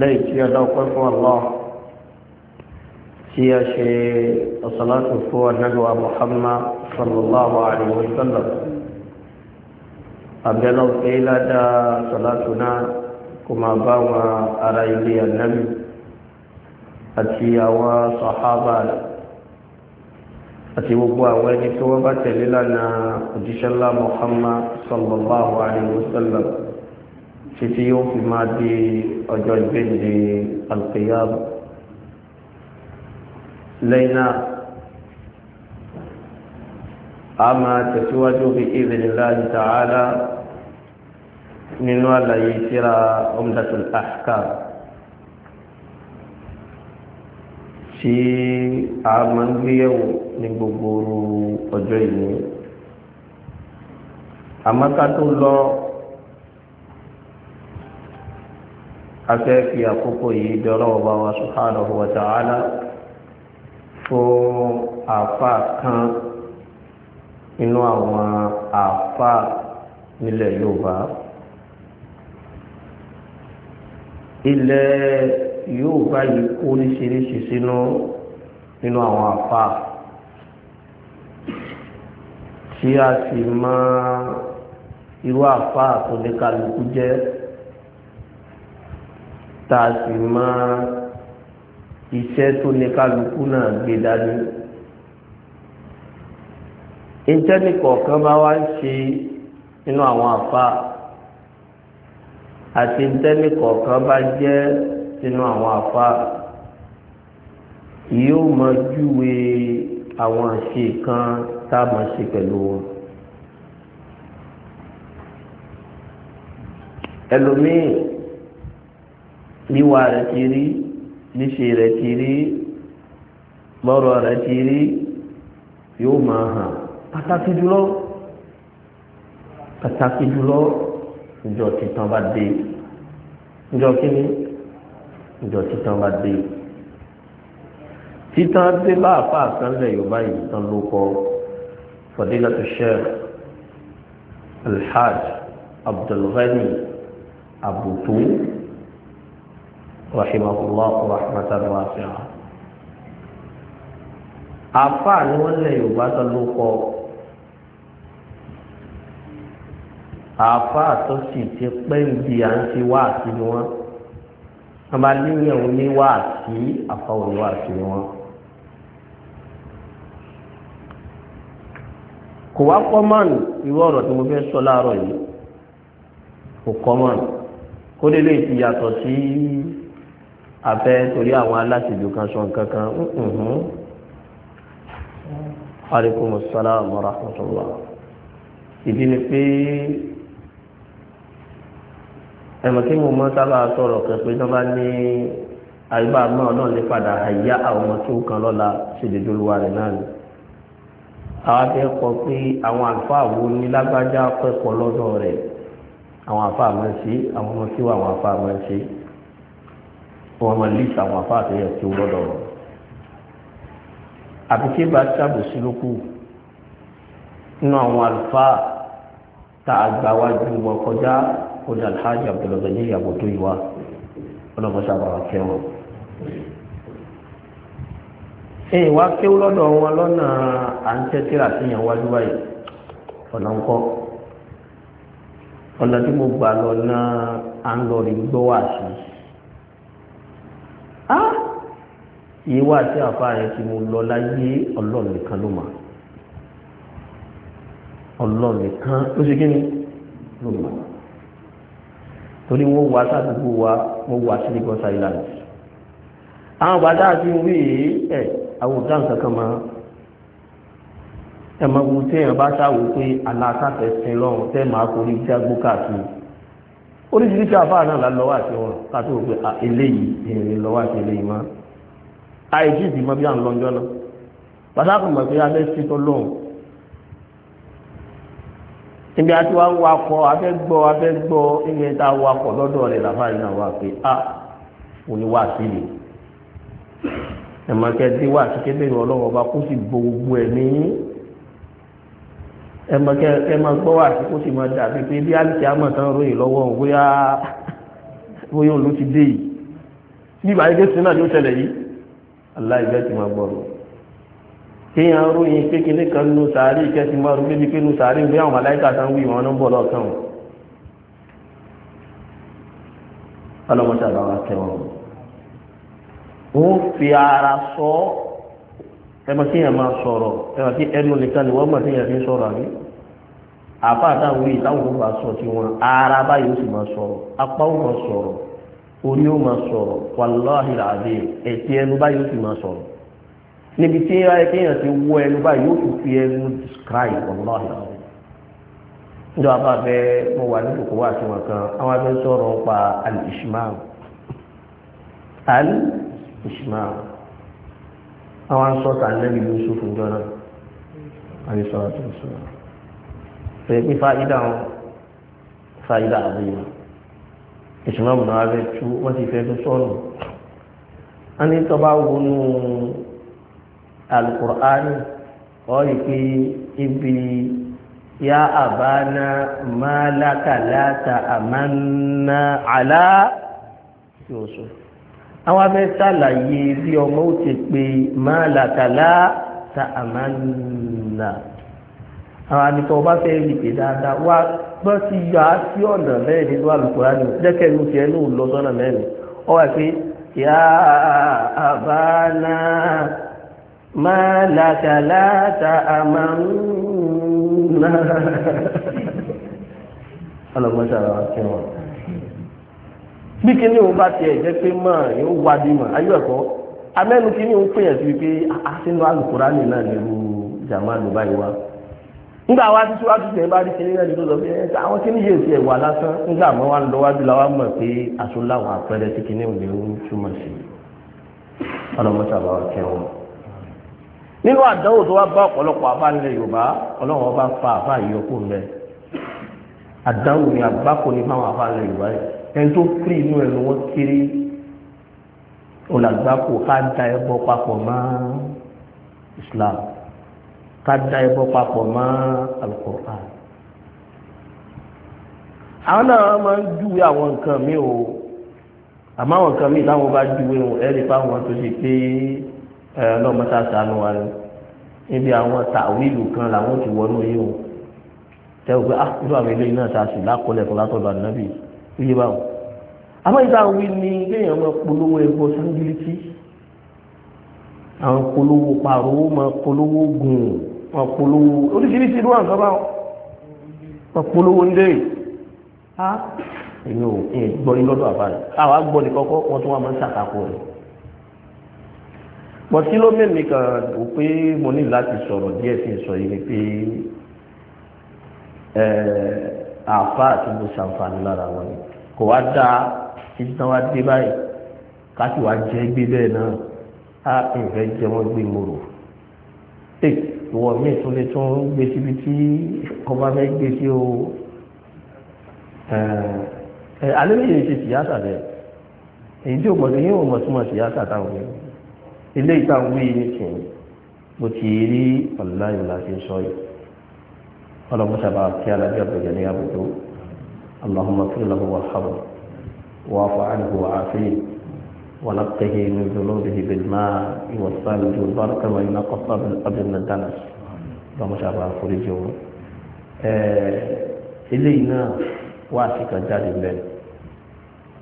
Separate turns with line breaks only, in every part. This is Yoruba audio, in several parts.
lẹ́yìn tí ọ̀dọ́ ọpẹ́ fún Allah tí a ṣe ọ̀sọ̀látò fún ọ̀nàgbà Muhammad sallallahu alaihi wa sallam abẹ́lọ́ pé ládàá sọ̀látò náà kò máa bá wọn ara ilé ànábì àti àwọn sàhábà rẹ̀ àti gbogbo àwọn ẹni tí wọ́n bá tẹ̀lé lánàá òjíṣẹ́lá Muhammad sallallahu alaihi wa sallam títí yóò fi máa di ọjọ́ ìgbéǹde alqiyam lẹ́yìn náà a máa tẹ̀síwájú bí idhnillahi ta'ala nínú àlàyé tírà umdatul ahkam tí a máa ń gbéyẹ̀wò ní gbogbo ọjọ́ ìní àmọ́ ká tó lọ afẹ́ fi àkókò yìí bí ọlọ́wọ́ bá wa subhanahu wa ta'ala fún àfà kan inú àwọn àfà nílẹ̀ Yorùbá ilẹ̀ Yorùbá yìí kó níṣiríṣi sínú nínú àwọn àfà tí a sì máa irú àfà tó ní kálukú jẹ́ tá a sì máa iṣẹ́ tó ní kálukú náà gbé dání. ìjẹ́ni kọ̀ọ̀kan bá wá ń ṣe nínú àwọn àfa àti ìjẹ́ni kọ̀ọ̀kan bá jẹ́ nínú àwọn àfa yóò mọ júwe àwọn àṣe kan tá a máa ṣe pẹ̀lú wọn. ẹlòmíì níwà rẹ̀ ti rí níṣe rẹ̀ ti rí lọ́rọ̀ rẹ̀ ti rí yóò máa hàn pàtàkì jùlọ pàtàkì jùlọ ìjọ títàn bá dé ìjọ kíní ìjọ títàn bá dé títàn dé bá àfa àkànlẹ̀ yorùbá yìí tán ló kọ fadilatu sheikh alhaj abdulghani abutu. رحمه الله رحمة واسعة àfáà ni wọ́n lè yorùbá tó ló kọ́ àfáà tó sì ti pẹ́ ibi à ń ti wáàsí ni wọ́n wọ́n bá léyìn òun ní wáàsí àfáà òun ni wọ́n. kò wá kọ́ mọ́nù irú ọ̀rọ̀ tí mo fẹ́ sọ láàárọ̀ yìí kò kọ́ mọ́nù kó lè lè ti yàtọ̀ sí. Si afẹ́ torí àwọn aláṣejù kan sọ nǹkan kan mm-hmm. aleykum salaam wa rahmatulah ìdí ni pé ẹ̀mọ̀ kí mo mọ́ sábà sọ̀rọ̀ kan pé tó bá ní àyíbá náà náà ní padà àyà àwọn ọmọ tó kan lọ́la ṣèdèdúlùwà rẹ̀ náà ni àwọn akẹ́kọ̀ọ́ pé àwọn àlùfáà wo ní lágbájá kẹ́kọ̀ọ́ lọ́dọ̀ rẹ̀ àwọn àfáà máa ń ṣe àwọn ọmọ tí wọ́n àwọn àfáà máa ń ṣe wọn máa lé ìtàwọn afá àtẹyẹ tí ó lọ́dọ̀ rọ̀ àbíké bá ṣàbòsí lókù nínú àwọn àlùfáà tá a gbà wájú wọn kọjá kódà alhaji abdulọdọ ní ìyàwó tó yìí wá ọlọmọ sábàá kẹwọn. ẹ wá kéwú lọ́dọ̀ wọn lọ́nà à ń tẹ́tíra síyàn wájú báyìí ọ̀nà ń kọ́ ọ̀nà tí mo gbà lọ náà à ń lọ rí gbọ́ wá sí i. iye wá sí àfa rẹ̀ tí mo lọ láyé ọlọ́run nìkan ló mà ọlọ́run nìkan ló ṣe kí ni ló mà torí wọ́n wá sádùúgbò wa wọ́n wá sí Lagos Island àwọn bàtà àti orí ẹ̀ àwòdà nǹkan kan máa ẹ máa wo téèyàn bá ṣáwó pé aláàtàfẹ́ sin lọ́run tẹ́ máa forí jágbó káàkiri oríṣiríṣi àfáà náà la àti wọn ká tó rò pé eléyìí èèyàn lọ́wọ́ àti eléyìí máa àìjí ìbímọ bí à ń lọ́njọ́ náà pàtàkì mọ̀ pé abẹ́ sí tó lóhùn níbi àti wá ń wakọ̀ abẹ́ gbọ́ abẹ́ gbọ́ ilé tá a wakọ̀ lọ́dọ̀ rẹ̀ làbáyé náà wà pé a kò ní wá sí ni ẹ̀mọ̀kẹ́dé wà sí kébèrè ọlọ́wọ́ bá kó sì bo gbogbo ẹ̀ ní ẹ̀mọ̀kẹ́mọ̀gbọ́ wà sí kó sì máa dàbí pé bí àlùkí àmọ̀ tán ròyìn lọ́wọ́ bóyá bóyá òun ló ti dé yìí bí ìbáyé dé sí náà yóò ṣẹlẹ̀ yìí aláìbẹ́ ti máa gbọ́rọ̀ kéèyàn ròyìn kékeré kan nù sàárì kẹsì máa rú bébí pé nù sàárì ń bí àwọn aláìka tán wí ìwọ̀n náà bọ̀ lọ́ọ̀kan wọn ọlọ́mọṣà bá wa kẹwọn òun fi ara sọ ẹmọ kéèyàn máa sọ̀rọ̀ ẹmọ kí ẹnu nìkan ni wọ́n mọ̀ kéèyàn fi sọ̀rọ̀ àbí àfa àtàwọn orí o máa sọ̀rọ̀ wàláhì làdé ẹ̀tí ẹnu báyìí ó sì máa sọ̀rọ̀ níbi tí ayé kéèyàn ti wọ ẹnu báyìí ó sì fi ẹnu describe wàláhì làdé. níjọ́ àbá fẹ́ mo wà nípò kó wà wọn kan àwọn afẹ́ sọ̀rọ̀ ń pa al-ishmaam al-ishmaam àwọn asọ́ta nẹ́bí Yusuf ńjọ́ náà àyè ìṣúná bùnà abẹ́ tú wọ́n ti fẹ́ tó sọ̀nù a ní tọ́ba wọnú alukur'ani ọ̀rí pé ibi ya àbáná málàkàlàtà àmánà àlá yóò sọ àwọn abẹ́ sàlàyé bí ọmọ ó ti pé málàkàlàtà àmánà àwọn àdìpọ̀ bá fẹ́ rí pé dáadáa wá bọ́n ti yọ á sí ọ̀nà mẹ́rin nínú àlùkùránì jẹ́kẹ́ ìlú tiẹ̀ ní òun lọ sọ́nà mẹ́rin ọ wà pé yà á bá ná máa làkàlà ta àmà ń nà ọlọ́gbọ́n sára wa kí wọn. bí kíní òun bá tiẹ̀ jẹ́ pé mọ̀ yóò wá bí mọ̀ ayé ẹ̀kọ́ amẹ́nu kíní òun pè yẹn sí wípé àti nínú àlùkùránì náà lè ru jàmáà lù báyìí wá nígbà wá sí síwájú sí ẹ bá rí kíní náà ní tó sọ pé ẹ àwọn kíní yìí ti ẹwà lásán nígbà mọ wá ń lọ wájú la wá mọ pé àsọláwọn àpẹẹrẹ o kíní òun lè ń túmọ̀ sí ọlọmọsàbà wa kẹwọn. nínú àdánwò tó wá bá ọ̀pọ̀lọpọ̀ àbá nílẹ̀ Yorùbá ọlọ́run ọba fa àbá ìyọkù rẹ̀ àdánwò ni àgbákò ní fáwọn àbá nílẹ̀ Yorùbá yìí ẹni tó kiri inú ẹ̀ ló wọ́n kiri olàgbákò ká da ẹbọ papọ̀ mọ́ Islam kada ẹbọ papọ̀ mọ́ alukur'an àwọn náà máa ń júwe àwọn nǹkan mi o àmọ́ àwọn nǹkan mi táwọn bá júwe wọn ẹ̀rí fáwọn tó ṣe pé ọlọ́mọta sànù wa ni níbi àwọn tàwílù kan làwọn ti wọnú yìí o tẹ́ o pé ah irú àwọn eléyìí náà ta sí lákọlẹ̀ kan ànábì yíyí báwọn àmọ́ ìta wí ni kéèyàn máa polówó ẹbọ sáńgìlìtì àwọn polówó pàrọwó máa polówó gùn ún wọn polówó oríṣiríṣi ìlú àwọn sọ́bà wọn polówó ń dé ha èmi ò gbọ́ ní lọ́dọ̀ àbá rẹ̀ àwọn agbọ́ ní kọ́kọ́ wọn tún wà máa ń ṣàkàkọ rẹ̀ pọ̀ sí ló mẹ́mí kan ò pé mo ní láti sọ̀rọ̀ díẹ̀ sí sọ yìí ni pé àfa àti mo ṣàǹfààní lára wọn ni kò wá dá títí tán wá báyìí ká sì wá jẹ́ gbé bẹ́ẹ̀ náà á ìfẹ́ jẹ́ wọ́n gbé mo rò ìwọ míì tún lè tún gbé síbi tí ọba fẹ́ gbé sí o alẹ́ méjì ṣe síyáṣà bẹ́ẹ̀ èyí tí ò gbọ́dọ̀ yín ò mọ̀ túmọ̀ síyáṣà táwọn yìí ilé ìtàwọn yìí ní sìn mo ti rí ọ̀la ìlà ṣe sọ yìí ọlọ́mọṣà bá kí alábí ọ̀bẹ̀jẹ̀ ní àbùdó allahumma fúnlọ́wọ́ wà hàbọ̀ wà fọ́ àdìgbò àfẹ́yìn. ونقه من ذنوبه بالماء والثلج والبركة وإن قصى بالقبر من الدنس لما شاء الله فريجه إلينا واسك جاري بين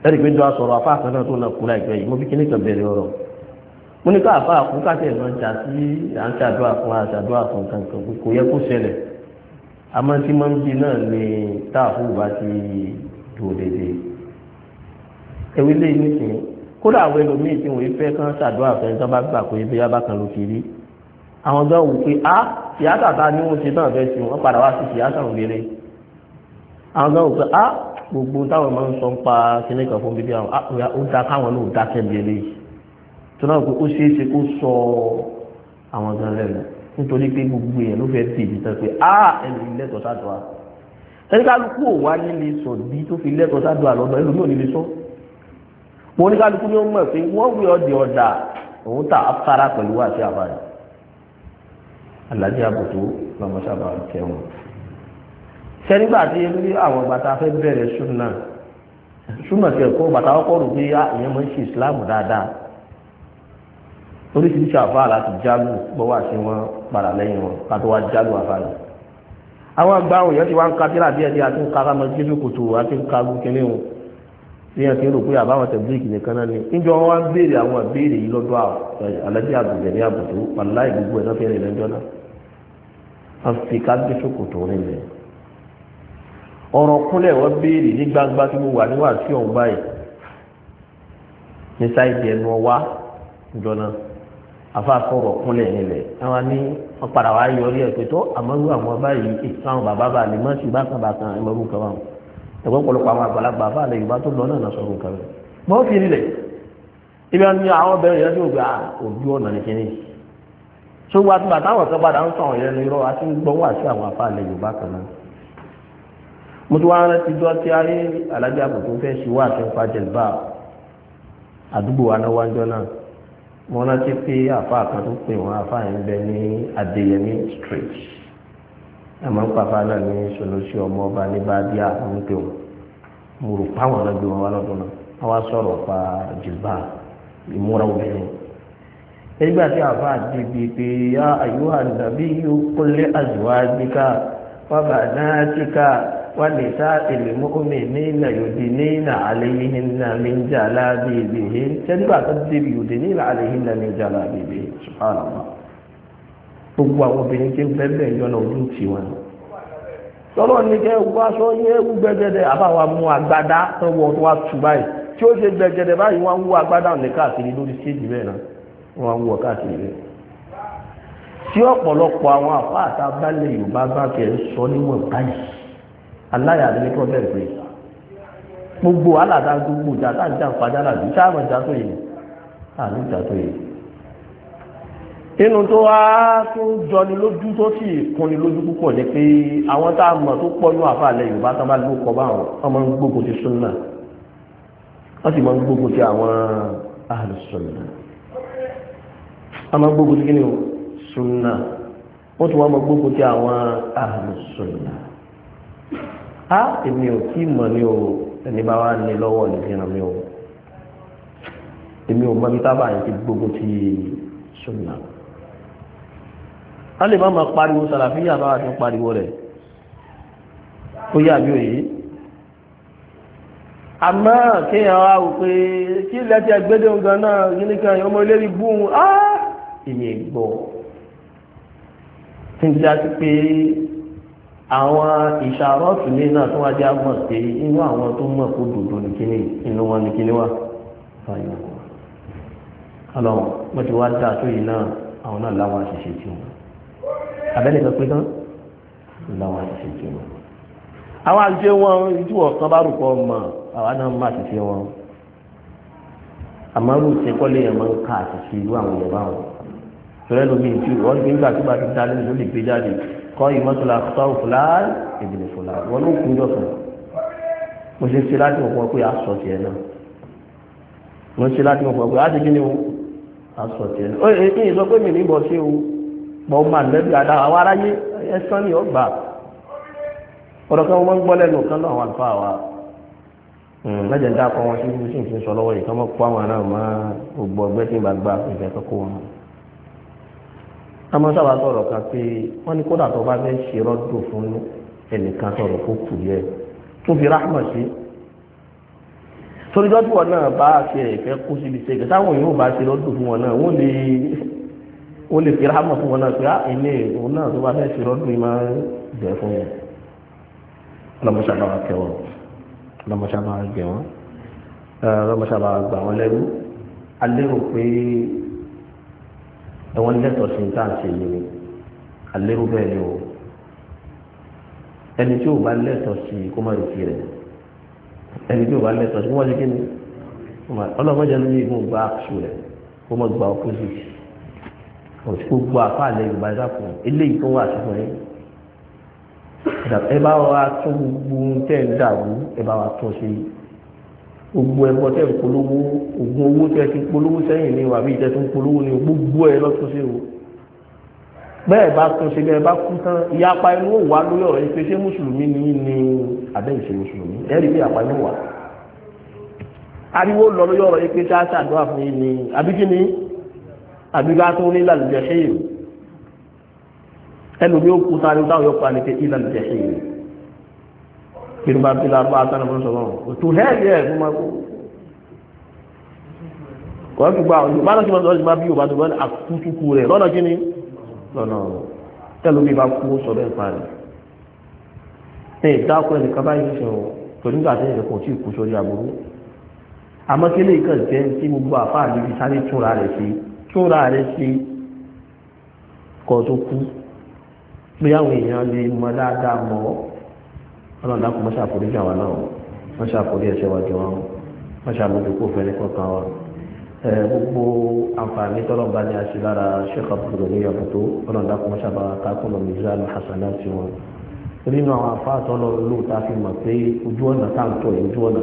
ẹ̀rí pé jọ asọ̀rọ̀ afá kan náà tó náà kú láìpẹ́ yìí mo fi kíní kan bẹ̀rẹ̀ ọ̀rọ̀ mo ní ká afá kú káṣẹ́ ìlú ọjà sí à ń ṣàdúrà fún àṣàdúrà fún kankan kò yẹ kó ṣẹlẹ̀ àmọ́ tí máa ń bí náà ni táàfù bá ti dùn dédé ẹ̀wí lé ní sìn kódà àwọn ẹlòmíì tí wọ́n fẹ́ kán ṣàdúrà fẹ́ tó bá gbà pé bí yábà kan ló ti àwọn gan wò pé a ah, tìyátà ta ni wọ́n ṣe náà fẹ́ sí wọn padà wá sí tìyátà òun lélẹ̀ àwọn gan wò pé a ah, gbogbo táwọn máa ń sọ ń pa kíní kan fún bíbí àwọn ah, ó da káwọn náà dákẹ́ lélẹ̀ tó náà pé ó ṣeé ṣe kó sọ àwọn gan rẹ̀ nítorí pé gbogbo èèyàn ló fẹ́ tèèjì tán pé a ẹlòmíì lẹ́tọ̀ọ́ sádùá ẹni kálukú mo ní kálukú ni ó mọ̀ pé wọ́n wí ọdẹ ọ̀dà òun tà afárá pẹ̀lú wá sí àbáyé alájẹ àbùtù lọmọ sábà kẹwọn sẹ́nígbà tí ní àwọn bàtà fẹ́ bẹ̀rẹ̀ súnà súnà kẹ̀kọ́ bàtà ọkọ̀ rò pé ah, ìyẹn mọ̀ ń ṣe ìsìláàmù dáadáa oríṣiríṣi àfáà láti jálù gbọ́wọ́ àti wọn padà lẹ́yìn wọn ká tó wá jálù àfáà àwọn àgbà òyìn ti wá ń ka tíra díẹ̀ díẹ̀ àti ń ka kámọ́ jésù kòtò àti ń ka gúnkẹ́lẹ́ wọn èèyàn kì í rò pé àbáwọn tẹ̀blíìkì nìkan náà ni níjọ wọn wá ń béèrè àwọn ìbéèrè yìí lọ́dọ̀ alájẹ́ àgùnjẹ̀ ní àbùtó aláì gbogbo ẹ̀ lọ́fẹ̀ẹ́ rẹ̀ lọ́jọ́ náà àfi ká gbé ṣòkòtò nílẹ̀ ọ̀rọ̀ kúnlẹ̀ wọ́n béèrè ní gbangba tí mo wà níwà tí òun báyìí ní sáìdì ẹnu ọwá níjọ náà àfa sọ̀rọ̀ kúnlẹ̀ nílẹ̀ àwọn ní wọn padà yọrí ẹ̀ pé ẹ̀gbọ́n pọ̀lọpọ̀ àwọn àgbàlagbà bá lè yorùbá tó lọ náà sọ̀rọ̀ nǹkan rẹ̀ mọ́ fi rí lẹ̀ ibi àwọn àwọn ọbẹ̀ yẹn tó gba òbí ọ̀nà ní kíní tó wá tó bàtà àwọn ọ̀sọ́gbàdà ń sọ̀rọ̀ yẹn lọ a ti ń gbọ́ wà sí àwọn àfa lè yorùbá kan náà mo ti wá rántí jọ tí a rí alájà àbò tó fẹ́ ṣe wá àti nípa jẹ̀lbá àdúgbò anáwájọ́ náà mo rántí pé àfa kan tó pè wọ́n àfa yẹn bẹ ní Adéyẹmí street àmọ́ pàpà náà ní sọlọ́sí ọmọ ọba ní bàbíà ń pè wọ́n mo rò pa àwọn ọ̀nà gbé wọn wá lọ́dún náà wọ́n wá sọ̀rọ̀ pa jìlbà ìmúra obìnrin nígbà tí àfa àdìbì pé yá àyù àdàbí yóò kólé àjùwá bíkà wọ́n bà náà tíkà wọ́n lè sá ìlú omi nílà yòdì nílà àlẹ́yìn náà ní jàlá bèbè yìí tẹ́lifà tó débi yòdì nílà àlẹ́yìn náà ní jàlá bèbè subhanallah. gbogbo àwọn obìnrin tí ń bẹ́ẹ̀ yọ̀nà ojú ti wọn. tọ́lọ́ ní kẹ́ wá sọ yẹ gbẹgẹdẹ àbáwá mú tó wá tù báyìí tí ó ṣe gbẹgẹdẹ báyìí wọ́n ń wú ní káàkiri lórí stéèjì bẹ́ẹ̀ náà wọ́n ń wú káàkiri bẹ́ẹ̀. tí ọ̀pọ̀lọpọ̀ àwọn yorùbá bá kẹ́ sọ níwọ̀n báyìí aláyà ní inú tó wá tó jọni lójú tó sì kunni lójú púpọ̀ ni pé àwọn tá a mọ̀ tó pọ̀ ní àfàlẹ́ yorùbá tó bá ló kọ́ bá wọn wọ́n máa ń gbógun ti súnà wọ́n sì máa ń gbógun ti àwọn ahlu súnà ń gbógun ti kíni o súnà wọ́n tún wá máa gbógun ti àwọn ahlu súnà á èmi ò tí mọ̀ ní o ẹni bá wá ní lọ́wọ́ nìkan mi o èmi ò mọ̀ bí tábà ti gbógun ti súnà a lè má ma pariwo sàràfíyà bá àti pariwo rẹ̀ ó yà bí òye àmọ́ kéèyàn wá wò pé kí lẹ́tí ẹgbẹ́dẹ̀ ọgbà náà yìí kan ọmọ ilérí búhun á ìyè gbọ́ tí n já sí pé àwọn ìṣàrọ́ọ̀tù ní náà tó wájú àmọ̀ pé inú àwọn tó mọ̀ kó dòdò nìkíní inú wọn nìkíní wà fàyà ọlọ́run wọ́n ti wá dáa tó yìí náà àwọn náà láwọn àṣìṣe tí wọ́n abẹ́lẹ̀ kan pé tán láwọn àṣìṣe jẹ wọn àwọn àṣìṣe wọn ojú ọ̀kan bá rúkọ mọ àwọn náà má àṣìṣe wọn àmọ́ rú ṣe kọ́lé yẹn máa ń ka àṣìṣe irú àwọn yẹn báwọn tọ́lẹ́ lómi ìtú wọ́n ti ń gbà tó bá ti dá lórí lórí ìgbéjáde kọ́ ìmọ̀tòlá sọ́ọ̀ fúláì ìbìlẹ̀ fúláì wọn ló kún jọ̀sán mo ṣe ṣe láti wọ̀ pé aṣọ tiẹ̀ náà mo ṣe láti wọ̀ pé aṣọ tiẹ̀ náà aṣọ tiẹ̀ náà ó èyí sọ pé mi ní bọ̀ ṣé o pọ̀ ma lẹ́bí adára wa aráyé ẹ̀sán ni ó gbà ọ̀rọ̀ kan wọ́n gbọ́ lẹ́nu kan náà wà fà wá hmm, lẹ́jẹ̀ ń dákọ̀ wọn sí ibi sí ìfún sọ lọ́wọ́ yìí kán mọ́ kó àwọn náà máa gbogbo ọgbẹ́ tí ń bá gba ìfẹ́ tó kó wọn. a máa sábà sọ̀rọ̀ kan pé wọ́n ní kódà tó bá fẹ́ ṣe rọ́dù fún ẹnìkan sọ̀rọ̀ kó kù yẹ tó fi ráhmà sí. torí lọ́dún wọn náà bá ṣe ìfẹ́ kó síbi ṣe ó lè fi rámọ̀ fún wọn náà pé ah, ilé òun náà tó bá fẹ́ fi rọ́dún ìmọ̀ jẹ́ fún yẹn lọ́mọṣàbá wa kẹwọ́ lọ́mọṣàbá wa gbẹ̀ wọ́n lọ́mọṣàbá wa gbà wọ́n lẹ́rú alérò pé ẹ̀wọ̀n lẹ́tọ̀ọ́ sí tá à ń ṣe yìí ni alérò bẹ́ẹ̀ ni o ẹni tí ò bá lẹ́tọ̀ọ́ sí kó má lè fi rẹ̀ ẹni tí ò bá lẹ́tọ̀ọ́ sí kó má lè kí ni ọlọ́mọdé ló yẹ kó àṣù rẹ̀ kó má gba opposite òtí gbogbo àfáàlẹ̀ yorùbá ẹ dákun eléyìí tó wà sípò yẹn ẹ bá wa tún gbogbo tẹ́ ń dàrú ẹ bá wa tún ṣe gbogbo ẹbọ tẹ́ ń polówó oògùn owó tẹ́ ti polówó sẹ́yìn ní wàbí ìtẹ́ tó ń polówó ní gbogbo ẹ lọ́tún sí o bẹ́ẹ̀ bá tún ṣe bẹ́ẹ̀ bá kú tán ìyapa inú ò wá lórí ọ̀rọ̀ yìí pé ṣé mùsùlùmí ni ni abẹ́ ìṣe mùsùlùmí ẹ rí bí ìyapa inú wà ariwo lọ lórí ọ̀rọ̀ yìí pé ṣáṣà àdúrà fún yìí ni àbí ni àbíká tó ní ìlàlùjẹ̀ ṣéyìn ẹnu bí ó kú sáré táwọn yóò parí pé ìlàlùjẹ̀ ṣéyìn kí ló bá bí lápá àtàrà fún sọ̀rọ̀ òtún hẹ́ẹ̀lì ẹ̀ fún máa kú wọ́n fi gba ọ̀dọ̀ bá lọ́sí mọ́tò bá bí òbá tó bá ní àkútúkú rẹ̀ lọ́nà kí ni lọ́nà tẹ́lú bí bá kú sọ̀rọ̀ ẹ̀ parí ní ìdákọ̀ ẹnìkan báyìí ṣe ọ̀ torí nígbà tí ẹnìkan tí kú sórí aburú àmọ́ kí lè kàn jẹ́ tí gbogbo àfáà níbi sáré túnra rẹ̀ sí túnra rẹ̀ ṣe kọ̀ tó kú pé àwọn èèyàn lè mọ dáadáa mọ́ ọlọ́dà kò mọ́ṣà àforíjì àwa náà mọ́ṣà àforí ẹ̀ṣẹ̀ wa jọ wọn mọ́ṣà àmójúkó fẹ́ni kọ̀ọ̀kan wa gbogbo àǹfààní tọ́lọ́ba ní aṣe lára Sheikh Abdul ní ọ̀pọ̀ tó ọlọ́dà kò mọ́ṣà bá kákùnà mizan hasana ti wọn nínú àwọn afá tọ́lọ́ ló ta fi mọ̀ pé ojú ọ̀nà táǹtọ̀ ojú ọ̀nà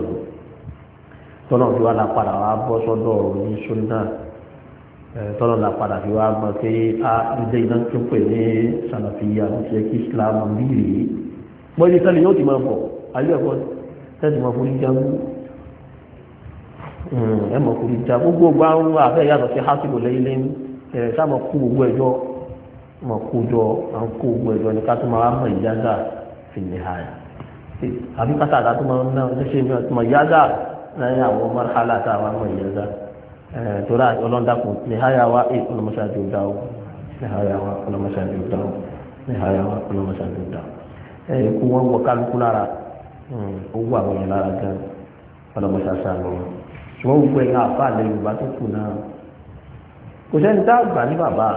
tọ́lọ́ fi wá la padà wá bọ́ sọ́dọ̀ ní sunnah tọ́lọ̀ la padà fi wá gbọ́ pé a ilé iná tó pè ní sàlàfíà ó kí Islam bí rèé mọ́ ilé sẹ́lẹ̀ yóò ti máa bọ̀ ayé ẹ̀kọ́ tẹ́sí máa forí jágún hmm, ẹ mọ̀ forí já gbogbo ọgbà ń wá àfẹ́ yàtọ̀ sí hásìkò lẹ́yìn lẹ́yìn ẹ̀rẹ̀ sáà mọ̀ kó gbogbo ẹ̀jọ́ mọ̀ kó jọ à ń kó gbogbo ẹ̀jọ́ ní ká tó máa mọ̀ ìyáza fìlẹ̀ ha àbí pátá àtàtúmọ̀ náà ṣe é mọ̀ ìyáza lẹ́yìn àwọn mọ̀ torí ọlọ́ndàkùn ní háyà wá èyí ọlọ́mọṣáájú dá o ní háyà wá ọlọ́mọṣáájú dá o ní háyà wá ọlọ́mọṣáájú dá o ẹ̀yìn kú wọ́n wọ kálukú lára owó àwọn yẹn lára gan ọlọ́mọṣáájú àwọn ṣùgbọ́n gbogbo ẹ̀yìn àfa àlẹ́ Yorùbá tó kù náà kò sẹ́ni tá a gbà ní bàbá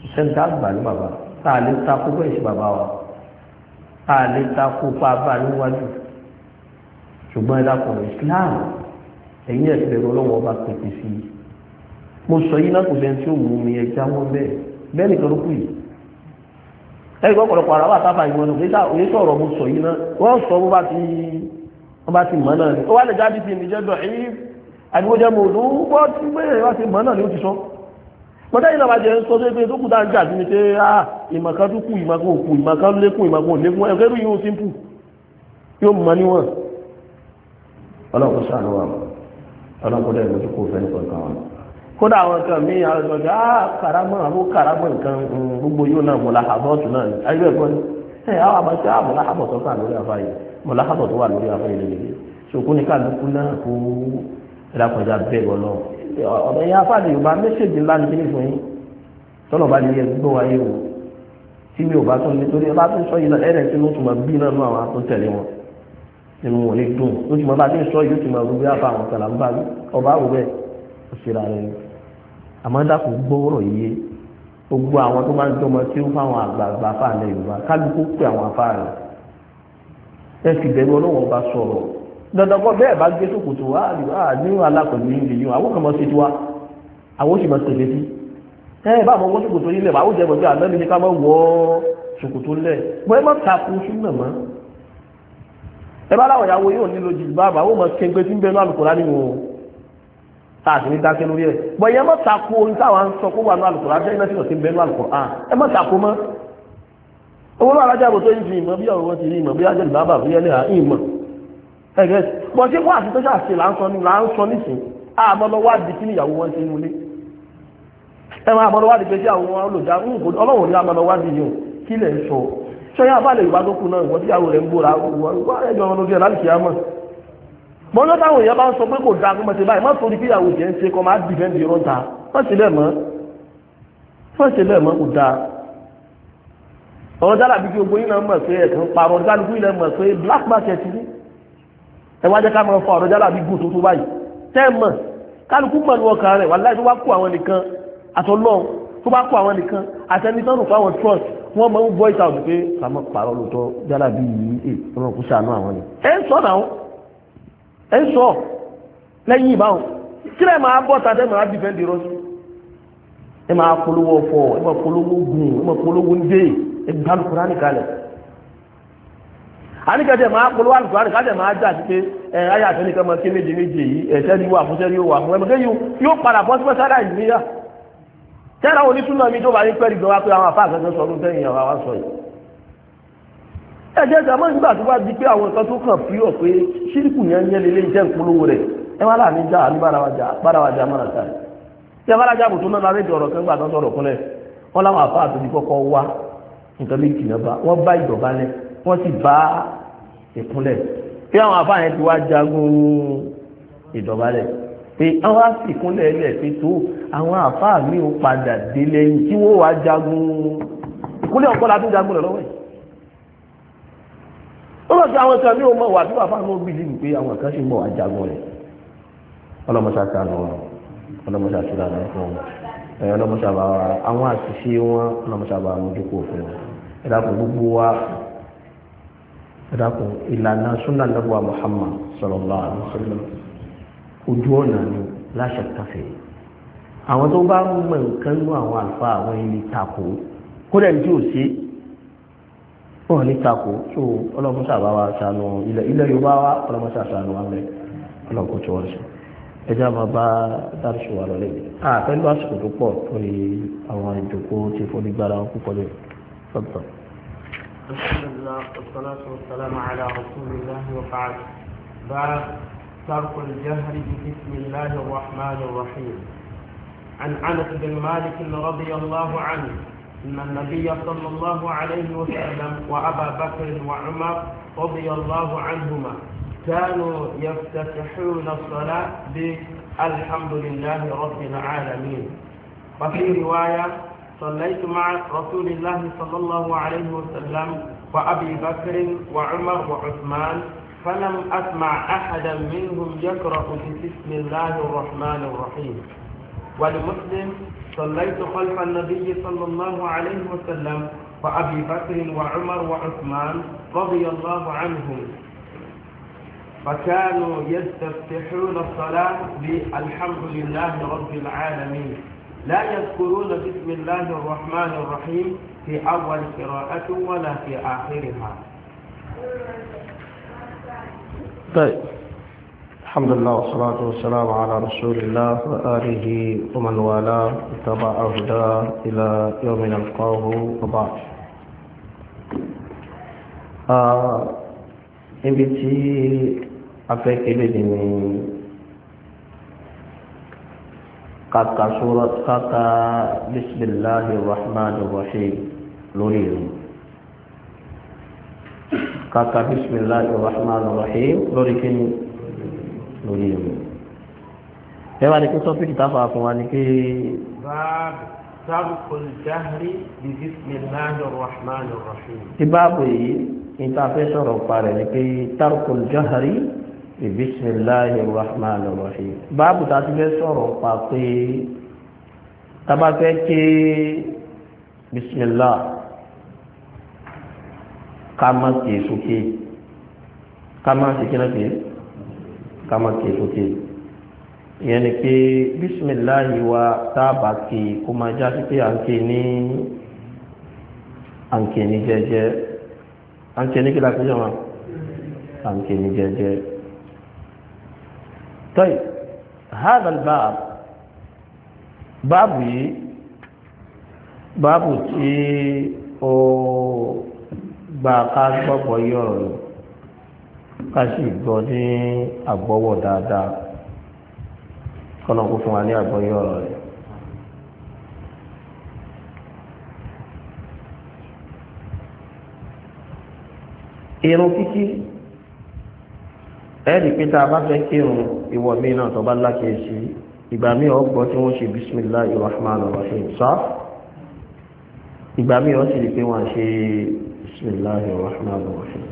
kò sẹ́ni tá a gbà ní bàbá tá a lè ta kó bẹ́ẹ̀ sí bàbá wa tá a lè ta kó pa bá níwájú ṣùgbọ́n ẹ ẹ̀yìn ẹ̀sẹ̀ ọlọ́wọ́ bá pèpè sí i mo sọ yí náà kò sẹ́ni tí ó mú mi ẹja wọn bẹ́ẹ̀ bẹ́ẹ̀ nìkan ló kù yìí ẹ̀rí kọ́ ọ̀pọ̀lọpọ̀ ara wà tábà ìwọ̀n náà òye sọ̀rọ̀ mo sọ yí náà wọ́n sọ bó bá ti wọ́n bá ti mọ̀ náà ni ó wá lè jáde sí ìníjẹ́ dọ̀ ẹ̀yí àdìgbòjẹ́ mo lù ú bọ́ tí wá ti mọ̀ náà ni ó ti sọ pọ̀tẹ́ ìlànà àjẹ́ ń sọ tó pé tó kù ń jà sí ni pé ah ìmọ̀kan tó kù ìmọ̀kan òkú ìmọ̀kan lékún ìmọ̀kan òlékún ẹ̀kẹ́rù yóò simple yóò mọ̀ níwọ̀n ọlọ́run sáà ló ọlọ́kọ̀dá ìwọ̀n tó kó fẹ́ nǹkan kan wọn. kódà àwọn kan mí àwọn ìjọba ah karamọ́ àbó karamọ́ nǹkan mm, gbogbo yóò náà mọ̀lá àbọ̀tún náà ayé ẹ̀kọ́ ni ẹ àwọn àbọ̀tún àwọn ah, mọ̀lá àbọ̀tún kan lórí afáyé mọ̀lá àbọ̀tún wà lórí afáyé lórí ṣòkó ní kálukú náà kó ìdákọjá bẹ́ẹ̀ lọ ọ̀dọ̀ yẹn afáàdì yorùbá méṣèjì ńlá ni kí ni fún yín tọ́lọ̀ bá di yẹ gbọ́ wáyé o tí mi ò bá tún nítorí ọba tó sọ yìí náà ẹ̀rẹ̀ tí mo tún mọ̀ bí náà nú àwọn àtúntẹ̀lé wọn nínú wọn lè dùn ó ti mọ bá a ti ń sọ yóò ti mọ gbogbo àbá àwọn kàlà ń bá rí ọba àwò bẹ́ẹ̀ ó ṣe ra rẹ̀ àmọ́ dàpọ̀ gbọ́rọ̀ yìí gbogbo àwọn tó máa ń tọmọ tí ó fáwọn àgbààgbà fáàlẹ Yorùbá kálukú pé àwọn afá rẹ ẹ fi bẹ̀rù ọlọ́wọ́n bá sọ̀rọ̀ dandan kọ́ bẹ́ẹ̀ bá gbé sòkòtò wá ní alákọ̀ọ́lù yìí lè yún àwọn kan mọ̀ sí tiwa àwọn ó sì mọ̀ sí tẹ̀lé sí ẹ bá àwọn ọmọ sòkòtò yìí lẹ̀ bá àwọn jẹ́ mọ̀ sí àná mi ní ká mọ̀ wọ́ sòkòtò lẹ̀ wọ́n ẹ má takun sún náà mọ́ ẹbá láwọn ìyàwó yóò nílò jù bàbá ó mọ̀ kéńpé tí ń bẹ lọ́nà kòrá nínú wọn táàkì ní dákẹ́ lórí ẹ̀ bọ̀ ìyẹn mọ̀ tako orin táwọn ń sọ kó wà lọ́nà kòrá jẹ́ ìmẹ́sì ọ̀sìn bẹ lọ́nà kòrá ẹ mọ̀ tako mọ́ owó lọ́wọ́ alájà àbò tó ń fi ìmọ̀ bí ọ̀rọ̀ wọn ti rí ìmọ̀ bí ajẹ́ bàbá fi yẹn léha ìmọ̀ ẹ̀gẹ́ bọ̀ sí fún àti tọ́jà sí là ń sọ ní là ń sọ nísìn àmọ́ lọ wá di kí ni ìyàwó wọn ṣe ń wọlé ẹ máa bọ́ lọ wá di pé sí àwọn olùdá ọlọ́run ní àmọ́ lọ wá di yìí kí lẹ̀ ń sọ ṣọ́yá àbálẹ̀ ìgbà tó kù náà wọ́n tíyàwó rẹ̀ ń bóra wọ́n ẹjọ́ ọmọ lórí ẹ̀ láti kìí àmọ́ mọ́ lọ́dọ̀ àwọn èèyàn bá ń sọ pé kò dáa kó mọ̀ sí báyìí má sọ nípa ìyàwó jẹ́ ń ṣe kọ́ máa dìbẹ́ǹdì irọ́ ta fọ́ọ̀ṣẹ̀lẹ̀ mọ́ fọ́ọ̀ṣẹ̀lẹ̀ mọ́ kò dáa ọ̀rọ̀ dára bí kí ogbóyin náà mọ̀ pé ẹ̀kan parọ́ dálùkú ilẹ̀ mọ̀ pé black market ni ẹ wá jẹ́ ká máa fọ ọ̀rọ̀ dára bí gùn tuntun báyìí tẹ́ mọ̀ kálukú mọ̀ ní ọkàn rẹ̀ wàláì tó bá kó àwọn nìkan àtọ́lọ́ tó bá kó àwọn nìkan àtẹnitọ́rù fáwọn trust wọ́n mọ̀ ń bọ́ ìta òdù pé kàmọ́ pàrọ̀ lóòótọ́ yálà bí yìí eh, è ọlọ́run kò ṣàánú àwọn ni ẹ ń sọ náà ẹ ń sọ lẹ́yìn ìbáwọn kí lẹ́ máa bọ́ ta tẹ́mọ̀ láti fẹ́ dìrọ́ sí ẹ máa polówó ọ̀fọ̀ ẹ máa polówó gùn ẹ máa polówó ń dé ẹ gbá lùkúrá nìkalẹ̀ àníkẹ́jẹ́ máa polówó àlùkúrá nìkalẹ̀ máa jà sí pé ẹ ayé àtẹnikẹ́ máa ké méje méje yìí ẹ̀ tẹ́lẹ̀ wà fún tẹ́lẹ̀ wà fún ẹ tẹ́lá wọn ní súnmọ́ mi tó bá ní pẹ́ẹ́lì gbọ́wá pé àwọn àfáà kankan sọ ọdún tẹ́yìn àwọn àwọn sọ yìí ẹ̀jẹ̀ ìjàmọ́ nígbà tó bá di pé àwọn nǹkan tó kàn fi hàn pé ṣírìkù yẹn yẹn lè lè jẹ́ ìpolówó rẹ̀ ẹ wá láàánú já ní bárawajà márata tí abárajà kò tó náà rédíò ọ̀rọ̀ kan gbà tán sọ̀rọ̀ kúnlẹ̀ wọn láwọn àfáà tó ti kọ́kọ́ wá nǹkan méjì náà bá wọn bá ìdọ̀bálẹ̀ wọn sì bá ìkúnlẹ̀ bí àwọn àfáà yẹn ti wá jagun ìdọ̀bálẹ̀ pé àwọn àsìkúnlẹ̀ ilẹ̀ pé tó àwọn àfáà mi ò padà dé lẹ́yìn tí wọ́n wá jagun ìkúnlẹ̀ ọ̀pọ̀ la tún jagun lọ lọ́wọ́ ẹ̀ ó lọ sí àwọn kan ní ọmọ wà tí wàá fáwọn òbí lìlù pé àwọn kan ṣe mọ̀ wá jagun rẹ̀ ọlọ́mọṣàṣà lọ ọlọ́mọṣàṣà lọ fún wọn ẹ̀yọ́ ọlọ́mọṣàbà àwọn àṣìṣe wọn ọlọ́mọṣàbà àmójúkò fún wọn ẹ̀dàkùn gbogbo wa ẹ̀dàkùn ìlànà súnà lọ́gbà Muhammad sallallahu alaihi wasallam ojú ọ̀nà ni láṣẹ káfẹ́ àwọn tó bá ń mọ̀ nǹkan nú àwọn àlùfáà àwọn ilé tako kódà ní tí ò sí wọn ní tako tó ọlọ́mọ sábà wa sànù ilẹ̀ ilẹ̀ yorùbá wa ọlọ́mọ sábà sànù wa mẹ́ ọlọ́mọ tó wọ́n sọ ẹjọ́ àmọ́ bá dárúṣù wa lọ́lẹ́ àpẹẹrẹ àsìkò tó pọ̀ tó ní àwọn ìjòkó ti fọ́lí gbára wọn púpọ̀ lẹ́yìn sọ́tọ̀.
alhamdulilayi wa salatu wa salam ala rasulillah wa baad ترك الجهر بسم الله الرحمن الرحيم عن أنس بن مالك رضي الله عنه أن النبي صلى الله عليه وسلم وأبا بكر وعمر رضي الله عنهما كانوا يفتتحون الصلاة بالحمد لله رب العالمين وفي رواية صليت مع رسول الله صلى الله عليه وسلم وأبي بكر وعمر وعثمان فلم أسمع أحدا منهم يقرأ بسم الله الرحمن الرحيم ولمسلم صليت خلف النبي صلى الله عليه وسلم وأبي بكر وعمر وعثمان رضي الله
عنهم فكانوا يستفتحون الصلاة
بالحمد لله رب العالمين لا يذكرون بسم الله الرحمن الرحيم في أول قراءة ولا في آخرها طيب الحمد لله والصلاة والسلام على
رسول الله وآله ومن والاه اتبع هداه إلى يوم نلقاه وبعد níbi tí afẹ́kẹ́lẹ́ قد ní kàkà بسم الله الرحمن الرحيم ìrìn kàkà bisimilahi rahman rahim lórí kíni lórí ìlú ẹwà ní kí sọ́fíìkì táfà fún wa ní kí.
سبق الجهر بسم الله الرحمن الرحيم باب انت فسر قارئ كي ترك الجهر بسم الله الرحمن
الرحيم باب تاتفسر قارئ تبا بسم الله ká má ké sókè ká má ṣe kíná ké ká má ké sókè ìyẹn ni pé bísímìláyì wa tá a bá ké kó máa já sí pé à ń ké ní à ń ké ní jẹ́jẹ́ à ń ké ní kí la fi jọ wọn à ń ké ní gba ká gbọ́pọ̀ yí ọ̀rọ̀ yìí ká sì gbọ́ ní àgbọ́wọ̀ dáadáa kọ́nà kó fún wa ní àgbọ́ yí ọ̀rọ̀ rẹ̀. irun kíkí ẹ̀rì pé tá a bá fẹ́ kírun ìwọ mi náà tó bá lákèésí ìgbà mi ò gbọ́ tí wọ́n ṣe bismillah irrahman irrahim sá ìgbà mi ò sì rí pé wọ́n ṣe bisimilahi rahman rahim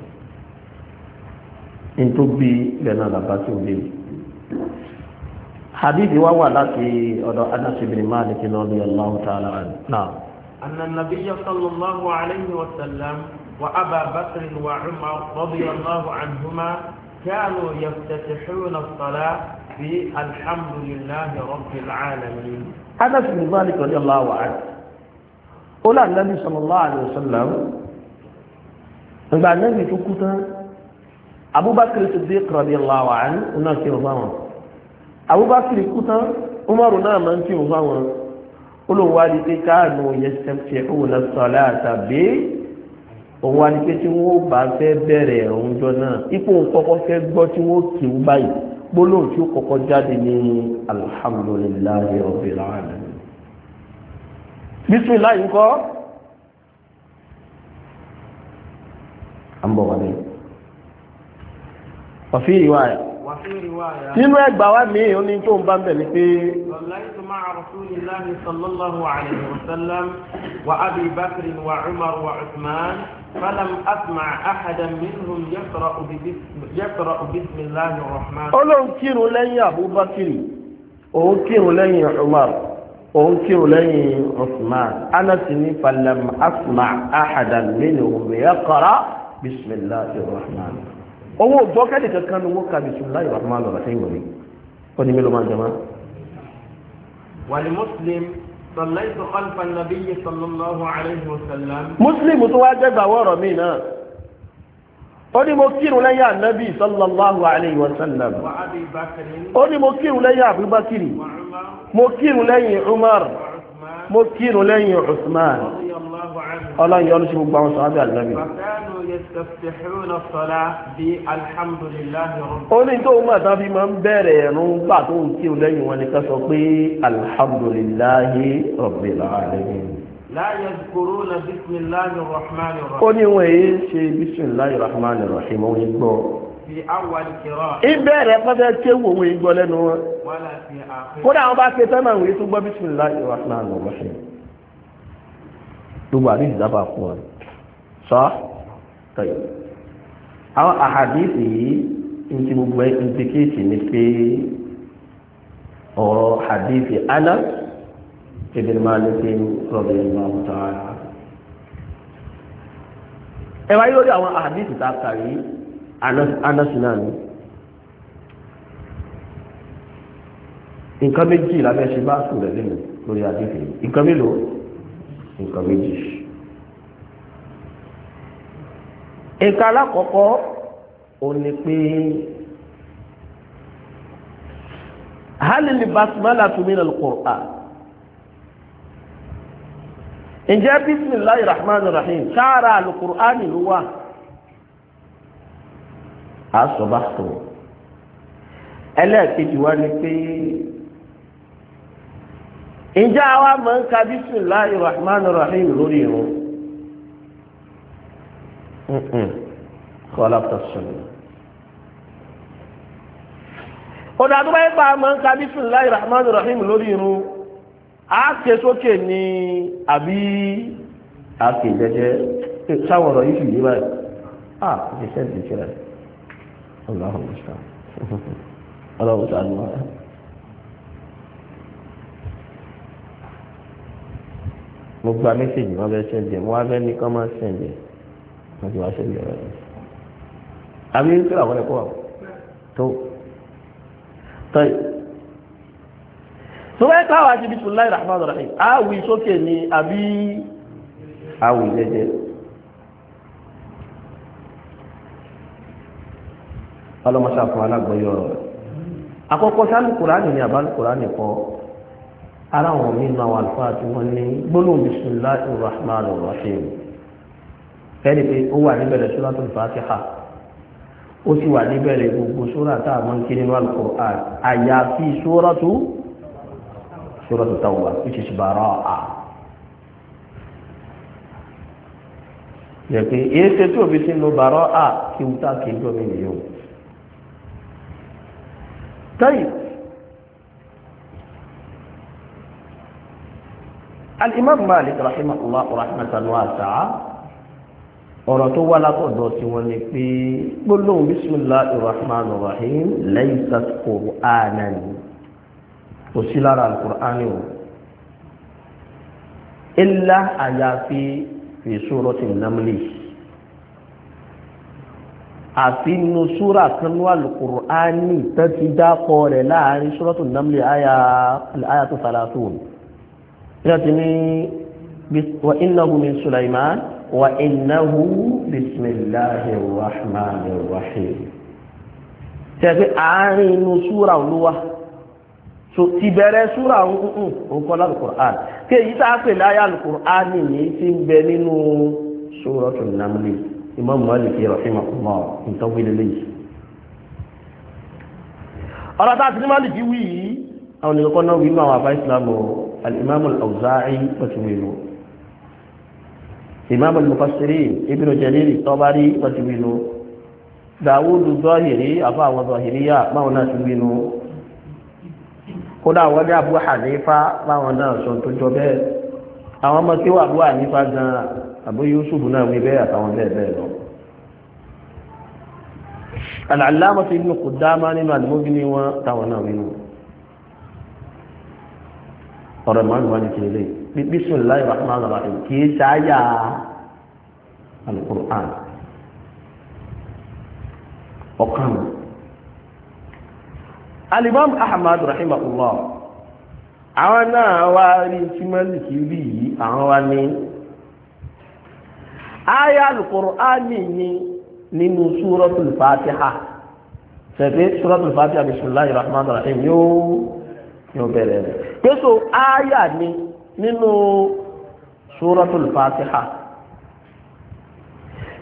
ntóbi lẹ́nà làbátì òbí hadithi wa wà láti ọ̀dọ̀ anas ibn malik lọ́dọ̀ allahu ta'ala náà.
أن النبي صلى الله عليه وسلم وأبا بكر وعمر رضي الله عنهما كانوا يفتتحون الصلاة بالحمد لله رب العالمين
أنس بن مالك رضي الله عنه قال النبي صلى الله عليه وسلم ìgbà nẹ́bì tó kú tán Abubakar Siddiq radiyallahu anhu náà kí o fáwọn Abubakar kú tán Umaru náà máa ń kí o fáwọn olùwádìí pé káàánú yẹ sẹ́pẹ̀ òun náà sọ̀lá àtàbí òun wá ní pé tí wọ́n bá fẹ́ bẹ̀rẹ̀ òun jọ náà ipò kọ́kọ́ fẹ́ gbọ́ tí wọ́n kì í báyìí gbólóhùn tí ó kọ́kọ́ jáde ní rabbil alamin bismillah ńkọ́ ń bọ̀ wọlé ọ̀fí ìwà ẹ̀
nínú ẹgbà wá mi ò ní tó ń bá ń bẹ̀ ni pé صليت مع رسول الله صلى الله عليه
kírun lẹ́yìn abubakiri òun kírun lẹ́yìn umar òun kírun lẹ́yìn usman anasi ní asma ahadan minhum yaqra bisimilahi rahman owó gbọ́kẹ́lì kankan ni wọ́n ka bisimilahi rahman lọ́la sẹ́yìn wọlé ó ní mélòó máa ń jẹma. wàlí muslim sallaitu khalfa nabiyyi sallallahu
alayhi wa sallam. muslim tó
wá jẹ́ gbàwọ́ ọ̀rọ̀ mi náà ó ní mo kírun lẹ́yìn anabi sallallahu alayhi wa sallam ó ní mo kírun lẹ́yìn abubakiri mo kírun lẹ́yìn umar mo kírun lẹ́yìn usman
ọlọ́run yọ́nú sí gbogbo àwọn sọ̀rọ̀ àdàlẹ́bí.
ó ní tó mọ̀ tán fi máa ń bẹ̀rẹ̀ ẹ̀rún gbà tó ń kí lẹ́yìn wọn ni ká sọ pé alhamdulillahi rabbil alamin. ó ní wọ́n èyí ṣe bismillahir rahmanir lẹ́nu wọn.
kódà àwọn bá ké tán náà
wọ́n èyí tó gbọ́ bismillahir rahmanir rahim gbogbo àdìsí dábàá fún ọ sọ tọyọ àwọn àhàdìsí yìí ń ti gbogbo ẹ ń ti kéèsì ni pé ọ̀rọ̀ àdìsí aná ìbẹ̀rẹ̀ máa lè fi rọ̀bì ìlú àwùjọ ara ẹ wáyé lórí àwọn àhàdìsí tá a kà yìí anásì náà ni nǹkan méjì làbẹ́ ṣe bá sùn rẹ̀ lẹ́nu lórí àdìsí nǹkan mélòó nǹkan méjì. nǹkan alákọ̀ọ́kọ́ ò ní pé hálìlì basmala tún nínú Al-Qur'an ǹjẹ́ bisimilahi rahman rahim sára Al-Qur'an ló wà á sọ bá tó ẹlẹ́ẹ̀kejì wá ní pé ǹjẹ́ àwa máa ń ka bisimilahi rahman rahim lórí irun kọ́lá pẹ̀sùn. ọ̀dà tó bá yẹ pa máa ń ka bisimilahi rahman rahim lórí irun a ké sókè ní àbí a ké jẹ́jẹ́ sáwọn ọ̀rọ̀ yìí sì yé báyìí a ti sẹ́ǹtì sílẹ̀ ọlọ́run ṣáà ọlọ́run ṣáà ló wà. mo gba mẹ́sẹ̀gì wọn fẹ́ sẹ́ǹdẹ̀ mo wá ní kọ́ máa wọ́n ti wá rẹ̀ àbí tó tó ni àbí ọlọ́mọṣà fún alágbọ̀yọ̀ rẹ̀ àkọ́kọ́ ni kọ́ ara wọn mi máa wà lọ́wọ́ àti wọn ní gbólóhùn bisimilahi rahman rahim fẹ́ẹ́ni pé ó wà níbẹ̀rẹ̀ suratul fatiha ó sì wà níbẹ̀rẹ̀ gbogbo sóra tá a máa ń kí nínú al-Qur'an àyàfi suratu suratu tawbah which is baraa. yẹ pé èyí ṣe tí òbí ti ń lo kí wúta kí n jọ́ mi nìyó. táyì al-imam malik rahimahullah rahmatan wasi'a ọ̀rọ̀ tó wá látọ̀dọ̀ tí wọ́n ní pé gbólóhùn bismillahir rahmanir rahim laysat qur'anan kò sí lára al-qur'an o illa àyàfi fi suratin namli àfi inú súra kanú al-qur'ani tó dákọ̀ rẹ̀ láàrin suratul namli àyà tó sàlátù ni láti ní wa innahu min Sulaiman wa innahu bismillahir rahmanir rahim tẹ̀sí àárín inú súra olúwa ti bẹ̀rẹ̀ súra nǹkan mm, mm, lálùkùrán kí èyí tá a pè láyé alùkùrán nìyí ti ń bẹ nínú Suratul Naml Imam Malik rahimahullah nǹkan wí lélẹ́yìí ọ̀rọ̀ tá ti ní Malik wí àwọn ènìyàn náà wí nínú àwọn àbá الإمام الأوزاعي وتميله إمام المفسرين ابن جرير الطبري وتميله داود الظاهري أبا وظاهرية ما هو ناس منه kódà wọ́n dé àbúrò àdéfá báwọn náà sọ tó jọ bẹ́ẹ̀ àwọn ọmọ tí wà àbúrò àdéfá gan àbú Yusuf náà wí bẹ́ẹ̀ àtàwọn bẹ́ẹ̀ bẹ́ẹ̀ lọ. Al-Allāmah Ibn Qudāmah nínú àdìmọ́gí ni wọ́n táwọn náà wí nù ọ̀rọ̀ ìmọ̀lù wá ní kí lè bísmìláì rahman rahim kì í ṣááyà alukur'an ọ̀kan alimam ahmad rahimahullah àwọn náà wá rí tí mẹ́lìkì rí yìí àwọn wá ní aya alukur'an ni nínú súrọ́tù fatiha ṣẹ̀fẹ́ súrọ́tù fatiha bísmìláì rahman rahim yóò yóò bẹ̀rẹ̀ rẹ̀ jésù ááyà ni nínú Suratul Fatiha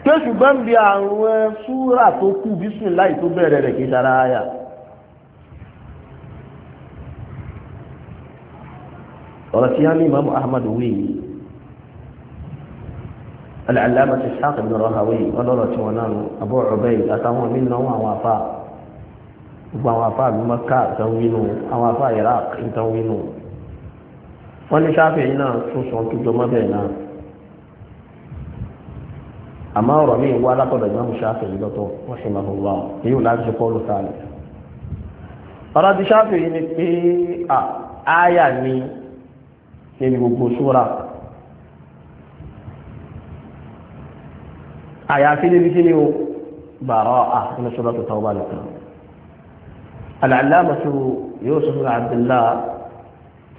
jésù bá ń bi àwọn súra tó kù bísíláì tó bẹ̀rẹ̀ rẹ̀ kí sára ááyà. ọ̀rọ̀ tí hàn ní imaamu ahmadu wíyí al-allama Ishaq ibn Rahawi ọlọ́rọ̀ tí wọn náà abu Ubayd àtàwọn mí náà wọn àwọn afáà gbogbo àwọn afá àbí mọ́ká ìtàn wínú àwọn afá iraq ìtàn wínú wọ́n ní sáfẹ́ yìí náà tún sọ tó jọmọ́ bẹ́ẹ̀ náà àmọ́ ọ̀rọ̀ mi wá látọ̀dọ̀ ìmáàmù sáfẹ́ yìí lọ́tọ̀ wọ́n sì máa wà èyí ò láti ṣe pọ́ọ̀lù sáàlì ọ̀rọ̀ ti sáfẹ́ yìí ni pé àáyà ni níbi gbogbo súra àyàfi níbi kí ni o bàrọ̀ à nínú sọ́dọ̀ tó tàwọn bá lè kàn العلامة يوسف بن عبد الله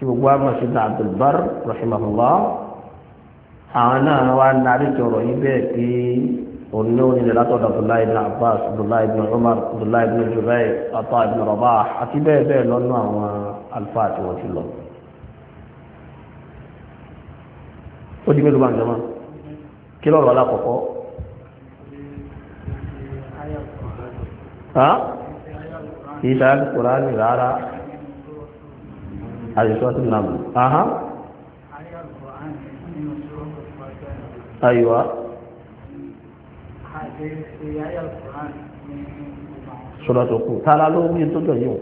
في مقامة بن عبد البر رحمه الله أنا وأن نعرف رهيبة والنون النون إلى عبد الله بن عباس عبد الله بن عمر عبد الله بن جبير عطاء بن رباح أتباع بين لنا والفاتحة في الله ودي ملو بان جماعة كيلو ولا كوكو ها kì í ṣáájú kùránì rárá àyíṣọ́ sí nàmù ahá àyíwá ṣọ́lọ́tọ̀kù tààlà ló ní tó jọ yíò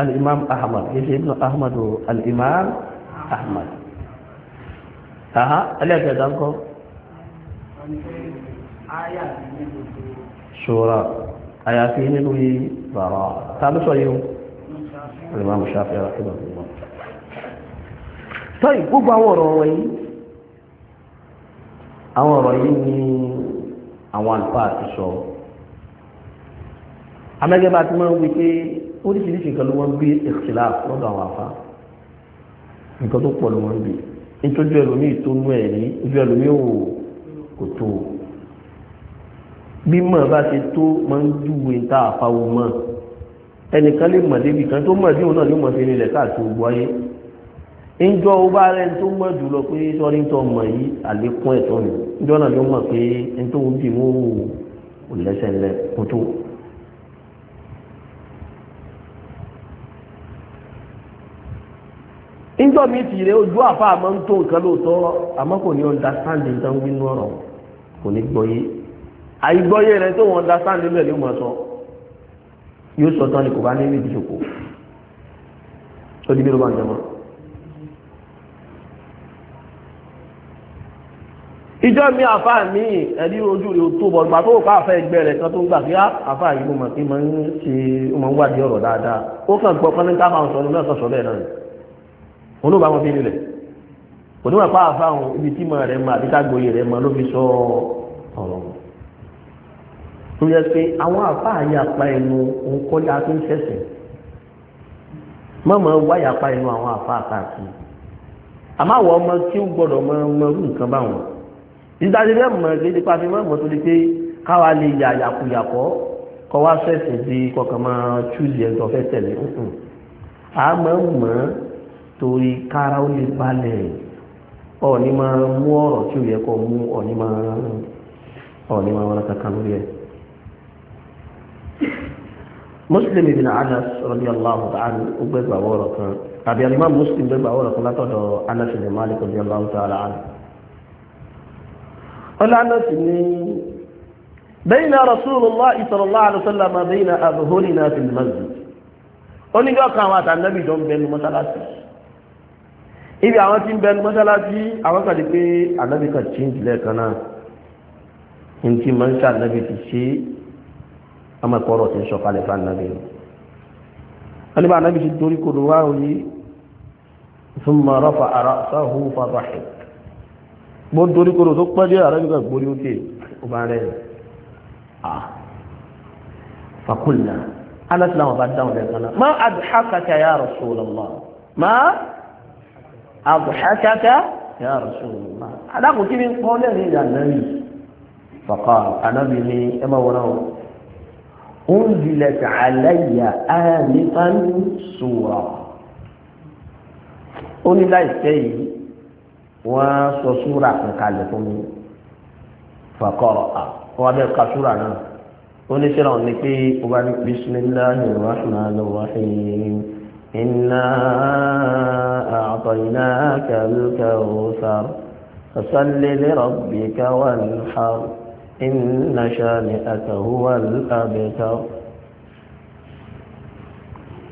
al-imam ahmad yake ibn ahmad al-imam ahmad aha alẹ́kẹ̀ẹ́dá ń kọ́ ṣòra àyàfi nínú yìí bàrà tàbí sọ yìí ìmọ̀ Ṣáfi'í àkíbọ̀ ìmọ̀ tọ́yì gbogbo àwọn ọ̀rọ̀ wọ̀nyí àwọn ọ̀rọ̀ yìí ni àwọn àlùfáà ti sọ amẹ́gẹ́bá ti máa ń wí pé oríṣiríṣi nǹkan ló wọ́n gbé ìṣìlá lọ́dọ̀ àwọn àfa nǹkan tó pọ̀ ló wọ́n gbé nítorí ẹlòmíì tó nú ẹ̀rí ojú ẹlòmíì ò kò tó o bí mọ̀ bá ṣe tó mọ́ ń júwe ta àfàwò mọ́ ẹnìkan lè mọ̀ débi kan tó mọ̀ sí òun náà ló mọ̀ sí ilẹ̀ káàkiri gbọ́ ayé ńjọ ó bá rẹ tó mọ̀ jùlọ pé sọ́rí tó mọ̀ yìí àlékún ẹ̀tọ́ ni ńjọ náà ló mọ̀ pé ń tó ń bì mú ò lẹ́sẹ̀ lẹ kó tó. ńjọ mi ti rẹ ojú àfa àmọ́ ń tó nǹkan lóòótọ́ àmọ́ kò ní understanding tán wínú ọ̀rọ̀ kò ní gbọ́ yìí àìgbọ́yé rẹ tó wọn dá sáà nílẹ̀ ló mọ̀ sọ yóò sọ tán ni kò bá ní ní ìdíjòkó ó di mélòó bá ń jẹmọ́. ìjọ mi àfa mi ẹni ojú rẹ tó bọ̀ gbà tó kọ́ àfa ẹgbẹ́ rẹ kan tó ń gbà kí ah, àfa yìí mo mọ̀ pé mo ń ṣe mo ń wádìí ọ̀rọ̀ dáadáa ó kàn gbọ́ pẹ́ẹ́ni ká máa sọ ní mẹ́sàn-án sọ bẹ́ẹ̀ náà ni òun ló bá wọn fi nílẹ̀ òun ló wà tó yẹ pé àwọn àfáà yà pa ẹnu òǹkọ́lá tó ń ṣẹ̀sìn mọ̀mọ́ wáyà pa ẹnu àwọn àfáà káàkiri àmọ́ àwọn ọmọ tí ó gbọ́dọ̀ mọ ọmọ irú nǹkan báwọn ìdájọ́ bẹ́ẹ̀ mọ̀ lédè pàfi mọ́ mọ́ tó di pé káwa lè yà yàkuyàkọ́ kọ́ wá ṣẹ̀sìn di kọ̀ọ̀kan máa chúùsì ẹ̀ tó fẹ́ tẹ̀lé àmọ́ mọ́ torí kára ó lè balẹ̀ ọ̀ní máa mú ọ̀rọ̀ tí ó yẹ kó mú ọ̀ní máa ọ̀ní máa wọn kankan lórí ẹ̀. مسلم بن انس رضي الله عنه وبيت باورك ابي الامام مسلم بن باورك لا تدو انس بن مالك رضي الله تعالى عنه قال انس بين رسول الله صلى الله عليه وسلم بين اظهرنا في المسجد oni ga kan wa tan nabi don benu mọ́sálásí ibi àwọn tin benu mọ́sálásí àwọn ka di pé anabi ka change le kana inti man sha nabi ti ṣe ọmọ ìpọ́rọ̀ tí ń sọ kalẹ̀ fún anábì ni alibà anábì ti torí kodò wá òní thumma rafa'a ra'sahu fadhahik mo torí kodò tó pẹ́ díẹ̀ anábì kan gbórí òkè ó bá rẹ̀ fakulna alásìlá wọn bá dáhùn lẹ́ẹ̀kan náà ma adhakaka ya Rasulullah ma adhakaka ya Rasulullah adákùnkí ni pọ́lẹ́rìn ìyá náà yìí faqala anábì ni ẹ unzilat alayya anifan sura ó ní láìpẹ́ yìí wọ́n sọ súra kankalẹ̀ fún mi fàkọ́rọ̀ à wọ́n bẹ́ẹ̀ ka súra náà ó ní sẹ́ràn ní pé ó bá ní bisimilahi rahman rahim inna a'tainaka al-kawthar fasalli li rabbika wanhar. إن شانئك هو الأبتر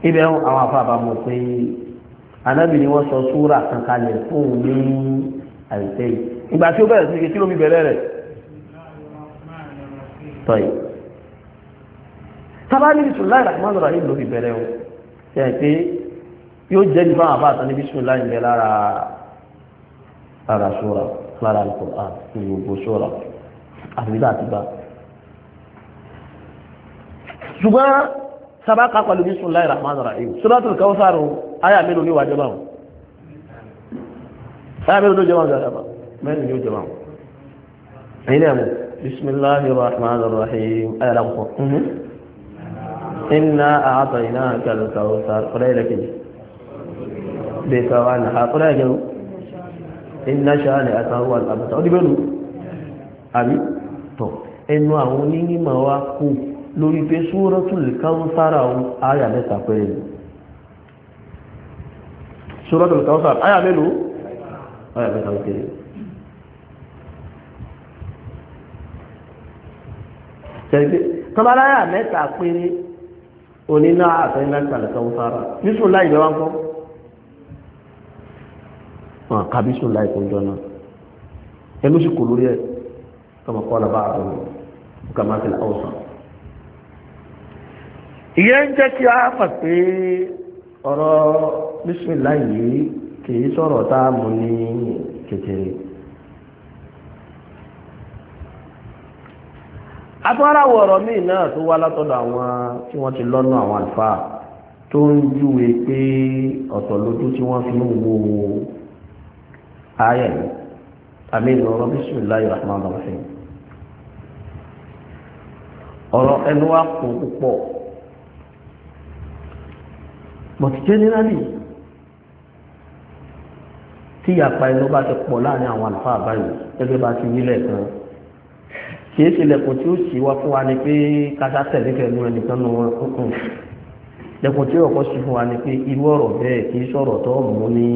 ibẹ̀ àwọn afábà mọ̀ pé anábì ni wọ́n sọ súrà kankanlẹ̀ fún ní àìsẹ́ yìí ìgbà tí ó bẹ̀rẹ̀ sí kí ló mi bẹ̀rẹ̀ rẹ̀ tọ́yì tábà ní bisimilayi rahman rahim ló fi bẹ̀rẹ̀ o ṣe pé yóò jẹ́ ní fáwọn afáàtàn ní bisimilayi bẹ̀ lára lára súrà lára alukur'an ní gbogbo súrà àfìdá àtìgbà ṣùgbọ́n sábàkà pẹ̀lú bí sùn láìra máa nara èyí Suratul Kawthar ayà mélòó ní wàjọba wọn ayà mélòó ní jọba wọn mẹ́rin ní jọba wọn ẹ̀yìn ẹ̀mù bismillahir rahmanir rahim ayà lákòókò mhmm. inna a'tainakal kawthar ọ̀rẹ́ ìrẹ́kẹ̀jì bẹ́ẹ̀ sọ wà ní àkọ́rẹ́ ìrẹ́kẹ̀jì inna shani'aka huwal abtar ọdí bẹ́ẹ̀ lù àbí ẹnu àwọn onímọ̀ wa kú lórí pé Suratul Kawthar àyà mẹ́ta péré ni Suratul Kawthar àyà mélòó àyà mẹ́ta péré tẹ̀lé tọ́láláyà mẹ́ta péré oníná àtẹ́mẹ́ta Kawthar nísùn láì lọ́wọ́ ń kọ́ wọn kàbí sùn láì kó jọ náà ẹnu sì kò lórí ẹ̀ tọmọkọ́ làbá kama fi láwùsọ ìyẹn ń jẹ́ kí a fà pé ọ̀rọ̀ bísmìlá yìí kìí sọ̀rọ̀ tá a mú ní kékeré atúwáráwọ̀ ọ̀rọ̀ míì náà tó wá látọ̀dọ̀ àwọn tí wọ́n ti lọ́nà àwọn àlùfáà tó ń júwe pé ọ̀tọ̀ lójú tí wọ́n fi ń wo ayẹ̀ àmì ìlú ọ̀rọ̀ yìí rahman rahim ọ̀rọ̀ ẹnu wa kò púpọ̀ but generally tí ìyapa ẹnu bá ti pọ̀ láàrin àwọn àlùfáà báyìí gẹ́gẹ́ bá ti wílẹ̀ kan kìí ṣe lẹ́kùn tí ó sì wá fún wa ni pé kásá tẹ̀lé fẹ́ẹ́ mú ẹnìkan nu wọn kúkú lẹ́kùn tí ọkọ̀ sì fún wa ni pé irú ọ̀rọ̀ bẹ́ẹ̀ kìí sọ̀rọ̀ tó mú ní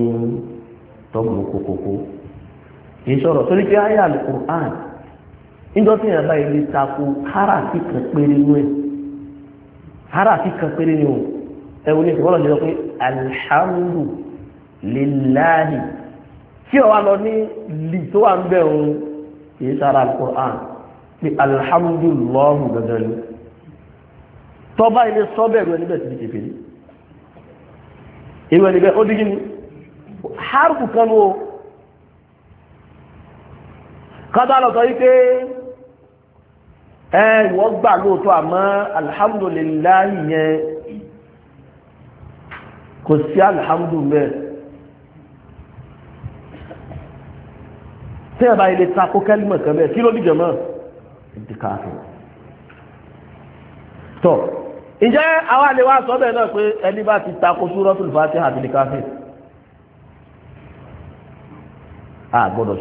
tó mú kìí sọ̀rọ̀ torí pé ayé al níjọ́ tí yàrá ilé tako háràfí kan péré ní ẹ̀ háràfí kan péré ní o ẹ̀wọ̀n ní ìfọwọ́lọ́ jẹ́ pé alhamdu lillahi tí ọ̀wá lọ ní lì tó wà ń bẹ̀ òun kì í sára Al-Qur'an pé alhamdulillah dandan ni tọ́ba ilé sọ́bẹ̀rù ẹni bẹ̀ ti di kékeré ìwé ẹni bẹ̀ ó dígí ni hárùkù kan ló kọ́dá lọ́tọ̀ yí pé ẹ wọ́n gbà lóòótọ́ àmọ́ alhamdulillahi yẹn kò sí alhamdulillah tí ẹ̀bá ilé takó kẹ́límọ̀ kan bẹ́ẹ̀ kí ló dìjọ mọ́ ìdíkàáfẹ́ tọ́ ìjẹ́ àwọn àlewà sọ́bẹ̀ náà pé ẹni bá ti takó suratul Fatiha àbìdíkàáfẹ́ àgbọ́dọ̀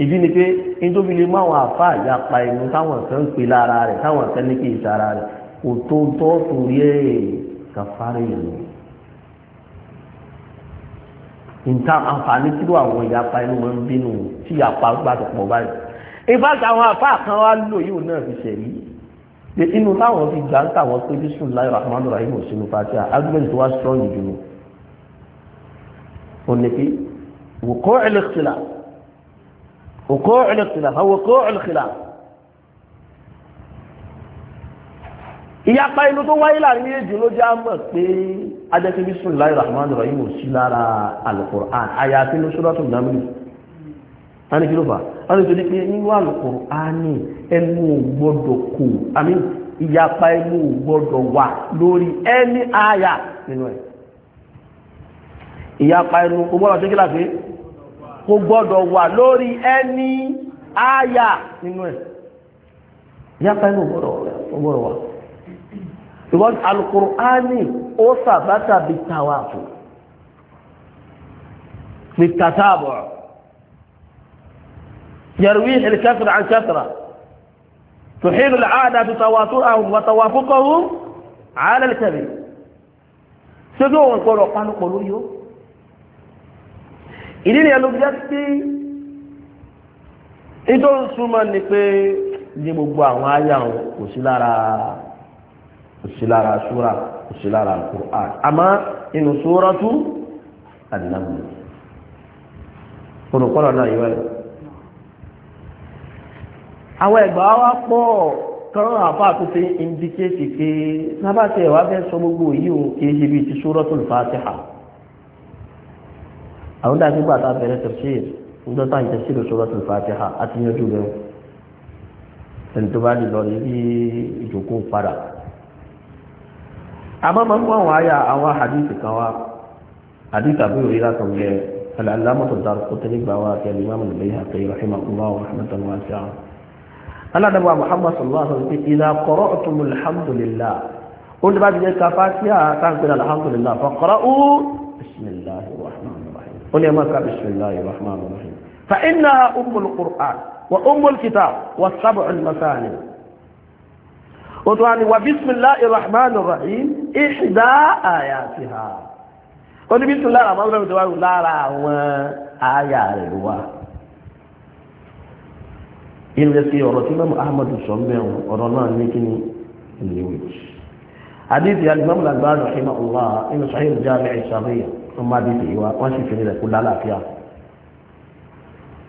ìdí ni pé nítorí lè máa wọn àfa àyàpá ẹnu táwọn kan ń pè lára rẹ̀ táwọn kan ní kí n sara rẹ̀ kò tó ń tọ́ torí ẹ̀ kàfárẹ̀ ìlú. nta àǹfààní tí ló àwọn ìyapa ẹnu wọn ń bínú tí ìyapa gbàdọ̀ pọ̀ báyìí. ìfàṣà àwọn àfa kan wá lò yóò náà fi ṣẹ̀rí inú táwọn fi gbà ń tàwọn pé bisimilayi rahman rahim òsínú fatia argument wa strong jù ní pé وقوع الاختلاف هو وقوع الخلاف ìyapa inú tó wáyé láàrin méjì ló já mọ̀ pé adẹ́kẹ́ bismillahir rahmanir rahim ò sí lára alukur'an àyàfi ní suratul naml tani kí ló fà á lè torí pé nínú alukur'an ní ẹnu ò gbọ́dọ̀ kò àmì ìyapa ẹnu ò gbọ́dọ̀ wà lórí ẹni àyà nínú ẹ̀ ìyapa ẹnu ò gbọ́dọ̀ ṣe kí láti kò gbọ́dọ̀ wà lórí ẹni àyà nínú ẹ̀ yàtọ̀ ẹni ògbọ́dọ̀ wà ìwọ́n alukur'ani ó sàbátà bí tàwàfù bí tàtàbọ̀ yẹ̀rùwí ìlkẹ́sìrì àn kẹ́sìrì تحيل العادة تواترهم وتوافقهم على الكذب سجوا القرآن قالوا يوم ìdí ni ẹlòmíyá sí nítorí súnmọ́ ni pé ní gbogbo àwọn àyà wọn kò sí lára kò sí lára súra kò sí lára Al-Qur'an àmọ́ inú súratu An-Naml olùkọ́lọ̀ náà yíwá yìí àwọn ẹ̀gbà wa pọ̀ kan àfa àtúnṣe indikéètì pé sábàtì ẹ̀wà fẹ́ sọ gbogbo yìí o kì í ṣe bíi ti Suratul àwọn dàbí gbà tá a bẹ̀rẹ̀ tafsir nígbà tá à ń tafsir suratul Fatiha àti yanjú rẹ̀ ẹni tó bá lè lọ níbi ìjókòó padà. àmọ́ máa ń mú àwọn àyà àwọn hadith kan wá hadith àbúrò rí látọ̀ yẹ العلامة الدارقطني بواك الإمام البيهقي رحمه الله رحمة واسعة أنا دبوا محمد صلى الله عليه وسلم إذا قرأتم الحمد لله قلت بعد ذلك فاتحة تقول الحمد لله فاقرأوا
بسم الله الرحمن الرحيم
ó ní ẹ máa ka bismillahir rahmanir rahim fa innaha ummul qur'an wa ummul kitab wa sab'ul masani ó tún wá ní wa bismillahir rahmanir rahim ihda ayatiha ó ní bismillahir rahmanir rahim tó wá lára àwọn àyà rẹ̀ wá inú yẹ kí ọ̀rọ̀ tí ahmadu sọ mẹ́wọ̀n ọ̀rọ̀ náà ní kí ni ìléwèjì rahimahullah inú sahih jami'i sàríyà wọ́n má dé tèyí wa wọ́n sì fi rẹ̀ kó lálàáfíà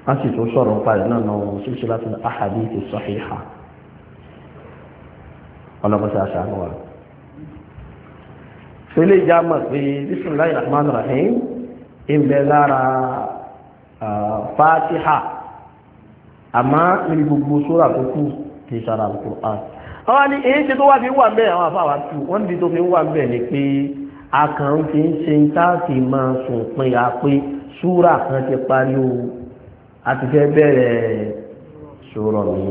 wọ́n sì tún sọ̀rọ̀ nípa rẹ̀ náà náà ṣíṣe láti ní àhàdí ti sọ̀híhà ọlọ́mọṣẹ́ àṣàánú wa. fẹ́lẹ́ ìjà mọ̀ pé bismillahir rahmanir rahim ń bẹ lára fatiha àmọ́ níbi gbogbo sóra tó kù kì í sára al àwọn ni èyí ṣe tó wá fi wà bẹ́ẹ̀ àwọn àfáwà tù wọ́n níbi tó fi wà bẹ́ẹ̀ ni pé akàn fi ń ṣe táàfì máa sùn pin àpé súrà kan ti parí o a ti fẹ́ bẹ̀rẹ̀ sùrọ̀ mi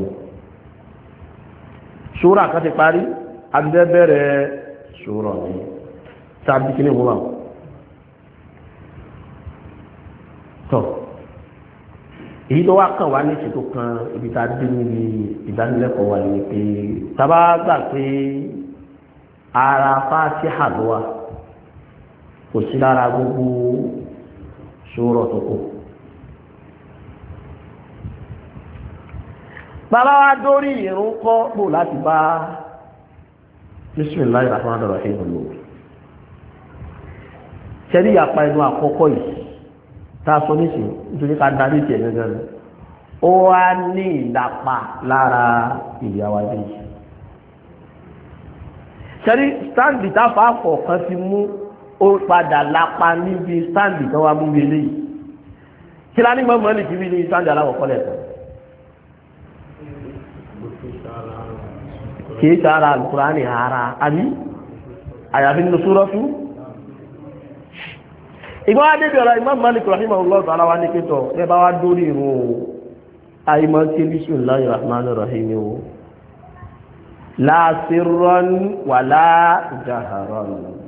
súrà kan ti parí a fẹ́ bẹ̀rẹ̀ sùrọ̀ mi tàbí kí ni wọ́n wà tọ́ èyí tó wá kàn wá ní ìṣètò kan ibi tá dé níbi ìdánilẹ́kọ̀ọ́ wa ni pé tá a bá gbà pé ara fáṣí hà kò sí lára gbogbo sùúrọ̀ tó kù. bàbá wa dórí ìrún kọ́ pò láti bá bísímìláì rahman rahim lò ṣẹ́rí ìyapa inú àkọ́kọ́ yìí tá a sọ nísìnyí nítorí ká darí ìtì ẹ̀yẹ́ gẹ́gẹ́ ó wá ní ìdàpà lára ìyàwó adé yìí ṣẹ́rí stáǹdì táfà kọ̀ọ̀kan ti mú ó padà lápá níbi sáǹdì tó wá múbi eléyìí kí lá ní mọ́ mọ́lì kí ní sáǹdì aláwọ̀kọ́ lẹ́tọ̀ kìí sára alùkùránì ara àbí àyàfi nínú súrọ́sù ìgbọ́n wá débi ọ̀rọ̀ ìmọ̀ mọ́lì kùrọ̀ nímọ̀ ọlọ́ tó aláwa ní pẹ́tọ̀ ẹ bá wá dórí ìrun o àìmọ́ tí bísí láyé rahman rahim o láàṣírọ́n wàlá jàhárọ́n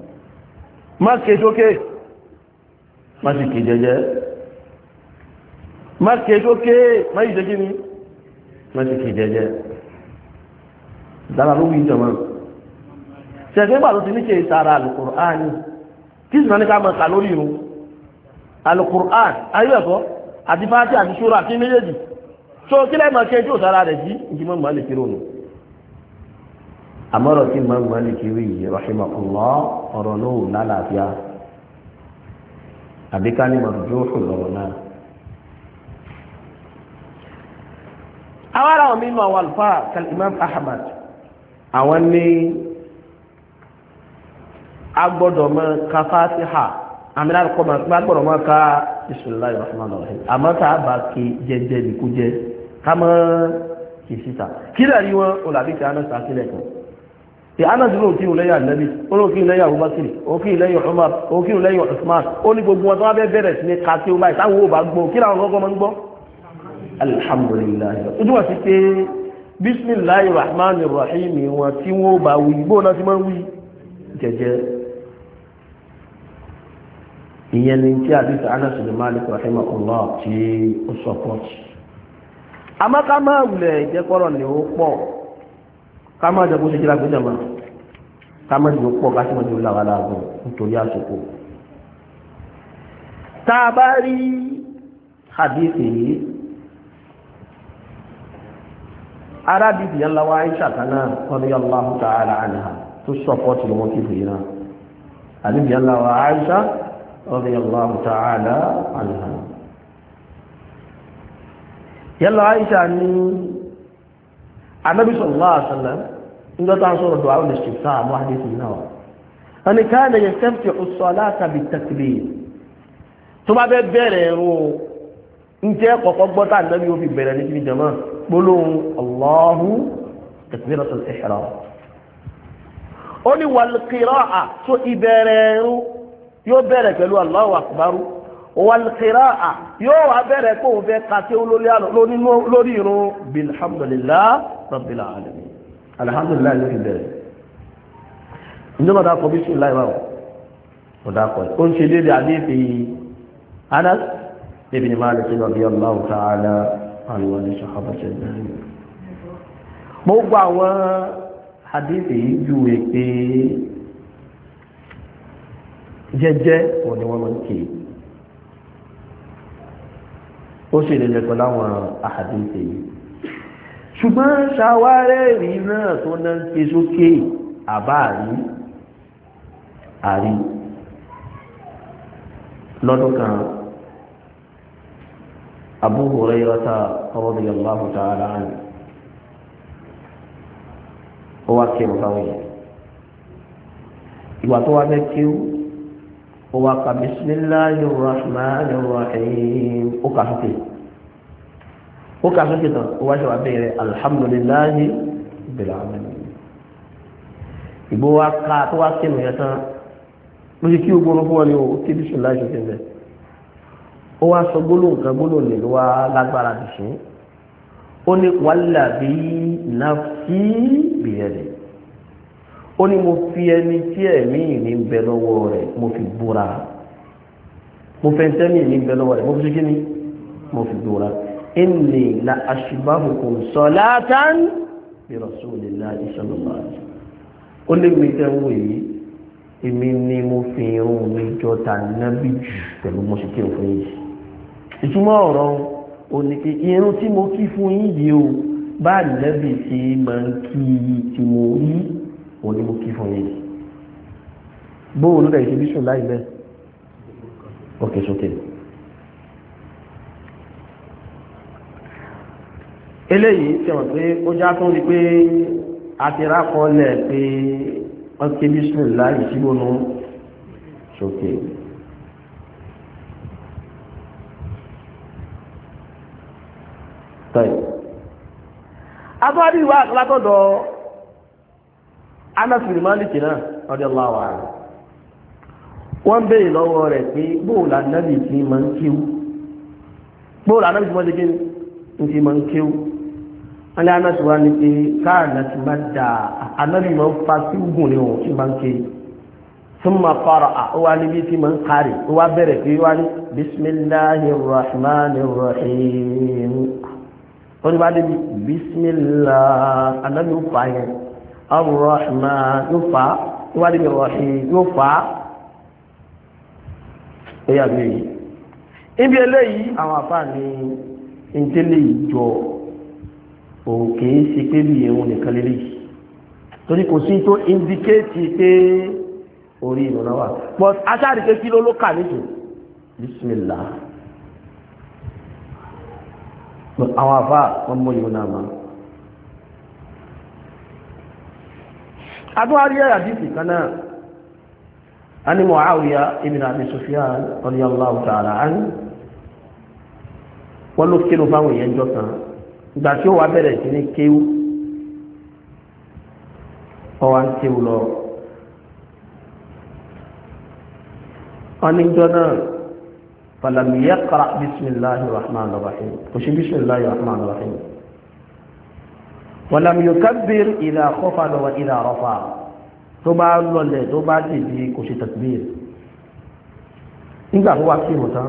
má ké sókè má sì ké má sókè má má sì dára ló wí ṣẹ̀fẹ́ ló ti ní ṣe kí sì náà ní ká mọ̀ ká lórí àti àti ṣúra àti méjèèjì tó kílẹ̀ mọ̀ ké tí ò sára rẹ̀ mọ̀ lè àmọ́rọ̀ tí mọ́ Málíkì wí yìí rahimahullah ọ̀rọ̀ lóhùn lálàáfíà àbíká ní mọ̀rùjúhù lọ́rọ̀ náà. àwọn ará omi mọ̀ àwọn àlùfáà kan Imam Ahmad àwọn ní agbọ́dọ̀ mọ́ ka Fátíhà àmì láti kọ́ máa gbọ́dọ̀ mọ́ ká bismillahir rahmanir rahim àmọ́ tá a bá kí jẹjẹ nìkú jẹ ká mọ́ kì í síta kí lè rí wọn olàbí tí a náà kan. Anas ló kí ilẹ̀ ànábì ó kí ilẹ̀ Abubakar ó kí ilẹ̀ Umar ó kí ilẹ̀ Usman ó ní gbogbo wọn tó wá bẹ́ bẹ̀rẹ̀ sí ní kàtí ó báyìí táwọn ò bá gbọ́ kí làwọn ọgọ́ máa ń gbọ́ alhamdulillah ojú wà sí pé bismillahi rahmani rahim wọn tí wọn ò bá wí bóun náà ti máa ń wí jẹ́jẹ́ ìyẹn ni tí àdìsí Anas sọ pọ̀ àmọ́ ká máa wulẹ̀ ìjẹ́kọ́rọ̀ ó pọ̀ ká má jẹ́ bó ṣe kíra gbéjà máa ká má jẹ́ pọ̀ ká sì mọ̀ jẹ́ láwa láàbọ̀ nítorí àsopọ̀ tá a bá rí hadithi yìí arábìbì yànlá wa aisha kaná radiyallahu ta'ala anha tó sọ̀pọ̀ tí wọ́n ti fèèrè náà àbíbì yànlá wa aisha radiyallahu ta'ala anha Yalla aisha ni. Ànábì sallallahu alaihi wasallam nígbà tó ń sọ̀rọ̀ dùn àwọn ìṣẹ̀lẹ̀ sáà mọ́ àdéhùn náà wà. wọ́n ní káàdì yẹn sẹ́fìtì ọ̀sọ̀ aláàtàbí tẹ̀kìlì tó bá fẹ́ bẹ̀rẹ̀ ẹ̀rọ njẹ́ kọ̀kọ́ gbọ́ tá ànábì yóò fi bẹ̀rẹ̀ ní kíni jama gbólóhùn Allahu takbiratul ihram. ó wal qira'a tó ìbẹ̀rẹ̀ ẹ̀rọ yóò bẹ̀rẹ̀ pẹ̀lú Allahu akbar walqiraa yóò wá bẹ̀rẹ̀ kó o fẹ́ kàtí olórí irun bilhamdulillah rabbil alamin alhamdulillah ló fi bẹ̀rẹ̀ ìjọba dákọ̀ bí sùn láì báwọ̀ kò dákọ̀ ó ń ṣe dédé àdéfì anas ibn malik radiyallahu ta'ala àríwá ní sàhábàṣẹ́ ìgbẹ̀rẹ̀ mo gba àwọn àdéfì yìí júwe pé jẹ́jẹ́ òun ni wọ́n máa ń kì í ó sì lè lè pẹ̀lú àwọn àdéfì yìí ṣùgbọ́n ṣàwárẹ̀ rí náà tó náà ń ké sókè àbá àrí àrí lọ́dún kan Abu Hurairata radiyallahu ta'ala anhu ó wá kí ọ̀gá òye ìwà tó wá fẹ́ ó wá ka bismillahir rahmanir rahim ó kà sókè ó kà sókè tán ó wá ṣọwà bẹ̀rẹ̀ alhamdulillahi bẹ̀rẹ̀ àmàlẹ́ ìgbó wa ká tó wá sí ìmọ̀yẹ tán ló ṣe kí o gbóná fún wọn ni o tí bí sùn láì ṣe bẹ̀ ó wá sọ gbólóhùn kan gbólóhùn lè ló wá lágbára bì sí ó ní wallabi nafsi bìyẹ̀lẹ̀ ó ní mo fi ẹni tí ẹ̀mí ní bẹ lọ́wọ́ rẹ̀ mo fi búra mo fẹ́ tẹ́mì ní bẹ lọ́wọ́ rẹ̀ mo fi ṣe kí ni mo fi búra inni la ashbahukum salatan bi rasulillahi sallallahu alaihi wasallam ó lé mi tẹ́wọ́ yìí èmi ni mo fi irun mi jọ tànábì jù pẹ̀lú mo sì kí òfin yìí ìtumọ̀ ọ̀rọ̀ ò ní pé irun tí mo kí fún yín yìí o bá nẹ́bì tí máa ń kí tí mo rí òun ni mo kí fún yín bóòlù rẹ̀ ṣe bí sùn láì bẹ́ẹ̀ òkè sókè. Okay, so eléyìí tẹ̀wọ̀n pé ó já tó rí pé a ti rákọọlẹ̀ pé wọ́n ké bísímìlá ìṣíbónú sókè tọ́yì abúlé ìwà àkọlátọ̀dọ̀ anásìrì máàlìkì náà ọdẹ láwà wọ́n ń béèrè lọ́wọ́ rẹ̀ pé bóòlù anábì ti máa ń kéwú bóòlù anábì ti máa ń kéwú wọ́n lé anásù wa ni pé káàdà ti bá da anábì máa ń fa sí gùn ní òun tí máa ń ké tún máa fara à ó wá níbi tí máa ń kárì ó wá bẹ̀rẹ̀ pé wá ní bisimilahi rahman rahim ó ní wá níbi bisimilah anábì ó fa yẹn arrahman ó fa ó wá níbi rahim ó fa ó yà mí. ibi eléyìí àwọn afáàní ìdílé ìjọ òun kìí ṣe pé bí ẹ̀hún nìkan lélẹ̀ yìí torí kò sí tó indicate pé orí ìrọ̀lá wà but aṣáàrí pé kí ló ló kà níjù bísímìlá àwọn àfà wọn mú ìwọ náà máa adúlárí ẹ̀yà dìtì kan náà a ní Muawiya ibn Abi Sufyan radiyallahu ta'ala anhu wọ́n ló kí ló fáwọn èèyàn jọ kan ìgbà tí ó wà bẹ̀rẹ̀ sí ní kéwú ọwá ń kéwú lọ ọ́nìjọ́ náà fàlàmìyà kàrà bísmìláhì rahman rahim kò sí bísmìláhì rahman rahim wàlàmìyà kábír ìlà kọfà lọ ìlà rọfà tó bá lọlẹ̀ tó bá dìbì kò sí tàbí nígbà tó wá kí ìmọ̀tán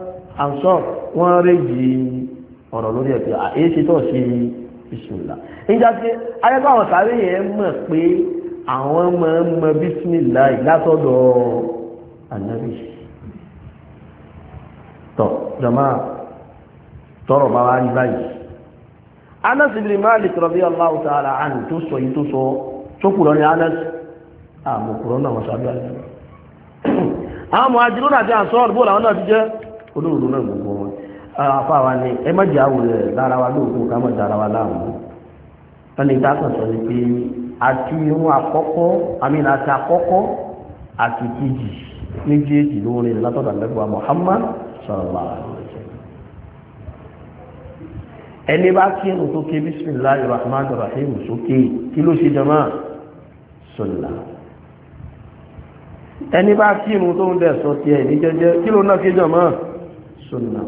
àṣọ wọ́n rí yìí ọ̀rọ̀ lórí a, àyíṣẹ́ tó ṣe bísmìlá níjà tí ayẹ́kọ́ sáré yẹn mọ̀ pé àwọn máa ń bísmìlá ìlátọ́dọ̀ ànábì tọ̀ tọrọ bá wá rí báyìí Anas ibn Malik radiyallahu náà wọ́n sábẹ́ àjẹ́ àwọn mọ̀ náà ti olóòrùn náà gbogbo wọn afáwa ni ẹ má jẹ́ àwòrán lára wa lóògùn ká má dára wa láàmú wọn ni dákàn sọ ni pé àti irun àkọ́kọ́ àmì àti àkọ́kọ́ àti kejì méjèèjì ló ń rìn látọ̀dọ̀ àlẹ́gbọ̀n Muhammad sallallahu alaihi wasallam ẹni bá kí ẹnu tó ké bismillahir rahmanir rahim sókè kí ló ṣe jama sọlá ẹni bá kí ẹnu tó ń dẹ̀ sọ tiẹ̀ ní jẹ́jẹ́ kí ló náà ké jama sunna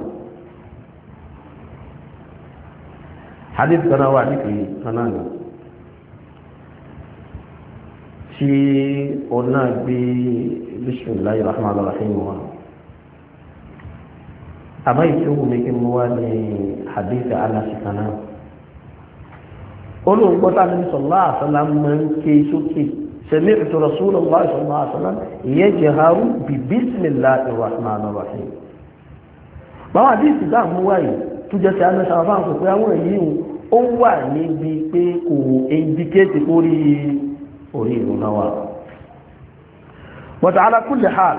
hadith kan wà nípìnlẹ̀ kan náà ni tí òun náà gbé bisimilahi rahman rahim wa àmọ́ ìṣòwò mi kí mo wá ní hadith alasi kan náà olóńgbò tá a ní sọ̀lá àṣàlá máa ń ké sókè sami'tu rasulullah sallallahu alaihi wasallam yajharu bi bismillahi rahman rahim báwọn àdíìsì bá mú wáyé tó jẹ́ sí anẹ́sà bá ń sọ pé àwọn èyí ó wà níbi pé kò indicate orí orí ìrùn náà wà but ala kulli hal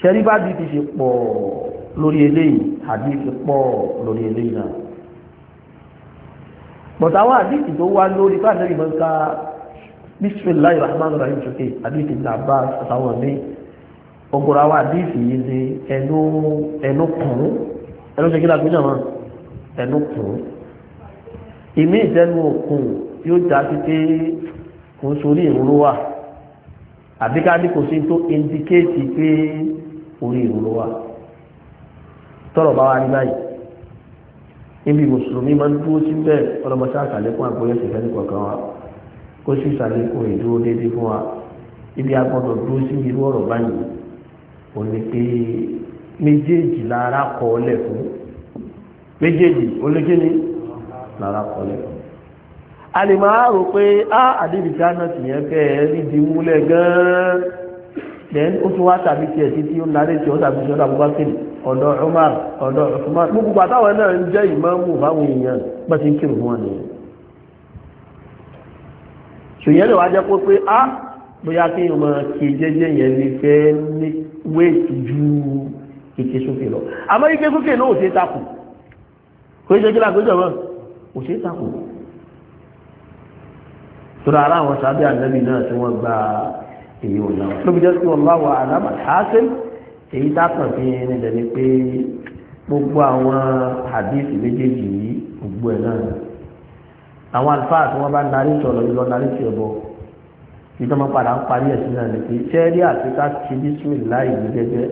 ṣẹ́rí bá di ti ṣe pọ̀ lórí eléyìí àdíìsì pọ̀ lórí eléyìí náà but àwọn àdíìsì tó wá lórí fáànẹ́rì mọ́ká bismillahir rahmanir rahim sókè àdíìsì ní Abbas àtàwọn míì ọgbọ̀rọ̀ àwọn àdífì yìí ṣe ẹnu ẹnu kùn ẹnu ṣe kí láti gbọ́dọ̀ náà ẹnu kùn ìmí ìtẹnu òkun yóò já sí pé kò sórí ìrúró wà àbí ká ní kò sí tó indikéètì pé orí ìrúró wà tọrọ bá wà ní báyìí níbi mùsùlùmí máa ń dúró síbẹ̀ ọlọmọṣẹ́ àṣàlékún àgbóyẹ̀ ṣẹ̀fẹ́ ní kọ̀ọ̀kan wa kó sì ṣàlékún ìdúró déédéé fún wa ibi agbọ́dọ̀ dúró sí irú ọ̀rọ̀ báyìí ò ní pé méjèèjì lára kọ́ ọ́lẹ̀ fún méjèèjì olókèlè lára kọ́ ọ́lẹ̀ a lè máa rò pé á àdébìtá náà ti yẹn fẹ́ rí di múlẹ̀ gan-an then ó tún wá tàbí tiẹ̀ títí ó lárí tí ó tàbí tí ó dàbí bá kéde ọ̀dọ̀ Umar ọ̀dọ̀ Usman gbogbo àtàwọn náà ń jẹ́ ìmáàmù báwọn èèyàn bá ti ń kírun wọn nìyẹn ṣùgbọ́n lè wá jẹ́ pé pé á bóyá kí n mọ kí jẹ́jẹ́ yẹn ní fẹ́ ní wéètì ju kéke sókè lọ àmọ́ kéke sókè náà ò ṣe é takò kò ṣe kí làgbéjọ mọ́ ò ṣe é takò tura ara àwọn sábẹ́ ànábì náà tí wọ́n gba èyí ò náà ló fi jẹ́ sí ọlá wa àlámà ṣáṣẹ́ èyí dákàn fi nílẹ̀ ni pé gbogbo àwọn hadith méjèèjì yìí gbogbo ẹ̀ náà àwọn àlùfáà tí wọ́n bá ń darí sọ̀rọ̀ ìlọ darí sí ọ̀bọ̀ ìjọba padà ń parí ẹ̀sìn náà ní pé sẹ́ẹ̀rí àfikà ṣe bísímìláì ní gẹ́gẹ́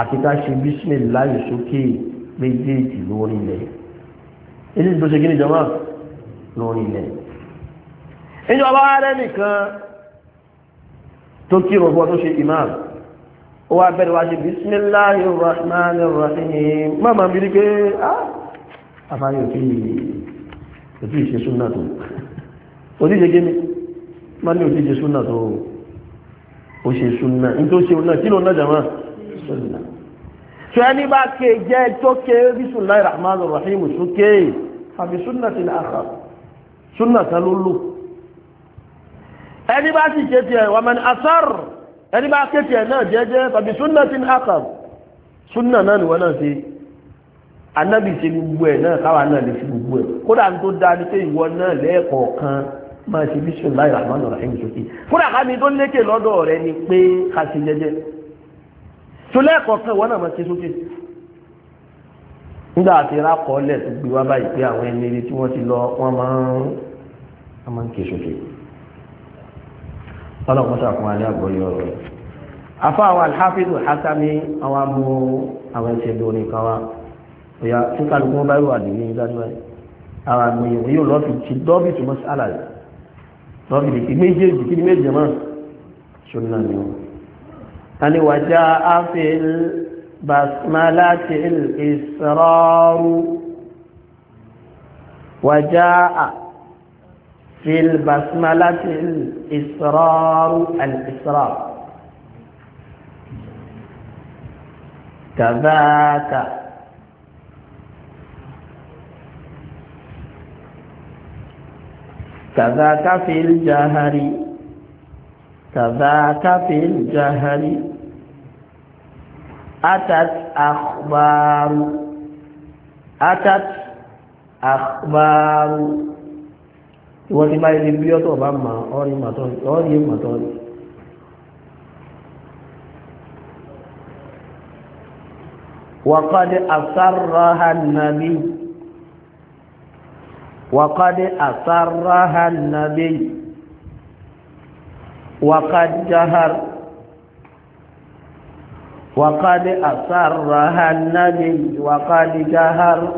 àfikà ṣe bísímìláì sókè méjèèjì lórí ilẹ̀ ilé ìgbésẹ̀ kí ni ìjọba lórí ilẹ̀ ìjọba wa rẹ nìkan tó kírun fún ọ tó ṣe imam ó wá bẹ̀rẹ̀ wá ṣe bísímìláì rahmanir rahim mọ́mọ́ mi rí pé àfáyọ̀ kí ni òtún ìṣesúnà tó òtún ìṣe kí ni má ní òjíjẹ súnà tó ó ṣe súnà ní tó ṣe náà kí ló náà jàmá súnà tó ẹni bá ké jẹ́ tó ké bismillahir rahmanir rahim sókè àbí súnà ti ní àkà súnà ta ló lò ẹni bá sì ké tiẹ̀ wà mẹ́ni asar ẹni bá ké tiẹ̀ náà jẹ́jẹ́ tàbí súnà ti ní àkà súnà náà ni wọ́n náà ṣe anábì gbogbo ẹ̀ náà káwa náà lè fi gbogbo ẹ̀ kódà tó dáa ni pé ìwọ náà lẹ́ẹ̀kọ̀ọ̀kan máa ṣe bisimilahi rahman rahim sókè kúrò àkàmì tó lékè lọ́dọ̀ rẹ ni pé ká sí jẹ́jẹ́ tolẹ́ẹ̀kọ́ kan wọn náà máa ṣe sókè nígbà àti rákọ́ọ́lẹ̀ tó gbé wá báyìí pé àwọn ẹni tí wọ́n ti lọ wọ́n máa ń máa ń ké sókè ọlọ́pàá sàkún alẹ́ àgbọ̀yé ọ̀rọ̀ rẹ̀ afa àwọn alhafidu hasami àwọn amú àwọn ẹsẹ̀ lórí kan wá òyà tí kálukú wọn bá yóò wà nínú yìí yóò lọ́ọ́ fi ti dọ́ọ̀bì tó mọ́ lọ́bì lè fi méjèèjì kí ni méjì mọ́ ṣùnà ni wọn. a ní wàjá áfíìl basmalati ìsọ́rọ́rù wàjá áfíìl basmalati ìsọ́rọ́rù al-israr. كذاك kàdáká fil jahari kàdáká fil jahari atat akhbaru atat akhbaru ìwọ́n ti máa ilé bí ọ́tọ̀ bá ma ọ́rí màtọ́rí wàkọ́dé asarraha nàbí وقد أصرها النبي وقد جهر وقد أصرها النبي وقد جهر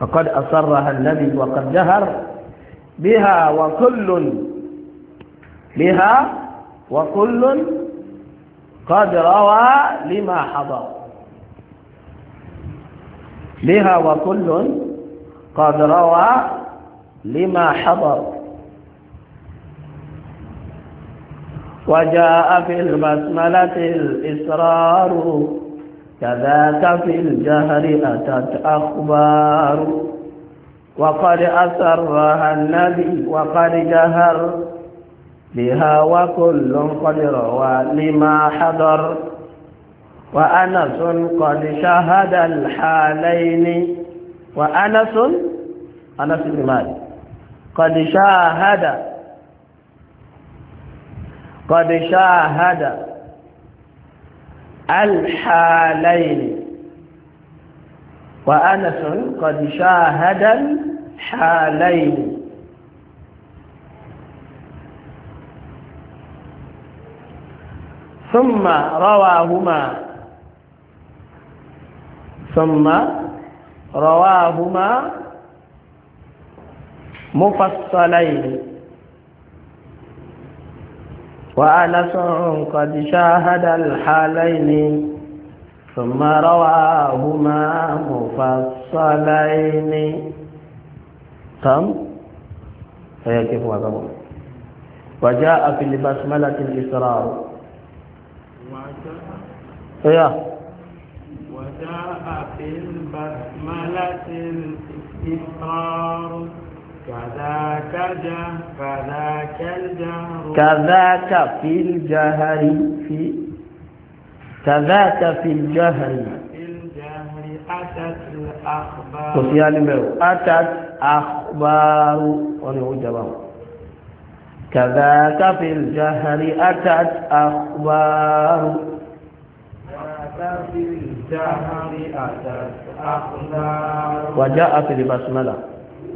وقد أصرها النبي وقد جهر بها وكل بها وكل قد روى لما حضر بها وكل قد روى لما حضر وجاء في البسملة الإسرار كذاك في الجهر أتت أخبار وقد أسرها النبي وقد جهر بها وكل قد روى لما حضر وأنس قد شهد الحالين وأنس أنس بن مالك قد شاهد قد شاهد الحالين وأنس قد شاهد الحالين ثم رواهما ثم رواهما مفصلين وأنس قد شاهد الحالين ثم رواهما مفصلين كم فيكف وغبر وجاء في البسملة الإسرار وجاء
وجاء في البسملة الإسرار كذاك كذاك الجهر كذاك
في الجهر في كذاك في الجهر في
الجهر أتت الأخبار سفيان أتت
أخبار ونعود جواب كذاك في الجهر أتت أخبار
كذاك في الجهر أتت أخبار وجاء في البسملة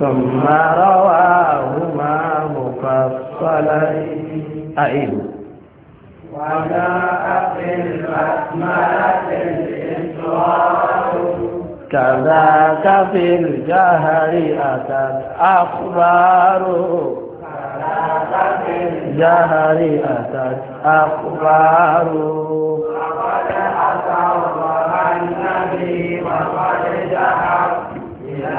ثم رواهما مفصلين أعيد وجاء في أسماء الإسرار كذاك في الجهر أتت أخبار كذاك في الجهر أتت أخبار وقد أتى الله النبي وقد ذهب إلى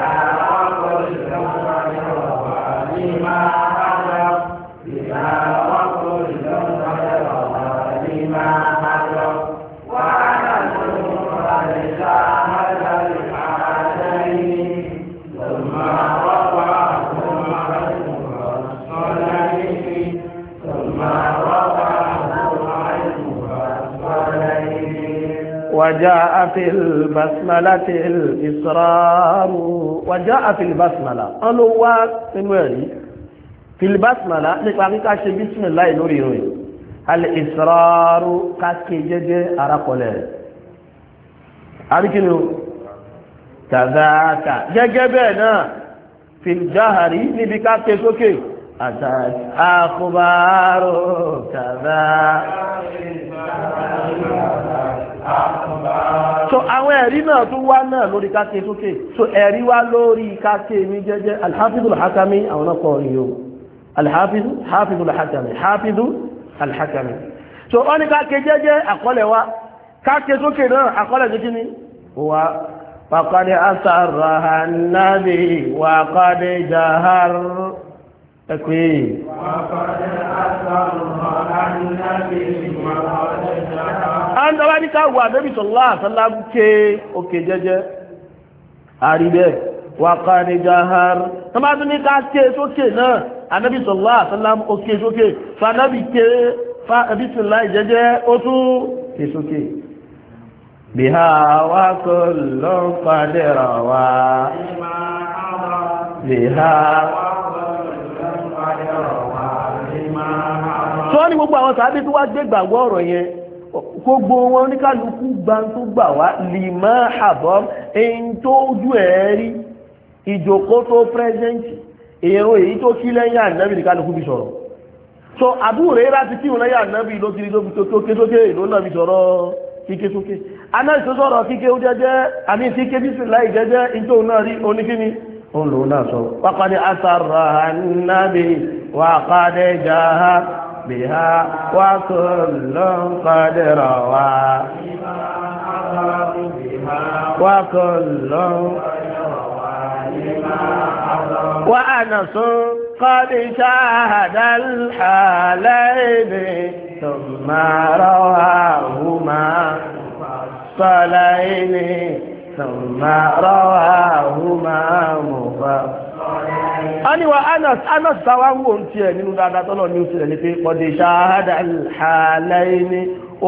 وجاء في البسملة الإصرار وجاء في البسملة قالوا وانواري في البسملة نقول كاش بسم الله نوري نوري الإصرار كاكي جدي أراقولي أريكنو كذاك ججبنا في الجهر نبي كاكي سوكي أتاك أخبار كذا so àwọn ẹ̀rí náà tún wá náà lórí káṣe sókè so ẹ̀rí wá lórí káṣe ní jẹ́jẹ́ alhafizul hakami àwọn náà kọ ìyó alhafizu hafizul hakami hafizu alhakami so wọ́n ní káṣe jẹ́jẹ́ àkọlẹ̀ wa káṣe sókè náà àkọlẹ̀ jẹ́jẹ́ ni wa faqad asarraha an-nabi wa qad jahar ẹ pé. àǹtọ́wá ní ká wà débi sọ̀lá àtàlá ń ké òkè jẹ́jẹ́ àríbẹ̀ wàkàrí jahar tọ́mátù ní ká ké sókè náà ànábì sọ̀lá àtàlá ń ké sókè fànábì ké fa bismillah jẹ́jẹ́ ó tún ké wọ́n ní gbogbo àwọn sàábé tó wá gbé gbàgbọ́ ọ̀rọ̀ yẹn gbogbo wọn oníkàlùkù gba tó gbà wá lìmọ́ àbọ̀ èyí tó ojú ẹ̀ rí ìjòkó tó pírẹ́sẹ̀ǹtì èyàn èyí tó kí lẹ́yìn ànábì nìkàlùkù fi sọ̀rọ̀ so àbúrò rẹ̀ láti lẹ́yìn ànábì náà
بها وكل قد روى وكل
وأنس قد شاهد الحالين
ثم رواهما صلين ثم رواهما
مفصلا a ní wa anas anas sáwá ń wò ń tiẹ̀ nínú dáadáa tọ́lọ̀ ní oṣù rẹ̀ ní pé kọ́dé ṣáhádà àlàyé ni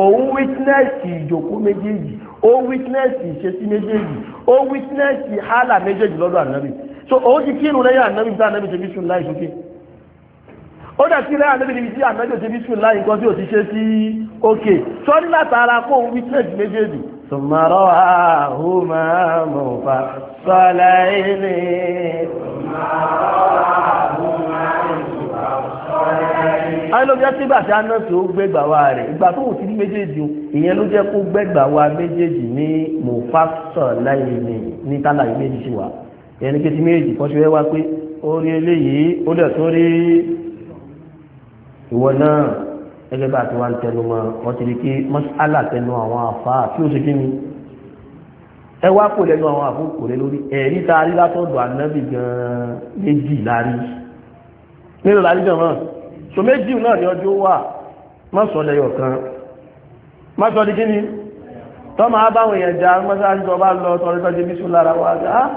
òun wítínẹ́sì ìjòkó méjèèjì ó wítínẹ́sì ìṣesí méjèèjì ó wítínẹ́sì hálà so o ti kírun lẹ́yìn ànábì tí ànábì ṣe bí sùn láì sókè ó dẹ̀ sí lẹ́yìn ànábì níbi tí ànábì ṣe bí sùn láì nǹkan tí ò ti ṣe sí òkè sọ ní látara kó òun wítínẹ́sì méjèèjì
ثم رواهما مفصلين ayélujára
jẹ́ sígbà tí aná tí ó gbẹ́gbà wa rẹ̀ ìgbà tó wù sí ní méjèèjì ìyẹn ló jẹ́ kó gbẹ́gbà wa méjèèjì ní mufasalayin ní tálàyé méjì sí wa ìyẹn ní pé ti méjì wẹ́ wá pé ó rí eléyìí ó dẹ̀ tó rí ìwọ náà gẹ́gẹ́ bá ti wá ń tẹnu mọ́ wọ́n ti di kí mọ́sálà tẹnu àwọn àfa kí ó ṣe kí ni ẹ wá kò lẹ́nu àwọn àfo kò lórí ẹ̀rí tá rí látọ̀dọ̀ ànábì gan-an méjì lárí nílò lárí jọ̀ náà so méjì náà ni ọjọ́ wà má sọ lẹ́yọ̀ kan má sọ di kí ni tọ́mọ abáwọn èèyàn jà mọ́sálásí tó bá lọ tọrọ tó ti bísú lára wá sí á ah!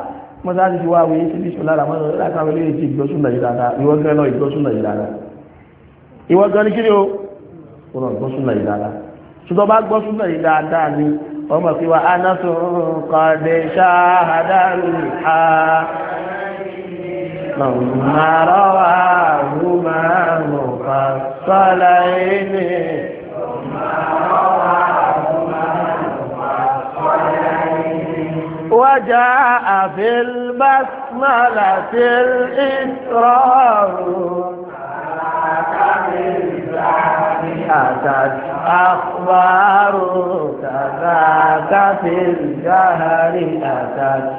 mọ́sálásí ti wá àwọn èèyàn ti bísú lára mọ́sálásí láti àwọn eléyìí ti ìgbọ́sùn nàìjíríà ìwọ́gán náà ìgbọ́sùn nàìjíríà ìwọ́gán ni kí ni o kó lọ gbọ́ súnà yìí dáadáa ṣùgbọ́n bá gbọ́ súnà yìí dáadáa ni ọmọ fi wa anásùn kọ́dé ṣáhádàrú ha
lọ́mọ̀rọ̀ wa rúmọ̀rún kan sọ́lá ilé. وجاء في البسملة الإسرار أتت أخبارك ذاك في الجهر أتت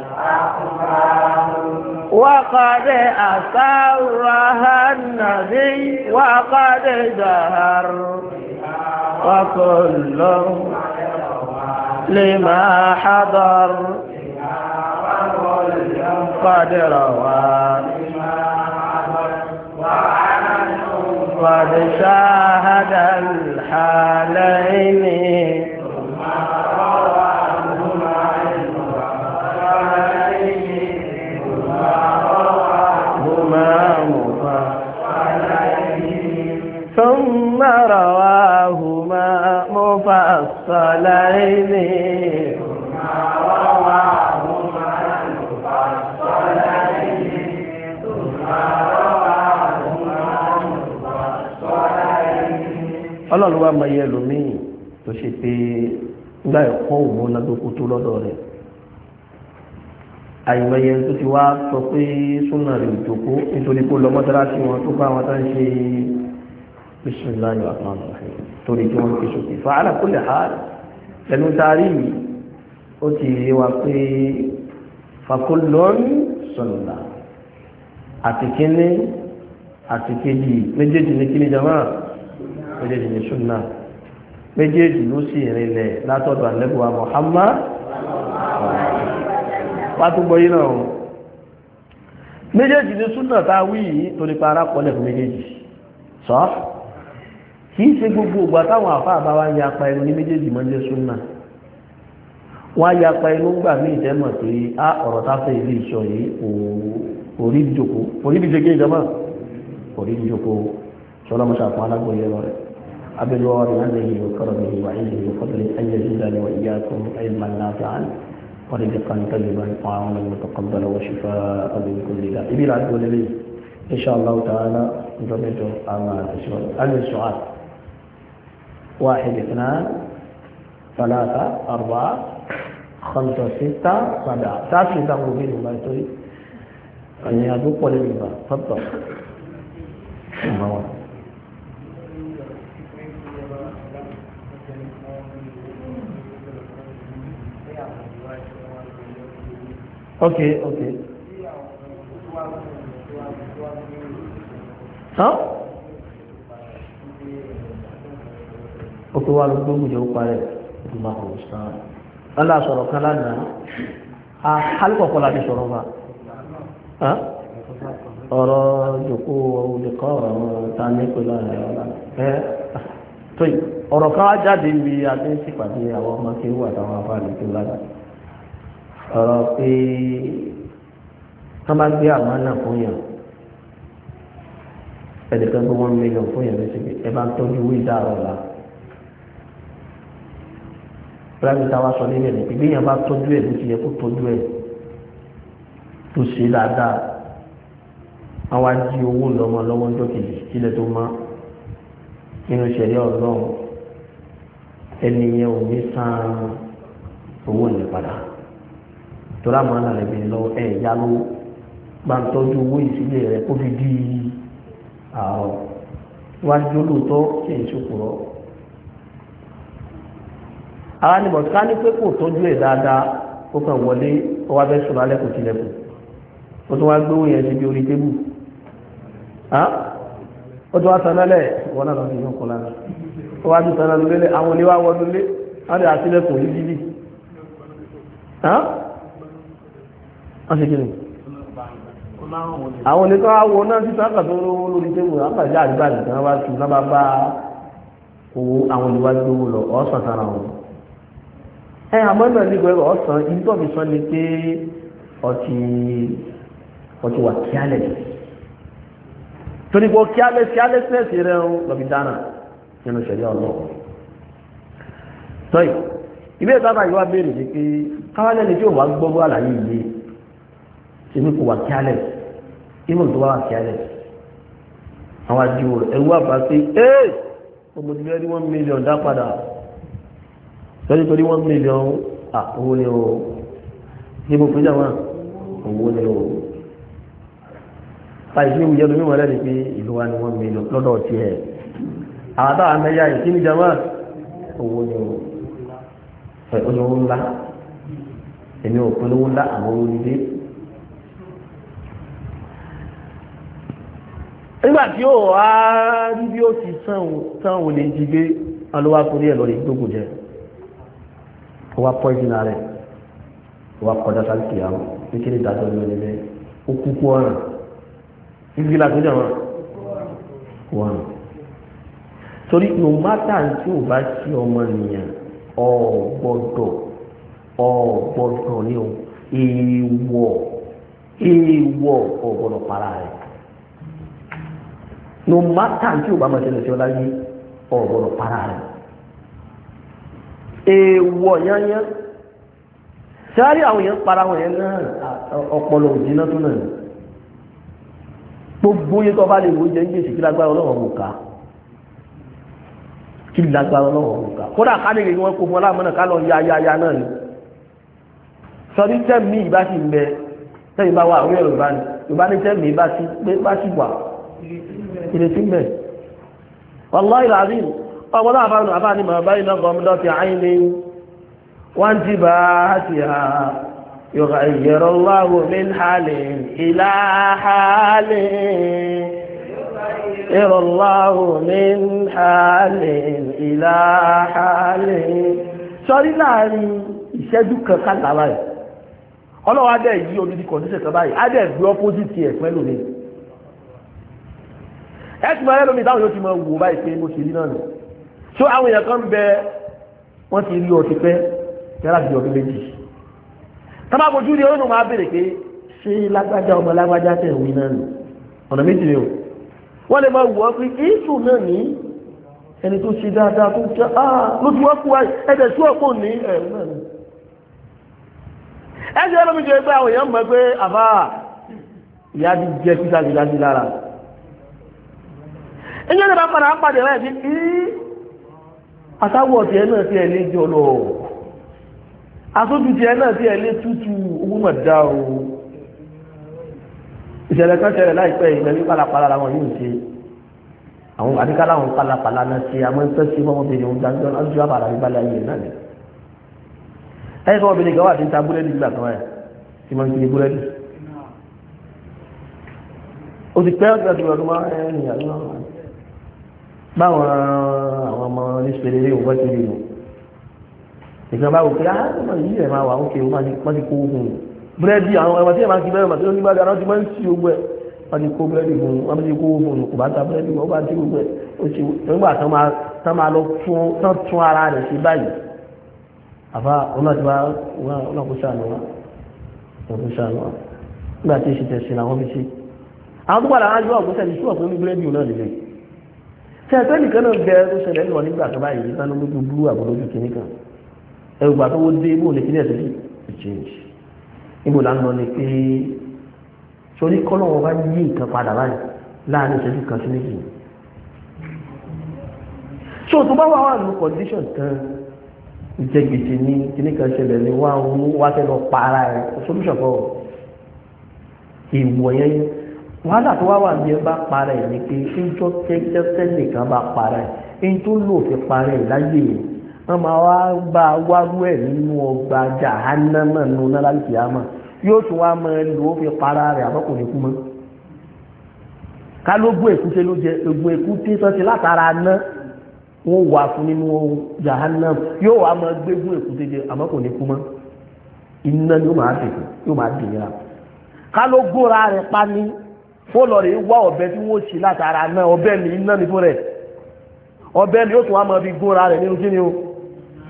وقد أسرها النبي وقد
جهر وكل لما حضر قد روى وقد شاهد الحالين ثم رواهما مفصلين رواهما مفصلين ọlọ́run
wá mọ iye lómìn tó ṣe pé nígbà ẹ̀kọ́ òun lágbókó tó lọ́dọ̀ rẹ̀ àyìnbẹ̀yẹ tó ti wá sọ pé súnà rẹ̀ òjòkó nítorí kó lọ mọ́sálásí wọn tó bá wọn tá ṣe bisimilayi rahman rahim torí tí wọ́n fi sókè fa ala kulli hal ẹnu taari ó ti rí wa pé fakulon sọlá àti kíní àti kejì méjèèjì ní kíní jama méjèèjì ní súnà méjèèjì ló sì rinlẹ̀ látọ̀dọ̀ àlẹ́bùwà Muhammad pàtúgbọ́ yìí náà méjèèjì ní súnà tá a wí yìí torí pa arákọ̀ọ́lẹ̀ fún méjèèjì sọ kìí ṣe gbogbo ìgbà táwọn àfáà bá wá ya pa ẹnu ní méjèèjì mọ́ ní súnà wọ́n ya pa inú gbà ní ìtẹ́mọ̀ pé á ọ̀rọ̀ táfẹ́ ilé ìṣọ́ yìí orí ìjòkó orí ìjòkó ìjọba orí ìjòkó ṣọlọ́mọṣà fún alágbóyẹ lọ rẹ̀ أبلغ بمنه وكرمه وعنده وفضله أن يزيدني وإياكم علما نافعا ورزقا طيبا وطعاما متقبلا وشفاء من كل داء إبي العدو النبي إن شاء الله تعالى نرمته أما تشغل أن السؤال واحد اثنان ثلاثة أربعة خمسة ستة سبعة تعرف تعمل بينهم ما تريد أن يذوق ولا تفضل ok ok. tán ó tó wá lóko gbòjò ó parẹ́ ìgbìmọ̀ àkọ́kọ́ sàn. ọlá sọ̀rọ̀ kan lánàá a hálùkọ̀kọ́ la fi sọ̀rọ̀ wa ọ̀rọ̀ jòkó olùkọ́ ọ̀rọ̀ ta ní pẹ̀lú ààrẹ ọ̀la ẹ̀ tó yìí ọ̀rọ̀ kan á jáde níbi àti ìsìpàdé àwọn ọmọ kí ó afáàlì tó lágbàá ọ̀rọ̀ pé wọ́n bá gbé àwọn náà fún yàn ẹ̀dẹ̀kan tó wọ́n mílíọ̀n fún yàn lóṣèlú ẹ bá ń tọ́jú owó ìdáàrọ̀ la pírẹ́mìtà wa sọ nílẹ̀ nípa bí yàn bá tọ́jú ẹ̀ bó ti yẹ kó tọ́jú ẹ̀ tó ṣe dáadáa àwọn ají owó lọ́mọ lọ́wọ́ ńjọ́ kejì sílẹ̀ tó má nínú ìṣẹ̀lẹ̀ ọlọ́run ẹni yẹn ò ní san owó ní padà torí àwọn ọ̀nà rẹ̀ bìí lọ ẹ̀ yá lówó gbà ń tọ́jú owó ìsílẹ̀ rẹ̀ kó fi di àárọ̀ wájú olóòótọ́ ṣe ìṣòkòrọ̀ ara ni bọ̀tí ká ní pé kò tọ́jú ẹ̀ dáadáa ó kàn wọlé ó wá fẹ́ sùn lálẹ́ kò tilẹ̀kùn ó tún wá gbówó yẹn síbi orí tébù ó tún wá sanálẹ̀ wọn náà lọ sí ìyókùn lánàá ó wá tún sanálẹ̀ àwọn oníwà wọnú lé wọn lè àtìlẹ̀kùn yìí wọ́n ṣe kíni àwọn onítọ́ àwọ̀ náà sí sáàkà tó lórí àpàjá àdúgbà nìkan wá bá owó àwọn owó lọ ọ̀sán wọn ẹ àmọ́ náà nígbà ẹ̀rọ ọ̀sán ìtọ́bi ni pé ọtí wà kíálẹ̀ torí kíálẹ̀ kíálẹ̀ sẹ́ẹ̀sì rẹ̀ ń lọ́bi dáná nínú ìṣẹ̀lẹ̀ ọ̀nà tọ́yì ìbéèrè sábà yìí wá béèrè pé tí ò èmi kò wà kíálẹ̀ ìmọ̀ tó wà kíálẹ̀ àwọn àdìwò rẹ̀ ẹ̀rú àbá pé ẹ́ ọmọ ti fẹ́ rí one million dá padà lọ́dún tó rí one million owó ni o ní mo péjà wà owó ni o báyìí ní ìwúyẹ́ lómi wọ́n lẹ́nu pé ìlú wa ni one million lọ́dọ̀ tiẹ̀ àwọn táwọn amẹ́yà yìí kí ni jama owó ni o ẹ̀ ọ́ ní owó ńlá èmi ò pín ńlá àwọn owó nígbàtí ó wá rí bí ó ti tán ò lè jí gbé alówá torí ẹ̀ lọ́rẹ̀ gbogbo jẹ́ wá pọ́ìsìnà rẹ̀ wá kọjá sáàkì àwọn kékeré dájọ́ ní onílé ó kúkú ọ̀ràn ibi láti jẹ́ wọn wọn torí no matter tí ò bá sí ọmọ nìyàn ọ̀gbọ́dọ̀ ọ̀gbọ́dọ̀ ni ó èèwọ̀ èèwọ̀ ọ̀gbọ́dọ̀ para rẹ̀ no matter tí o bá máa ṣẹlẹ̀ sí ọ láyé ọ̀rọ̀ gbọ́dọ̀ para rẹ̀ èèwọ̀ yányá sáré àwọn èèyàn para wọn yẹn náà ọpọlọ òjìnà tó náà gbogbo yẹn tó bá lè wo jẹ ń gbèsè kí lágbára ọlọ́wọ́ wò ká kí lágbára ọlọ́wọ́ wò ká kódà ká lè wọn kó fún ọlámọ́nà ká lọ ya ya ya náà ni sọdí tẹ́mi ìbá sì ń bẹ tẹ́mi bá wà orí ẹ̀rọ ìbá ni ìbá ní tẹ́mi ìbá sì wà ìrètí mẹ́ wàláì làbí ọmọdé àbánu àbáni màá báyìí náà gọmọdé ti àyìn wọ́n ti bá a ti hà yọ̀gà ìyẹ̀rọ láwọ̀ mi hàlẹ̀ sọ́rí láàrin ìṣẹ́jú kan kálàlá ọlọ́wọ́ adẹ́ yí olùdíkọ̀ kan báyìí adẹ́ gbé ẹ ti máa rẹ lómi táwọn yóò ti máa wò báyìí pé mo ṣe rí náà nù so àwọn èèyàn kan bẹ wọn ti rí ọtí pẹ yàrá ti ọdún méjì tábà bójú ni olóòtú máa béèrè pé ṣé lágbájá ọmọ lágbájá tẹ̀ wí náà nù ọ̀nà méjì ni o wọ́n lè máa wù ọ́ pé èso náà ní ẹni tó ṣe dáadáa tó ṣe áá ah, ló ti wọ́n kú wáyé ẹ̀jẹ̀ sí ọ̀pọ̀ ní ẹ̀rù náà ni ẹ̀jẹ̀ lómi jẹ́ pé àwọn èèyàn mọ̀ pé àbá ìyá ti jẹ́ ilé ní bá padà ń padà rẹ̀ sí í àtàwọ̀ tí ẹ náà sí ẹ lé jọlọ àsójú tí ẹ náà sí ẹ lé tútù owó mọ̀ dá o ìṣẹ̀lẹ̀ kan ṣẹlẹ̀ láìpẹ́ ìgbẹ́ ní pálapàla làwọn yóò ṣe àwọn àdíkà láwọn pálapàla náà ṣe àmọ́ ń tẹ́sí ọmọbìnrin òun dájọ́ lájú àbàrà ìbálẹ̀ ayé náà ni ẹ̀yìn kan obìnrin kan wà tí ń ta búrẹ́dì nígbà kan ẹ̀ tí máa ń kiri búrẹ́dì ó ti pẹ́ ọ̀dọ́ ọdún máa ń rìn àdúrà báwọn àwọn ọmọ nísìlélé òun bá ti rí nù ìkan bá wò pé ààrùn ah, yìí rẹ̀ máa wà ókè wọ́n ti kó ogun búrẹ́dì àwọn ẹwà tí ẹ̀ máa ti bẹ́rẹ̀ màtí ó ní bá dára ti máa ń sí ogun ẹ̀ wọ́n ti kó búrẹ́dì fún wọ́n ti kó ogun kò bá ta búrẹ́dì wọ́n bá ti ogun ẹ̀ ó ti nígbà tán máa lọ tún ara rẹ̀ sí báyìí àbá ọlọ́dúnwá ọlọ́kùnṣàánú wa ọlọ́kùnṣàánú wa nígbà tí ìṣètẹ̀sìn làwọn fi ṣe àwọn tó padà wájú ọ̀gbọ́n tí ẹgbẹ́ nìkan náà bẹ ẹrú ṣẹlẹ̀ lọ nígbà tó báyìí nígbà ló lójú búrú àbọ̀lójú kìíní kan ẹgbà tó wọ́n dé ibò ní kílẹ̀ sí change ibò là ń lọ ni pé sórí kọ́lọ́ wọn bá yí nǹkan padà báyìí láàrin ìṣẹ́jú kan sí méjì so tó bá wà wà ní condition kan ìjẹgbèsè ní kíní kan ṣẹlẹ̀ ní wà ń wá fẹ́ lọ pa ara rẹ̀ solution kọ́ ìwọ̀ yẹn wàhálà tó wá wà ní ẹ bá para ẹ ní pé ńjọ tẹ́tẹ́tẹ́ nìkan bá para ẹ ńjọ lò fi para ẹ láyé ẹ wọn máa wá bá wárú ẹ nínú ọgbà jahannama nínú náà láti àmà yóò tún wá máa lò ó fi para rẹ àmọ́ kò ní kú mọ́ kálógún èkúté ló jẹ ègún èkúté tó ti látara ná wọn wà fún nínú jahannama yóò wá máa gbégún èkúté jẹ àmọ́ kò ní kú mọ́ iná ni yóò máa dè yóò máa dè kálógún ra rẹ pa ní. fó wá ọbẹ tí wọ́n ṣe látara náà ọ̀bẹ mi iná ní fún rẹ̀ ọ̀bẹ mi ó tún wá gúnra rẹ nínú kí ni o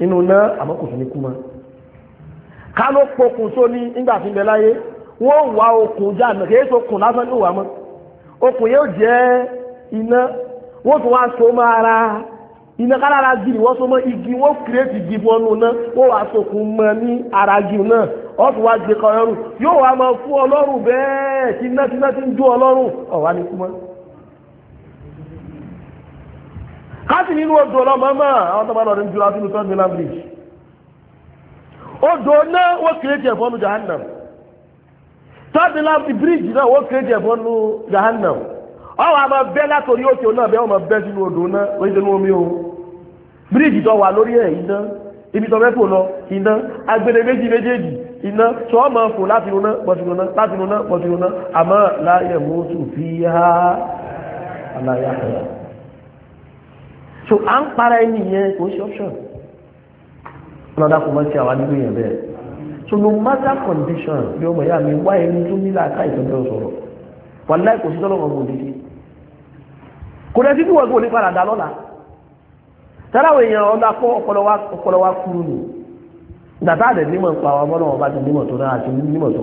inú náà àmọ́ kò ní kú ká ló pokùn tó ní nígbà so lásán okùn yóò iná tún iná kálára gírì wọ́n igi wọ́n kírètì igi bọ́nú náà wọ́n wá sokùn mọ́ ní ara jù náà wọ́n tún wá gbé kan lọ́rùn yóò wá máa fún ọlọ́run bẹ́ẹ̀ tí iná tí iná ti ń jó ọlọ́run ọ̀wá ni kú mọ́. káàsì nínú odò ọlọ́mọ mọ́ àwọn tọ́ba lọ́dún jùlọ odò náà wọ́n jahannam ọwọ́ àmọ́ bẹ́ látòrí òkè náà bẹ́ ọmọ bẹ́ sínú odò náà ó sínú omi o bíríìjì tó wà lórí ẹ̀ iná ibi tó mẹ́fò lọ iná agbèrè méjì méjèèjì iná tó ọmọ fò láti runá pọ̀tìruná láti runá pọ̀tìruná àmọ́ láyẹ̀ mú tù fi há aláyà kọ̀ọ̀yà so à ń para ẹni yẹn kò sí option lọ́dá kò mọ́ sí àwọn àdúgbò yẹn bẹ́ẹ̀ so no matter condition bí ọmọ ìyá mi wá ẹni tó nílà ká ìtọ́jú sọ̀rọ̀ wàláì kò sí tọ́lọ́mọ mọ̀ òdìdí kò rẹ̀ sí bí wọ́n gbò ní padà dá lọ́la tẹ́láwọ̀ èèyàn ọlá fún ọpọlọ wa kúrú nù dàtà àdẹ̀ nímọ̀ ń pa àwọn ọmọ náà bá ti nímọ̀ tó náà àti nímọ̀ tó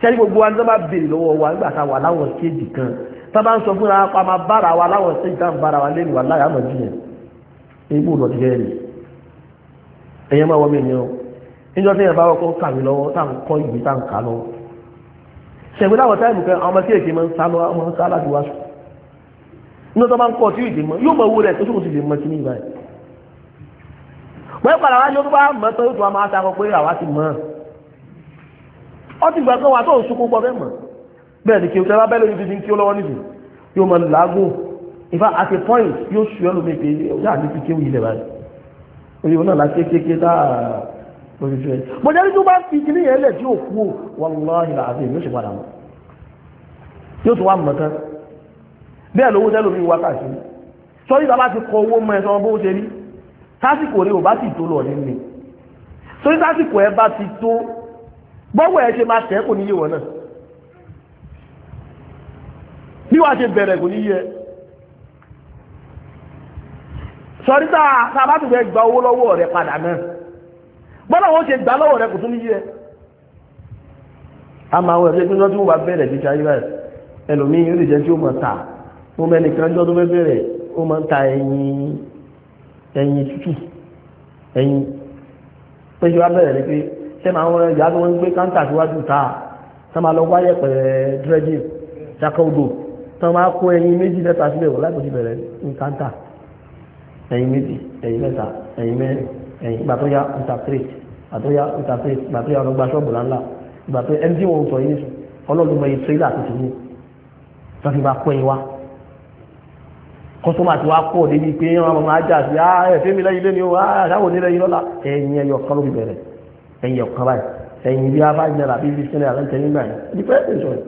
sẹ́ni gbogbo wa ní wọ́n bá béèrè lọ́wọ́ wa nígbà tá a wà láwọn stéèjì kan tá a bá ń sọ fúnra pa máa bára wa láwọn stéèjì tá a ń bára wa lẹ́nu wa láyà mọ̀ jù yẹn lọ ti rẹ̀ ẹ̀yẹ́ máa wọ́n mi nìyẹn o níjọ́ tí yẹn bá wọ́n kọ́ kàwé lọ́wọ́ tá à ń kọ́ ìwé tá à ń kà lọ́wọ́ sẹ̀gbẹ́ láwọn táìmù kan ọmọ kéèké máa ń sá láti wá sùn ní ọjọ́ bá ń kọ́ tí ìdè mọ́ yóò mọ owó rẹ̀ tó ṣòwò sí lè mọ́ kíní ìbáyìí wọ́n padà wájú tó bá mọ́ tó yóò tó máa ta pé àwa ti mọ́ ọ ti gbà pé wà tó ń sunkún pọ̀ bẹ́ẹ̀ mọ́ bẹ́ẹ̀ ni kí o tẹ́lá bẹ́ẹ̀ lórí kí ó lọ́wọ́ nídìí yóò mọ làágùn in at a point yóò su ẹlòmí pé yáà ní fi kíní yẹn lẹ̀ tí bẹ́ẹ̀ lówó tẹ́lò mi wá káàkiri sọ yíta bá ti kọ owó mọ́ ẹ̀sán bó ṣe rí tásìkò rí ò bá ti tó lọ nínú sọ yí tásìkò ẹ bá ti tó bọ́wọ́ ẹ ṣe máa tẹ́ kò níyé wọn náà bí wàá ṣe bẹ̀rẹ̀ kò níyé ẹ sọ yíta sábà tó fẹ́ gba owó lọ́wọ́ rẹ padà náà bọ́dọ̀ wọ́n ṣe gbà lọ́wọ́ rẹ kò tún níyé a máa wọ ẹgbẹ́ tí wọ́n bá bẹ̀rẹ̀ ti ṣayé báyìí ẹlòmíín yóò lè jẹ́ tí ó mọ̀ ta mo mẹ́ni kan jọ́ tó fẹ́ bẹ̀rẹ̀ ó máa ń ta ẹyin ẹyin tútù ẹyin pé ṣe wá bẹ̀rẹ̀ ni pé ṣé máa wọn ìyá tó ń gbé káńtà síwájú ta tá máa lọ wáyé pẹ̀rẹ̀ dredging ṣàkóso tá máa kó ẹyin méjì mẹ́ta sílẹ̀ wọ́n láti bẹ̀rẹ̀ ní káńtà ẹyin méjì ẹyin mẹ́ta ẹyin mẹ́rin ẹyin ìgbà tó yá interpret ìgbà tó yá interpret ìgbà tó yá ọlọ́gbà ṣọ́ọ̀bù láńlá ìgbà tó ẹni tí wọ́n sọ yìí ọlọ́dún mọ iye tírélà tuntun ní tó fi máa kó ẹyin wá kọ́sọ́mà tí wá pọ̀ débi pé wọ́n máa jà sí ah, ẹ̀fẹ́ mi lẹ́yìn lẹ́ni o ah, àṣàwò ní lẹ́yìn lọ́la ẹ̀yìn ẹ̀yọ̀ kan lórí bẹ̀rẹ̀ ẹ̀yìn ọ̀kan báyìí ẹ̀yìn bí abá ìjìnlẹ̀ àbí ibi sílẹ̀ àwọn ìtẹ̀yìn náà dípẹ́ ẹ̀sọ̀ ẹ̀.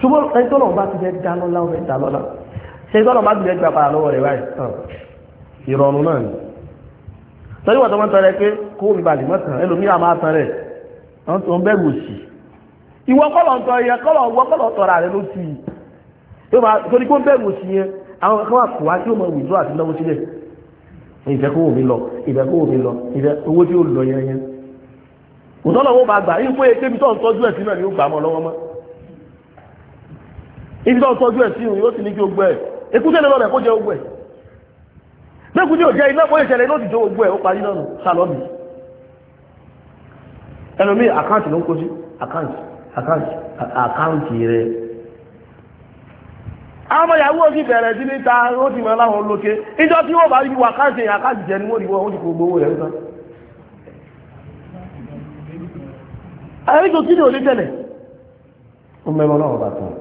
ṣùgbọ́n ẹni tó lọ́wọ́ bá ti fẹ́ dáná láwọn fẹ́ dáná lá ṣe tó lọ́wọ́ bá ti fẹ́ báyìí ìwọ kọlọ ń tọ yẹ kọlọ wọ kọlọ tọra rẹ ló ti yìí torí kó bẹ̀rù sí yẹn àwọn kan wà kó wá tí ó mọ wùdúrà àti náwó sílẹ̀ ìfẹ́ kó o mí lọ ìfẹ́ kó o mí lọ ìfẹ́ owó tí ó lọ yẹn yẹn òtọ́lọ̀ wọn bá gbà yín pé ebi tó ń tọ́jú ẹ̀ sí náà ni ó gbà mọ́ lọ́wọ́ mọ́ ibi tó ń tọ́jú ẹ̀ sí òun yóò ti ní kí o gbẹ ekú tẹ́lẹ̀ lọ́rẹ̀ kó jẹ́ ogbẹ lẹ́kùn tí ò jẹ́ iná kó ìṣẹ̀lẹ̀ ló ti jó ogbẹ ó parí náà nù sálọ́ọ̀bì ẹlòmíì àkáǹtì ló ń kó sí àkáǹtì àkáǹtì rẹ̀ àwọn ọmọ ìyàwó sì bẹ̀rẹ̀ sí níta ó ti mọ̀ láwọn olóke níjọ́ tí wọ́n bá rí wà káàkiri àkáǹtì jẹ ni wọ́n rí wọ́n ti kò gbowó rẹ̀ nǹkan àríjò tí ní ò lè tẹ̀lẹ̀ ó mẹ́rọ ọlọ́run bá tán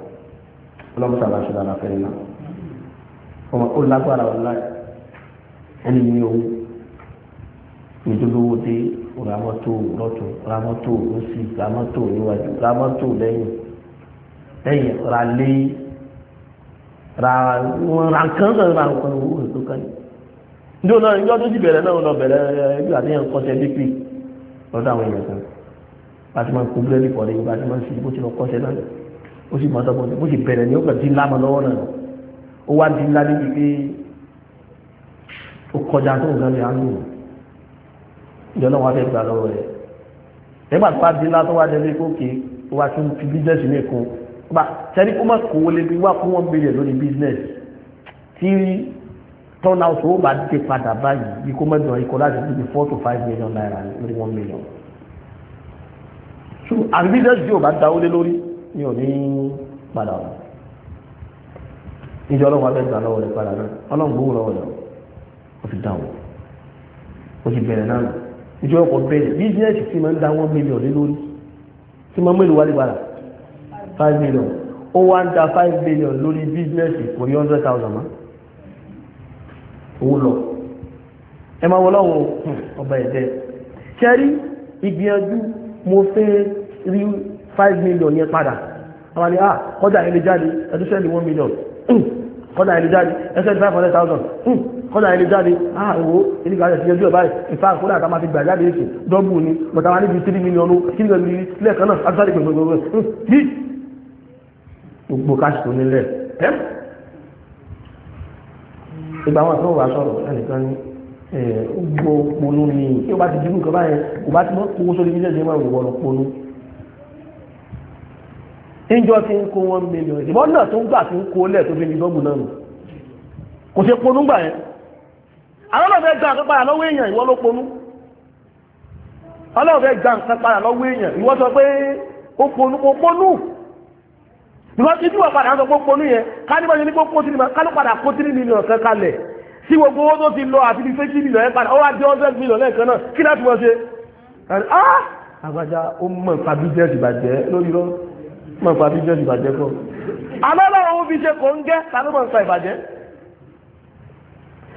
ọlọ́run sábà ṣe dára fẹ́ náà ọmọ ó lágbára ọlá ẹni ní owó ìdúlówó dé ramọ́tò lọ́tún ramọ́tò lọ́sì ramọ́tò níwájú ramọ́tò lẹ́yìn lẹ́yìn ra lé ra wọn ra nǹkan kan ra nǹkan owó ètò kan ní. níjọ́ náà níjọ́ tó ti bẹ̀rẹ̀ náà lọ bẹ̀rẹ̀ ẹgbẹ́ àdéhùn kọ́sẹ̀ dp lọ́dọ̀ àwọn èèyàn kan bá ti máa ń kó búrẹ́dì pọ̀ lẹ́yìn bá ti máa ń sìn bó ti lọ kọ́sẹ̀ náà ó sì mọ́tọ́ bọ́ọ̀dì bó sì bẹ̀rẹ̀ ní ó kàn dín lámọ́ lọ́wọ́ náà ó wá dín lá níbi pé ó kọjá tó ń gan lè ìjọba wọn fẹ́ gbà lọ́wọ́ rẹ̀ nígbà tó bá di ńlá tó wá dé lẹ́kọ̀ọ́ kí wá tún fi bísínẹ́sì ní èkó bá sẹ́ni kó má kó wọlé bí wá kó wọ́n béèrè lórí bísínẹ́sì tí tọ́nà oṣù ó bá dé padà báyìí bí kó mẹ́jọ ikọ̀ láti bí four to five million naira lórí one million. so àbí bísínẹ́sì tí ò bá dáwó lé lórí ni ò ní padà wọ̀ níjọ́ ọlọ́run abẹ́ gbà lọ́wọ́ rẹ̀ padà náà ọlọ́run gbówó lọ́wọ́ rẹ̀ ó fi dáwọ́ ó ti bẹ̀rẹ̀ náà ìjọ ọkọ̀ bẹ̀rẹ̀ bísíẹ̀sì tí ma ń dá one million lé lórí tí ma mẹ́lùú wálé padà five million ó wá ń dá five million lórí business kò ní hundred thousand mọ́ owó lọ ẹ máa wọlé àwọn hmm, ọba ẹ̀dẹ́ ṣẹ́rí ìgbìyànjú mo fẹ́ rí five million yẹn padà àwọn ni ah kọjá ilé jáde ẹdúṣẹ́ ní one million hmm, kọjá ilé jáde ẹsẹ̀ five hundred thousand. Hmm, kọ́dà ilé jáde àwọ̀ ilé gbàjẹ́ ti ẹjọ́ báyìí ìfà kọ́dà àtàmà ti gbàjáde èsì dọ́bù ni bọ̀tà wà níbi tírí mílíọ̀n ló kí nígbà mílíọ̀n lẹ́ẹ̀kan náà àtúntàdé gbẹ̀gbẹ̀gbẹ̀ ní gbogbo hmm, káṣì tó nílẹ̀ ẹ́ ìgbà wọn àtúntò wà sọ̀rọ̀ ẹnìkan ní gbogbo ponú ni tí ó bá ti dúró nǹkan báyẹn kò bá ti mọ́ owó sórí ilé ẹ̀jẹ̀ máa wọ̀ ponú ìjọ ti ń kó wọn mílíọ̀n ìbọn náà tó ń gbà fi ń kó lẹ̀ tó fi ní dọ́gbù náà nù kò ṣe ponú gbà yẹn àwọn ọlọ́fẹ́ gba nǹkan padà lọ́wọ́ èèyàn ìwọ ló ponú ọlọ́fẹ́ gba nǹkan padà lọ́wọ́ èèyàn ìwọ sọ pé ó ponú ó ponú ìwọ ti dúwọ̀ padà ń sọ pé ó ponú yẹn ká ní bá ṣe ní pé ó tìrì máa ká ló padà kó tìrì nínú ọ̀kan kalẹ̀ sí gbogbo owó tó ti lọ àti ibi fẹ́ tìrì lọ́yẹ́ padà ó wá jẹ́ ọ́sẹ́ mílíọ̀n lẹ́ẹ̀kan náà kí láti wọ́n ṣe ah! àgbàjá ó mọ̀ nípa bíjẹ́sì bàjẹ́ lórí lọ mọ̀ nípa bíjẹ́sì bàjẹ́ kọ́ àmọ́ báwo fi ṣe kò ń gẹ́ tàbí mọ̀ nípa ìbàjẹ́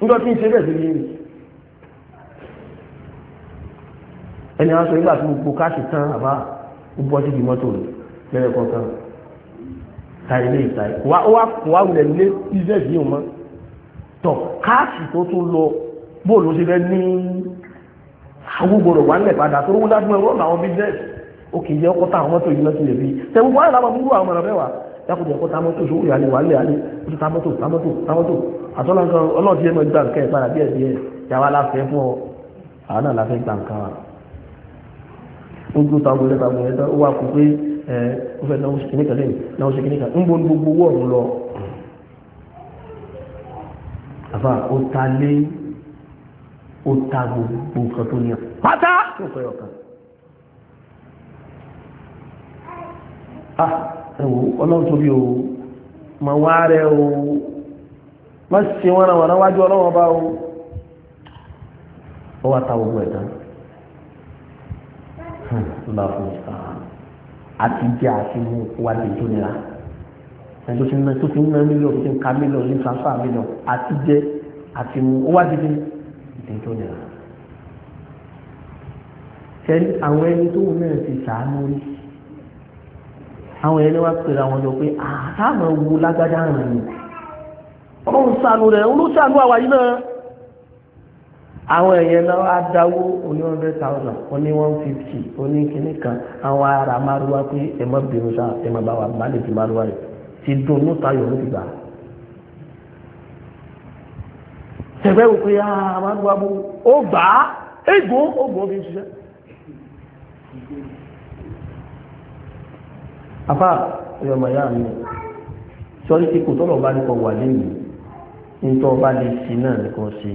nígbà tí ń ṣe bẹ́ẹ̀ sí ní ìlú ẹni àwọn sọ nígbà tí gbogbo káàsì tán àbá gbogbo ọtí di mọ́tò rẹ̀ lẹ́yìn kọ̀ọ̀kan ta ilé ìta ẹ̀ wá wá wá wulẹ̀ nílé iṣẹ́ ìdí òun mọ́ tọ̀ káàsì tó tún lọ bóòlù ṣe fẹ́ ní agbógbòrò wà nílẹ̀ padà tó rúwúlá fún ẹ̀rọ àwọn bíjẹ́ òkè jẹ́ ọkọ̀ táwọn mọ́tò yìí lọ́sílẹ̀ bí tẹ̀gbọ́n wà lábàbúrú àwọn ọ̀rọ̀ dákùnjẹ́ kó támọ́tò sówó ìyá ni wàhálẹ̀ alẹ́ ó ti támọ́tò támọ́tò támọ́tò àtọ́lá nǹkan ọlọ́ọ̀tí ẹ̀mọ́ ìgbà nǹkan ìpara díẹ̀ díẹ̀ yàwá láfẹ́ fún ọ àwọn náà láfẹ́ gbà nǹkan wa ó dúró táwọn ìlẹ́ta àwọn ìlẹ́ta ó wà kó pé ẹ ó fẹ́ náwó sí kìnìkan lẹ́yìn náwó sí kìnìkan ń bo gbogbo owó ọ̀run lọ àbá ó ta lé ó ta gbogbo nǹkan tó ní pátá ẹ̀wò ọlọ́run tóbi o mà wá rẹ o má ṣe wọn àwọn àwájú ọlọ́run ọba o ó wá ta gbogbo ẹ̀dá lọ́wọ́ àti jẹ́ àti mú wá lè tó nira ẹni tó ti ná tó ti ná mílíọ̀nù tó ti ń ka mílíọ̀nù ní transfer mílíọ̀nù àti jẹ́ àti mú ó wá di lè tó nira. àwọn ẹni tó wù náà ti sàánú rí àwọn ẹni wá pèrè àwọn jọ pé àtàwọn wo lágbájá rìn ní ọlọ́run ṣàánú rẹ̀ ó ló ṣàánú àwa yìí náà àwọn èèyàn náà á dáwó oní hundred thousand oní one fifty oní kìíní kan àwọn ará márùwá pé ẹ má bínú sáà ẹ má bá wa má lè fi márùwá rẹ̀ ti dùn ní tayọ̀ ló fi gbà wò pé àmàlùwà bò ó gbà á ó gbọ́ fi ṣiṣẹ́ afá ẹ̀yọ́ màyá mi sọ́rí tí kò tọ́lọ̀ bá nípa wà lẹ́yìn nítorí ọba lè ṣe náà nìkan ṣe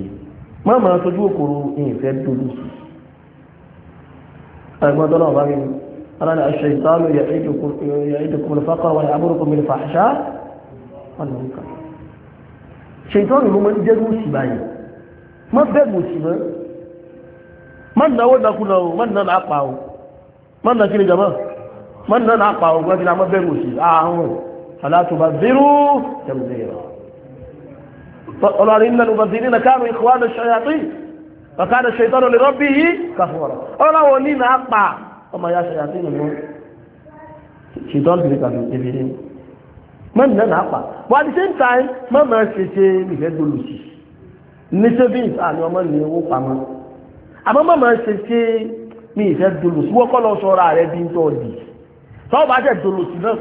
má máa tọ́jú òkòrò ìfẹ́ dúdú sí ẹ̀gbọ́n tọ́lọ̀ bá mi ara ní aṣọ ìtàlù ya'idukum al-faqra wa ya'murukum bil-fahsha ọ̀nàmùkà ṣètọ́nù ló máa ń jẹ́rú òsì báyìí má bẹ́ẹ̀mù òsì mọ́ má náwó dákúnà o má náà lápá o má náà kí mọ́n náà lápá ọgbọ́n bí lámọ́ bẹ̀rù sí ààrùn alátùbà zírú jẹmùsíra ọlọ́rin náà lùbà zírínà káàrù ìkọwàdà ṣayàtì ọ̀kadà ṣètọ́nà lè rọ́bí yìí kàfọ́rọ̀ ọlọ́wọ́ ní náà pa ọmọ ya ṣayàtì nìmú ṣètọ́nà lè kàfọ́ ibi ní mọ́n náà lápá but at the same time mọ́n máa ṣe ṣe ìfẹ́ dolùsì ní savings àni ọmọ ní owó pamọ́ àmọ́ mọ́n máa ṣe ṣe ní ìfẹ́ dolùsì wọ́kọ́ lọ sọ́ra rẹ̀ bí ń tọ́ di tọ́wọ́ bá jẹ́ dolòsì náà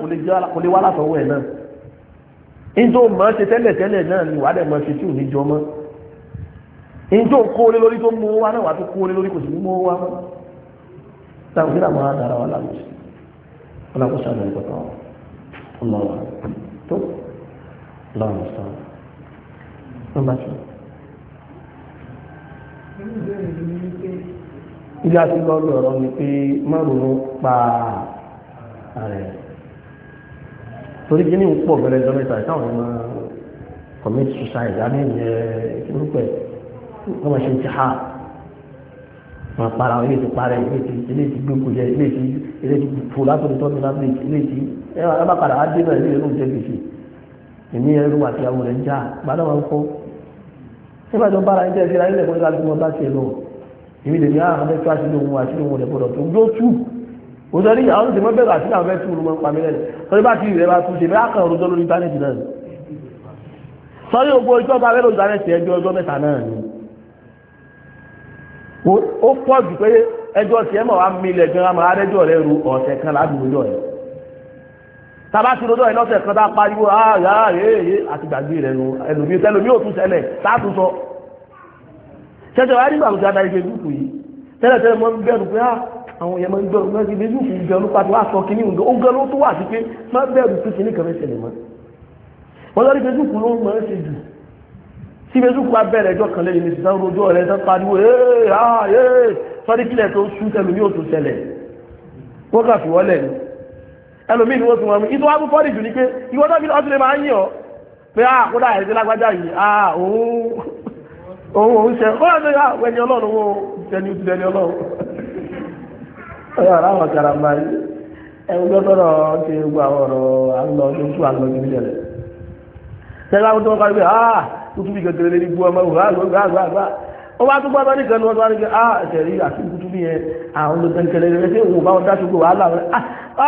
kò lè wá látọwọ́ ẹ̀ náà nítorí mọ̀ ṣe tẹ́lẹ̀ tẹ́lẹ̀ náà ni wàá dẹ̀ mọ̀ ṣe tí ò ní jọ mọ́ nítorí kó lé lórí tó mú wá náà wàá tó kó lé lórí kò sì ní mú wá mọ́ táwọn ìdílé àwọn adára wà lálẹ́ sí ọlọ́kùnrin sáré ìgbọ̀tọ̀ ọlọ́wà tó lọ́rùn sọ nọ́mbà tí. ilé àti lọ́ọ̀lù ọ̀rọ̀ ni pé márùn-ún pa ààrẹ torí kí ní ń pọ̀ bẹ̀rẹ̀ ìjọba ìta ìtàwọn ọmọ commit suicide àmì ìyẹ ìpínlẹ̀ wọ́n máa ṣe ti ha wọn para ilé ti parẹ́ ilé ti ilé ti gbé kojẹ ilé ti ilé ti fò látòrí tọ́jú lábẹ́ ilé ti ẹ wà bá padà á dé náà ilé ìlú jẹ gbèsè èmi ẹrú àti àwọn rẹ̀ ń já gbádùn wọn kọ́ nígbà tó bára ẹjẹ́ ìṣẹ́ra ilẹ̀ kọ́ńtà tí wọ́n bá ṣe lọ èmi lè ní àwọn ọmọdé tó àṣìlò òun àṣìlò òun rẹ̀ gbọ́dọ̀ tó yóò tú òtọ́rí àwọn ìdìmọ́ bẹ̀rẹ̀ àti àwọn ẹ̀tù olùmọ̀ pàmílẹ̀ sọ́rí bá ti rẹ̀ bá tún ṣe bẹ́ẹ̀ kàn rọjọ́ lórí íńtánẹ́ẹ̀tì náà sọ́rí ogbó ìjọ bá rẹ̀ lórí íńtánẹ́ẹ̀tì ẹjọ́ ọjọ́ mẹ́ta náà ni ó pọ̀ jù pé ẹjọ́ tiẹ̀ mọ̀ wá milẹ̀ gan amọ̀ arẹ́jọ́ rẹ̀ ru ọ̀sẹ̀ kan ládùúgbò rẹ̀ tàbá ti rọjọ́ ẹ̀ lọ́sẹ̀ kan tá pariwo àyà èyí àti gbàgbé rẹ̀ nu ẹlòmí tẹlòmí ò tún ṣẹlẹ̀ táàtún sọ ṣẹ̀ṣẹ̀ wá nígbà tó ti adarí gbẹdúkù yìí tẹ́lẹ̀ tẹ́lẹ̀ mọ́ bẹ̀rù pé ah àwọn èèyàn máa ń gbẹrù náà sí ilé yóò fún gbẹrù pàtó wá sọ kíní ǹgọ ó gbẹrù tó wà sí pé má bẹ̀rù pé kíní kan ṣẹlẹ̀ mọ́ wọn lórí facebook ló máa ń ṣe jù tí facebook bá bẹ̀rẹ̀ ẹjọ́ kan lẹ́yìn nìṣẹ́ sáwọn ojú ọ̀rẹ́ tó pariwo ee ah ee sọ́dí kílẹ̀ tó sún tẹ̀lú yóò tó ṣẹlẹ̀ wọ́n kà fi wọ́lẹ̀ ni ẹlòmíì ni wọ́n tún wọn mú ìtọ́ wákú fọ́ọ̀dì jù ní pé ìwọ́n tó fi ọ́tún lè ah kódà ẹ̀sẹ̀ lágbájá yìí ah òun òun òun ṣe kódà tó yà wẹ́ni ọlọ́run wo ọ̀rọ̀ àwọn karamba yìí ẹ̀rù gbọ́dọ̀ ti gbọ́ àwọn ọ̀rọ̀ àlọ́ ah, ah, ah, tó tún àlọ́ kìí ah bu ọmọ ni ah àti yẹn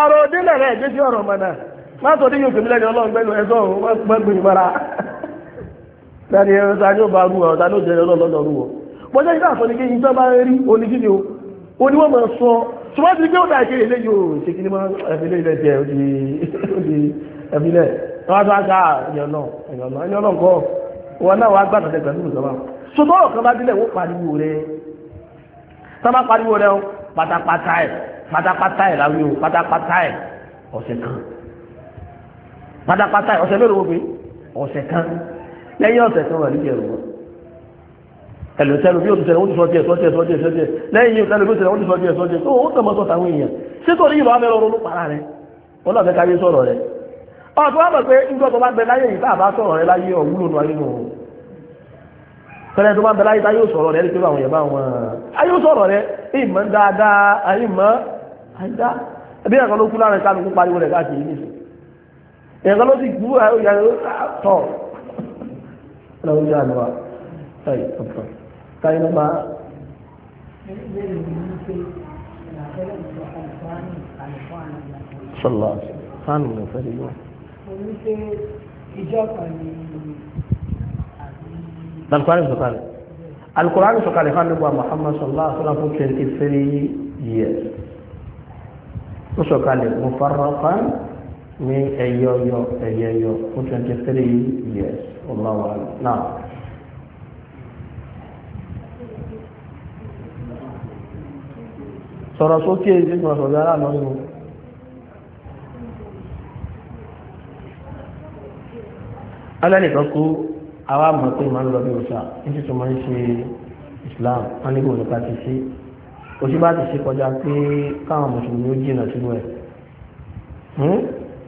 àwọn dá wàhálà má sọ yóò tí wọ́n ti gbé ó dàí kéèlé yóò ṣe kí ní mọ́ ẹ̀fílẹ̀ ilẹ̀ jẹ́ ó di ẹ̀fílẹ̀ wọ́n tó ṣá ìyọ̀nà ìyọ̀nà kọ́ wọn náà wá gbàdọ̀ tẹ̀ pẹ̀lú ìjọba ṣùgbọ́n ọ̀kan bá dílẹ̀ wọ́n pariwo rẹ̀ tá bá pariwo rẹ̀ pátápátá ẹ̀ pátápátá ẹ̀ láwí pátápátá ẹ̀ ọ̀sẹ̀ kan pátápátá ẹ̀ ọ̀sẹ̀ mélòó ọ̀sẹ̀ kan lẹ́yìn ọ̀sẹ̀ kan wà níbi ẹlòtẹ́lò bí òtútẹ́ wọ́n ti sọ díẹ̀ sọ́jẹ́ sọ́jẹ́ sọ́jẹ́ lẹ́yìn ìtẹ́lò bí òtútẹ́ wọ́n ti sọ díẹ̀ sọ́jẹ́ tó ó tọ̀mọ́ sọ́ta àwọn èèyàn sí tó rí ìwà mẹ́rọ ronú para rẹ̀ wọ́n lọ́fẹ́ káyé sọ̀rọ̀ rẹ̀ ọ̀tọ́ wà mọ̀ pé ìjọ tó bá bẹ láyé yìí tàbá sọ̀rọ̀ rẹ̀ láyé ọ̀wúlò nù ayé nù fẹ́rẹ́ tó bá bẹ láyé táyé sọ̀rọ̀ rẹ̀ pé àwọn yẹ̀bá wọn ayé sọ̀rọ̀ rẹ̀ ìmọ̀ dáadáa ayé mọ̀ àìdá ẹbí ẹ̀kan ló kú láàrin ká lókun pariwo rẹ̀ káàkiri nìṣó ẹ̀kan ló sì kú ayé tọ̀ ọ̀rọ̀ ojú àná wa táyé ló máa. sọlá fáànù ló fẹ́ lélọ́. alukurani sọ̀kalẹ̀ alukurani sọ̀kalẹ̀ fún anabu muhammad sallallahu alaihi wa sallam twenty three years ó sọ̀kalẹ̀ mufarrafan ní ẹ̀yọ̀yọ̀ ẹ̀yẹ̀yọ̀ fún twenty three years ọlọ́wọ́ náà. sọ̀rọ̀ sókè ìdí sọ̀rọ̀ sọ̀rọ̀ yàrá lọ nínú alẹ́nìkan kú àwa mọ̀ pé òṣà ní tó máa Islam wọn ní gbòòrò ká ti ṣe òṣì bá ti ṣe kọjá pé hmm?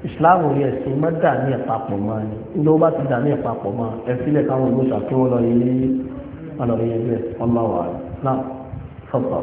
Islam rí ẹ̀sìn má ní ẹ̀pàpọ̀ mọ́ ni ní ó bá ti dà ní ẹ̀pàpọ̀ mọ́ ẹ sílẹ̀ káwọn olóṣà kí wọ́n lọ yẹ ọlọ́rin ẹgbẹ́ ọlọ́wà náà fọ́pọ̀.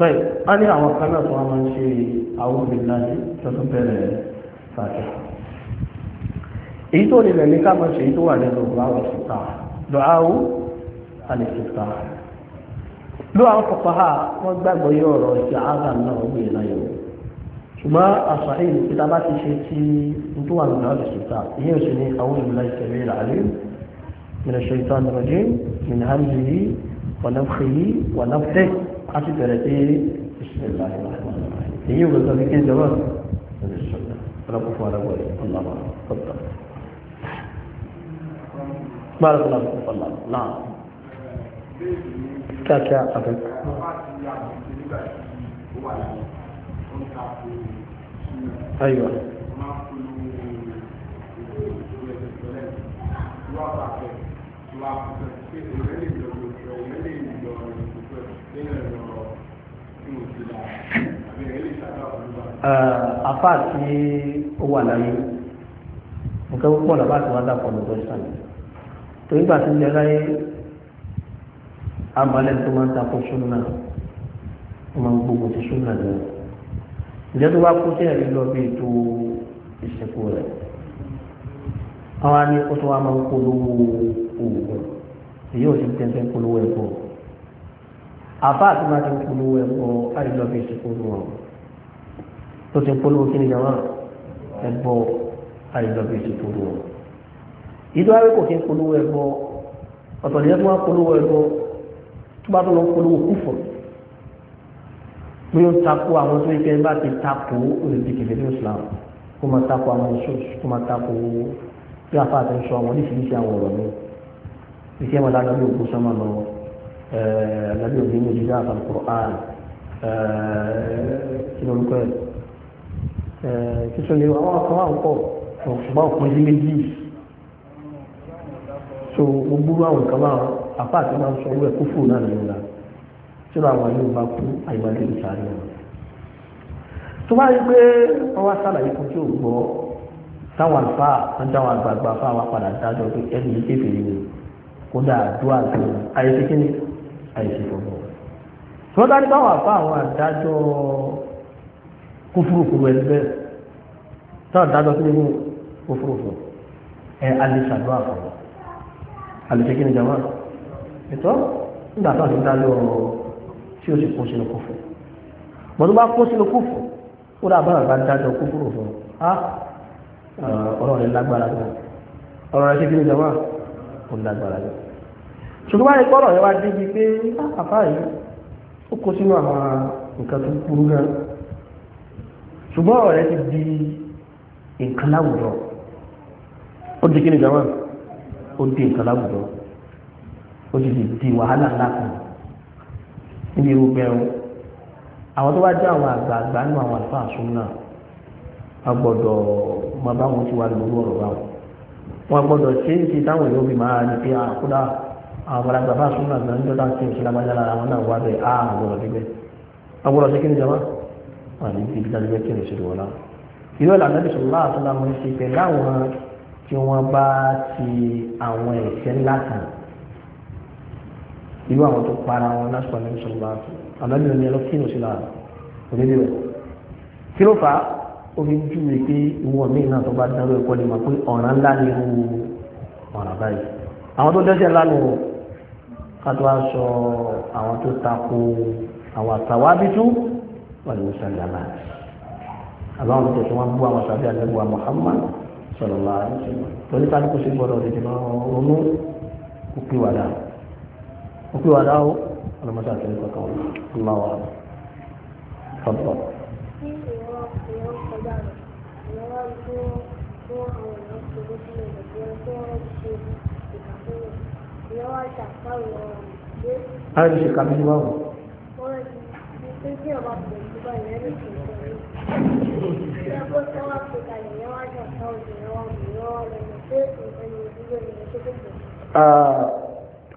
tọ́yì a ní àwọn kan náà tó wọ́n máa ń ṣe àwọn obìnrin tó tún bẹ̀rẹ̀ fàájì èyí tó nílẹ̀ ní ká máa ṣe èyí tó wà nínú láwọn ìsìta lọ́áwó alìsìta ló àwọn kọ̀kọ́ ha wọ́n gbàgbọ́ yóò rọ̀ e ṣùgbọ́n àṣà èyí bá ti ṣe tí n tó wà nínú láwọn ìsìta ìyẹn ní àwọn ìlú ìṣẹ̀lẹ̀ ìlàlẹ́ من الشيطان الرجيم من همزه ونفخه ونفثه a ti bẹ̀rẹ̀ pé ìṣẹ̀lẹ̀ èyí ò lọ́sọ̀ kékeré jọba ọlọ́pàá fún ọlọ́pàá rẹ̀ ọlọ́pàá ọ̀tọ̀ gbára fún ọlọ́pàá ọlọ́pàá náà
kíákíá àbẹ̀. ayiwa. Thank you
afa eh, ti ó wà láyé nǹkan púpọ̀ lọ́ba tí wọ́n dàpọ̀ lọ́dọ̀ ìsàlẹ̀ torí gbà tí ń jẹ láyé abalẹ̀ tó máa ń takò súnà ó máa ń gbogbo ti súnà lọ ìjẹ́ tó bá kú sí ẹ̀rí lọ bí ètò ìsìnkú rẹ̀ àwọn á tó wá máa ń polówó oògùn èyí ò sì ń tẹ́ńtẹ́ polówó ẹ̀kọ́ àfa àti máa ti ń polówó ẹ̀kọ́ àdìlọ́bì ti polówó ọ̀rọ̀ tó ti polówó kí ni jàmá ẹ̀bọ àdìlọ́bì ti polówó ọ̀rọ̀ ìdó ayé kò kí ń polówó ẹ̀bọ ọ̀tọ̀ ní ẹ̀bọ polówó ẹ̀bọ tó bá tó lọ polówó kúfọ̀ bí ó takò àwọn tó ń kẹ́ bá ti takò olùdíkèké ní Islam kó máa takò àwọn ṣọ́ọ̀ṣì kó máa takò bí àfa àti ń sọ àwọn oníṣiríṣi àwọn ọ̀rọ̀ mi ìṣe wọn lánàá bí òkú sọ́mọ́ nabi òbí mi jíjá àtàkùrán kí ló ń pẹ́ títún ní àwọn àkọ́wà ń pọ̀ ṣùgbọ́n òpin sí méjì so gbogbo àwọn nǹkan máa apá àti máa ń sọ owó ẹ̀kú fún náà nìyọ̀nà tí ó àwọn yóò bá kú àyíwájú ìsàrí wọn tó bá rí pé wọ́n wá sàlàyé fún tí ò gbọ́ táwọn àlùfáà wọ́n dáwọn àgbààgbà fáwọn padà dájọ́ pé ẹni yìí kéfèé ni kódà àdúrà tó àyè kékeré àìsí gbogbo tí wọ́n dárí bá wà fún àwọn àdájọ́ kúfúrúfúrú ẹni bẹ́ẹ̀ táwọn àdájọ́ tó kufuru kúfúrúfúrú ẹ alẹ́sàdúrà fún wọn alẹ́sẹ̀ kí ni jama ètò nígbà tó àti dájọ́ o si kó sínú kúfù mọ̀ tó bá kó sínú kúfù ó dà bá àgbà ṣùgbọ́n báyìí pọ́rọ̀ yẹn wá débi pé ah, àfá yìí ó kó sínú àwọn nǹkan tó burú gan ṣùgbọ́n ọ̀rẹ́ ti di nǹkan láwùjọ ó di kí ni jọ̀wọ́ ó di nǹkan láwùjọ ó sì ti di wàhálà ńlá kan níbi irú bẹ́ẹ̀ àwọn tó bá jẹ́ àwọn àgbààgbà nínú àwọn àlùfáà súnmọ́ a gbọ́dọ̀ máa bá wọn ti wá lórí ọ̀rọ̀ báwọn wọn gbọ́dọ̀ ṣe é ṣe táwọn èèyàn fi máa ní pé àkúdà ah, àwọn agbàfà súnmọ́ àgbà ń dọ́dá tí ìṣẹ́lá bá yára àwọn náà wà bẹ́ẹ̀ á àgbọ̀rọ̀ gbígbẹ́ agbọ̀rọ̀ sí kíni jama wà ní ibi ìdájọ́ gbígbẹ́ kí ni ìṣèlú wọn náà ìlú ìlànà bí sọ̀rọ̀ láàtú náà mo ń ṣe pé láwọn tí wọ́n bá ti àwọn ẹ̀ṣẹ̀ ńlá kan irú àwọn tó para wọn lásìkò àná sọ̀rọ̀ láàtú àmọ́ mi ò ní kí ni ìṣèlú àná òdébí rẹ̀ kí ló fà àwọn tó dẹ́ṣẹ̀ ńlá kátó wá sọ àwọn tó tako àwọn àtàwábítú wàlú sàlámà àbáwọn tó tẹ̀sán wọn bú àwọn sàbí àlẹ́bùwà Muhammad sọlọ́lá torí ká kó sí gbọ́dọ̀ lè dìbò ronú òpìwàdà òpìwàdà ó ọlọ́mọdé àti ẹ̀kọ́
kan wọn a lè ṣe kàmí ní báwọn.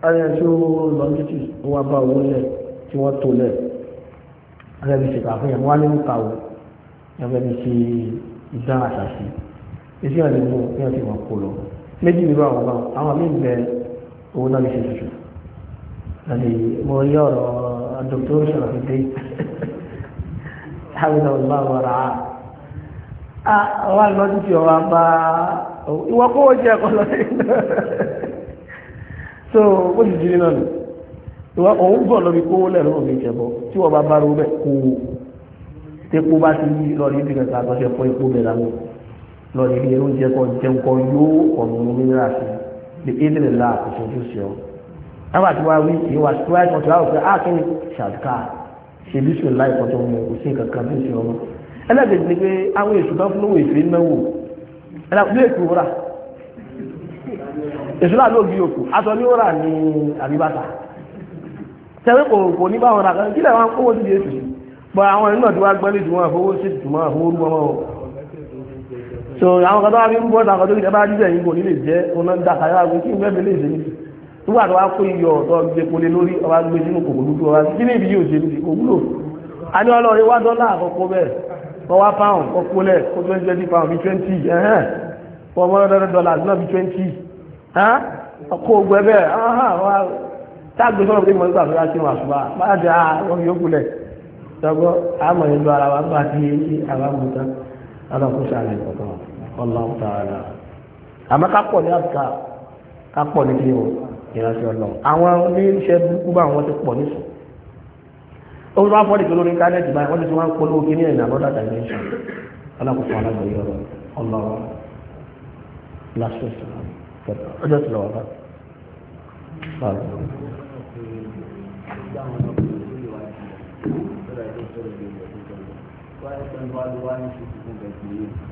ayé tí ó lọ títì wọ́n bá owó lẹ̀ tí wọ́n tó lẹ̀ ẹgbẹ́ ṣe kàfún yẹn wọ́n á ní ń kàwé ẹgbẹ́ ṣe ìdá àṣàṣì iṣẹ́ àlejò ní ọ̀sẹ̀ wọn kò lọ méjì nínú àwọn náà àwọn míì bẹ̀rẹ̀ òun náà lè ṣe ṣoṣo lọ́dẹ mo yí ọ̀rọ̀ dr Sharafuddin hamid ọlọ́wà wàrà á wà lọ́dún tí ọba bá ìwọ kó
wọ́n jẹ́ ẹ̀kọ́ lọ́dẹ
so ó ti jírí náà nù ìwọ òun bọ̀ lọ́bi kówó lẹ́rọ̀ òbí ìjẹ̀bọ tí wọ́n bá bá rú bẹ́ẹ̀ kó tepo bá ti yí lọ́dẹ ibi kẹta àtọ́ṣe fún epo bẹ̀rẹ̀ lọ́dẹ ibi oúnjẹ kan jẹun kan yóò ọ̀nà òmìnira sí i bí ìdílé láà kò ṣojú sí ọ nígbà tí wàá wí ìwà síwájú kan tí wàá wò pé áà ah, kíni ṣàdùkà ṣe bí sùn láì kan tó mú kò sí nǹkan kan tó ṣe ọmọ ẹlẹ́gbẹ̀ẹ́ ni pé àwọn èṣù kan fúnlówó ìfẹ́ náwó ẹlẹ́gbẹ̀ẹ́ lè kú rà èṣù náà ló bí òkú aṣọ ní ó rà ní àbíbàtà tẹ́wé kò kò ní báwọn rà kan kí lè wọn kówó sí di èṣù bọ́ àwọn ẹni náà tí wàá gbẹ́lẹ́ jù wọn àfọwọ́ so àwọn kan tó wá fi ń bọ́ tàkọ́ tó fi dábàá jíjẹ yìí kò ní lè jẹ́ ọ̀nà dàkàyà wọ́n kí n fẹ́ fi lè ṣe níbi nígbà tó wá kó iyọ̀ ọ̀tọ̀ gbé polé lórí ọba gbé sínú kòkò dúdú ọba sí ní ibi yóò ṣe níbi kò wúlò a ní ọlọ́rin wá dọ́là àkọ́kọ́ bẹ́ẹ̀ wọ́n wá pound kọ́kọ́ lẹ̀ kó twenty twenty pound bí twenty ẹ̀hẹ́n wọ́n mọ́ lọ́dọ́dọ́ dollars náà bí twenty ọkọ̀ ògbẹ́ bẹ́ẹ̀ táàgbé sọ̀rọ̀ pé mo nígbà tó yá sínú àṣùbà báyà dé àwọn yòókù lẹ̀ sọ́gbọ́ àmọ̀ nílò ara wa bá ti àwọn àmúta alákòóso àlẹ́ ọ̀kan wa. Allahu ta'ala àmọ́ kápọ̀ ní àbíká kápọ̀ ní kí o ìránṣẹ́ ọlọ́run àwọn oníṣẹ́ burúkú bá wọn ti pọ̀ nísìn ó wá fọ́ọ̀dì tó lórí íńtánẹ́ẹ̀tì báyìí wọ́n ti tún wá ń polówó kí ní ẹ̀nà lọ́dà dimension alákòókò alágbèyẹ ọ̀rọ̀ ọlọ́run lásìkò ọjọ́ ti lọ́wọ́ báyìí. Wọ́n á ń sọ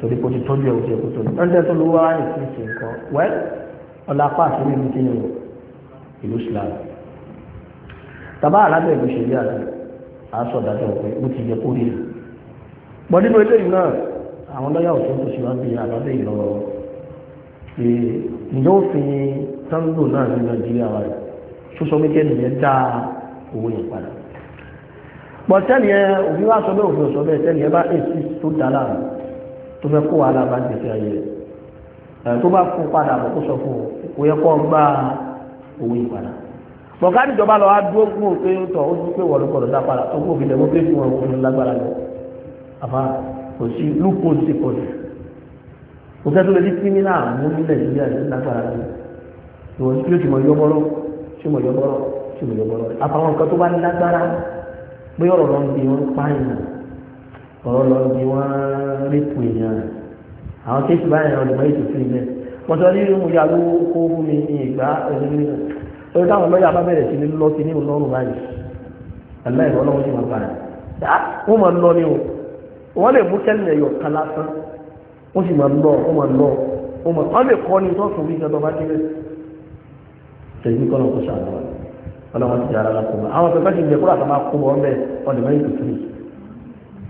torí kò ti tọ́jú ẹ̀ òṣèlú tó ní ọ̀dẹ́ tó ló wá ní kí n ṣe nǹkan wẹ́ẹ́ ọ̀la apá àti ní ìdíje ní ìlú Islam tàbá alábẹ̀ ìlú ṣe rí àti aṣọ ìdájọ́ pé ó ti yẹ kó rí rẹ̀ pọ̀ nínú eléyìí náà àwọn lọ́yà òṣèlú tó ṣe wá bí alábẹ̀ ìlọ pé ǹjẹ́ òfin sango náà ní Nàìjíríà wa rẹ̀ tó sọ wípé nìyẹn dá owó yẹn padà pọ̀ tẹ́lẹ̀ òfin wá sọ bẹ́ẹ̀ òfin sọ tó fẹ́ kó wàhálà bá gbèsè ayé rẹ̀ tó bá fún padà bọ̀ kó sọ fún o kò yẹ kó gbá owó yìí padà bọ̀ká níjọba lọ wá dúró fún òpé tọ̀ ó dúpẹ́ wọ̀ lókọ̀ọ́ dá padà ó kó fi dẹ̀mọ́ pé fún ọkùnrin lágbára lọ àfa kò sí lúpọ̀ sí pọ̀ jù kò fẹ́ tó lè di kírímínà mú ní nàìjíríà ní lágbára lọ ìwọ̀n tí ó ti mọ̀ yọ́bọ́rọ́ tí mọ̀ yọ́bọ́rọ́ tí mọ̀ yọ́bọ́rọ́ àfàwọn nǹkan tó bá ní lágbára pé ọ̀rọ̀ lọ́n di wọn pààyàn ọ̀rọ̀ lọ bí wọ́n rẹ́pù èèyàn rẹ̀ àwọn kéèkì báyìí ọ̀rọ̀ ìgbà ètò fún ilẹ̀ wọ́n sọ ní ìrìnmú ya ló kó fún mi ní ìgbà ẹ̀rẹ́rẹ́ lórí táwọn lọ́yà bá bẹ̀rẹ̀ sí ní lọ sí ní ọlọ́run báyìí aláìrọ ọlọ́run sì máa bá rẹ̀ wọ́n máa lọ ní o wọ́n lè mú kẹ́lẹ̀ yọ kan lásán wọ́n sì máa lọ wọ́n máa lọ wọ́n máa wọ́n lè kọ́ ní tó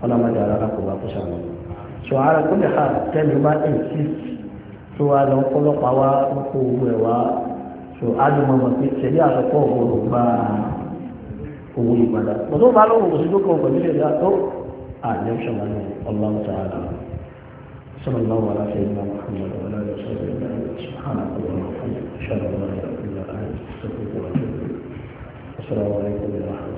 ọlọ́mọdé alára kò bá kó sàmù so ara kó lè ha tẹ́lẹ̀ bá ẹ̀ so tó wà lọ kọ́lọ́pàá wa kó owó ẹ̀ wá so ájúmọ̀ mọ̀ pé tẹ̀lé àsọpọ̀ òwúrò gba owó ìgbàdà ọ̀tún bá lọ́wọ́ òṣèlú kan pẹ̀lú ìdá tó àjẹ́ sọ̀rọ̀ ọlọ́mọ tààrà صلى الله على سيدنا محمد وعلى
اله وصحبه اجمعين سبحانك اللهم وبحمدك اشهد ان لا اله الا انت استغفرك واتوب اليك السلام عليكم ورحمه الله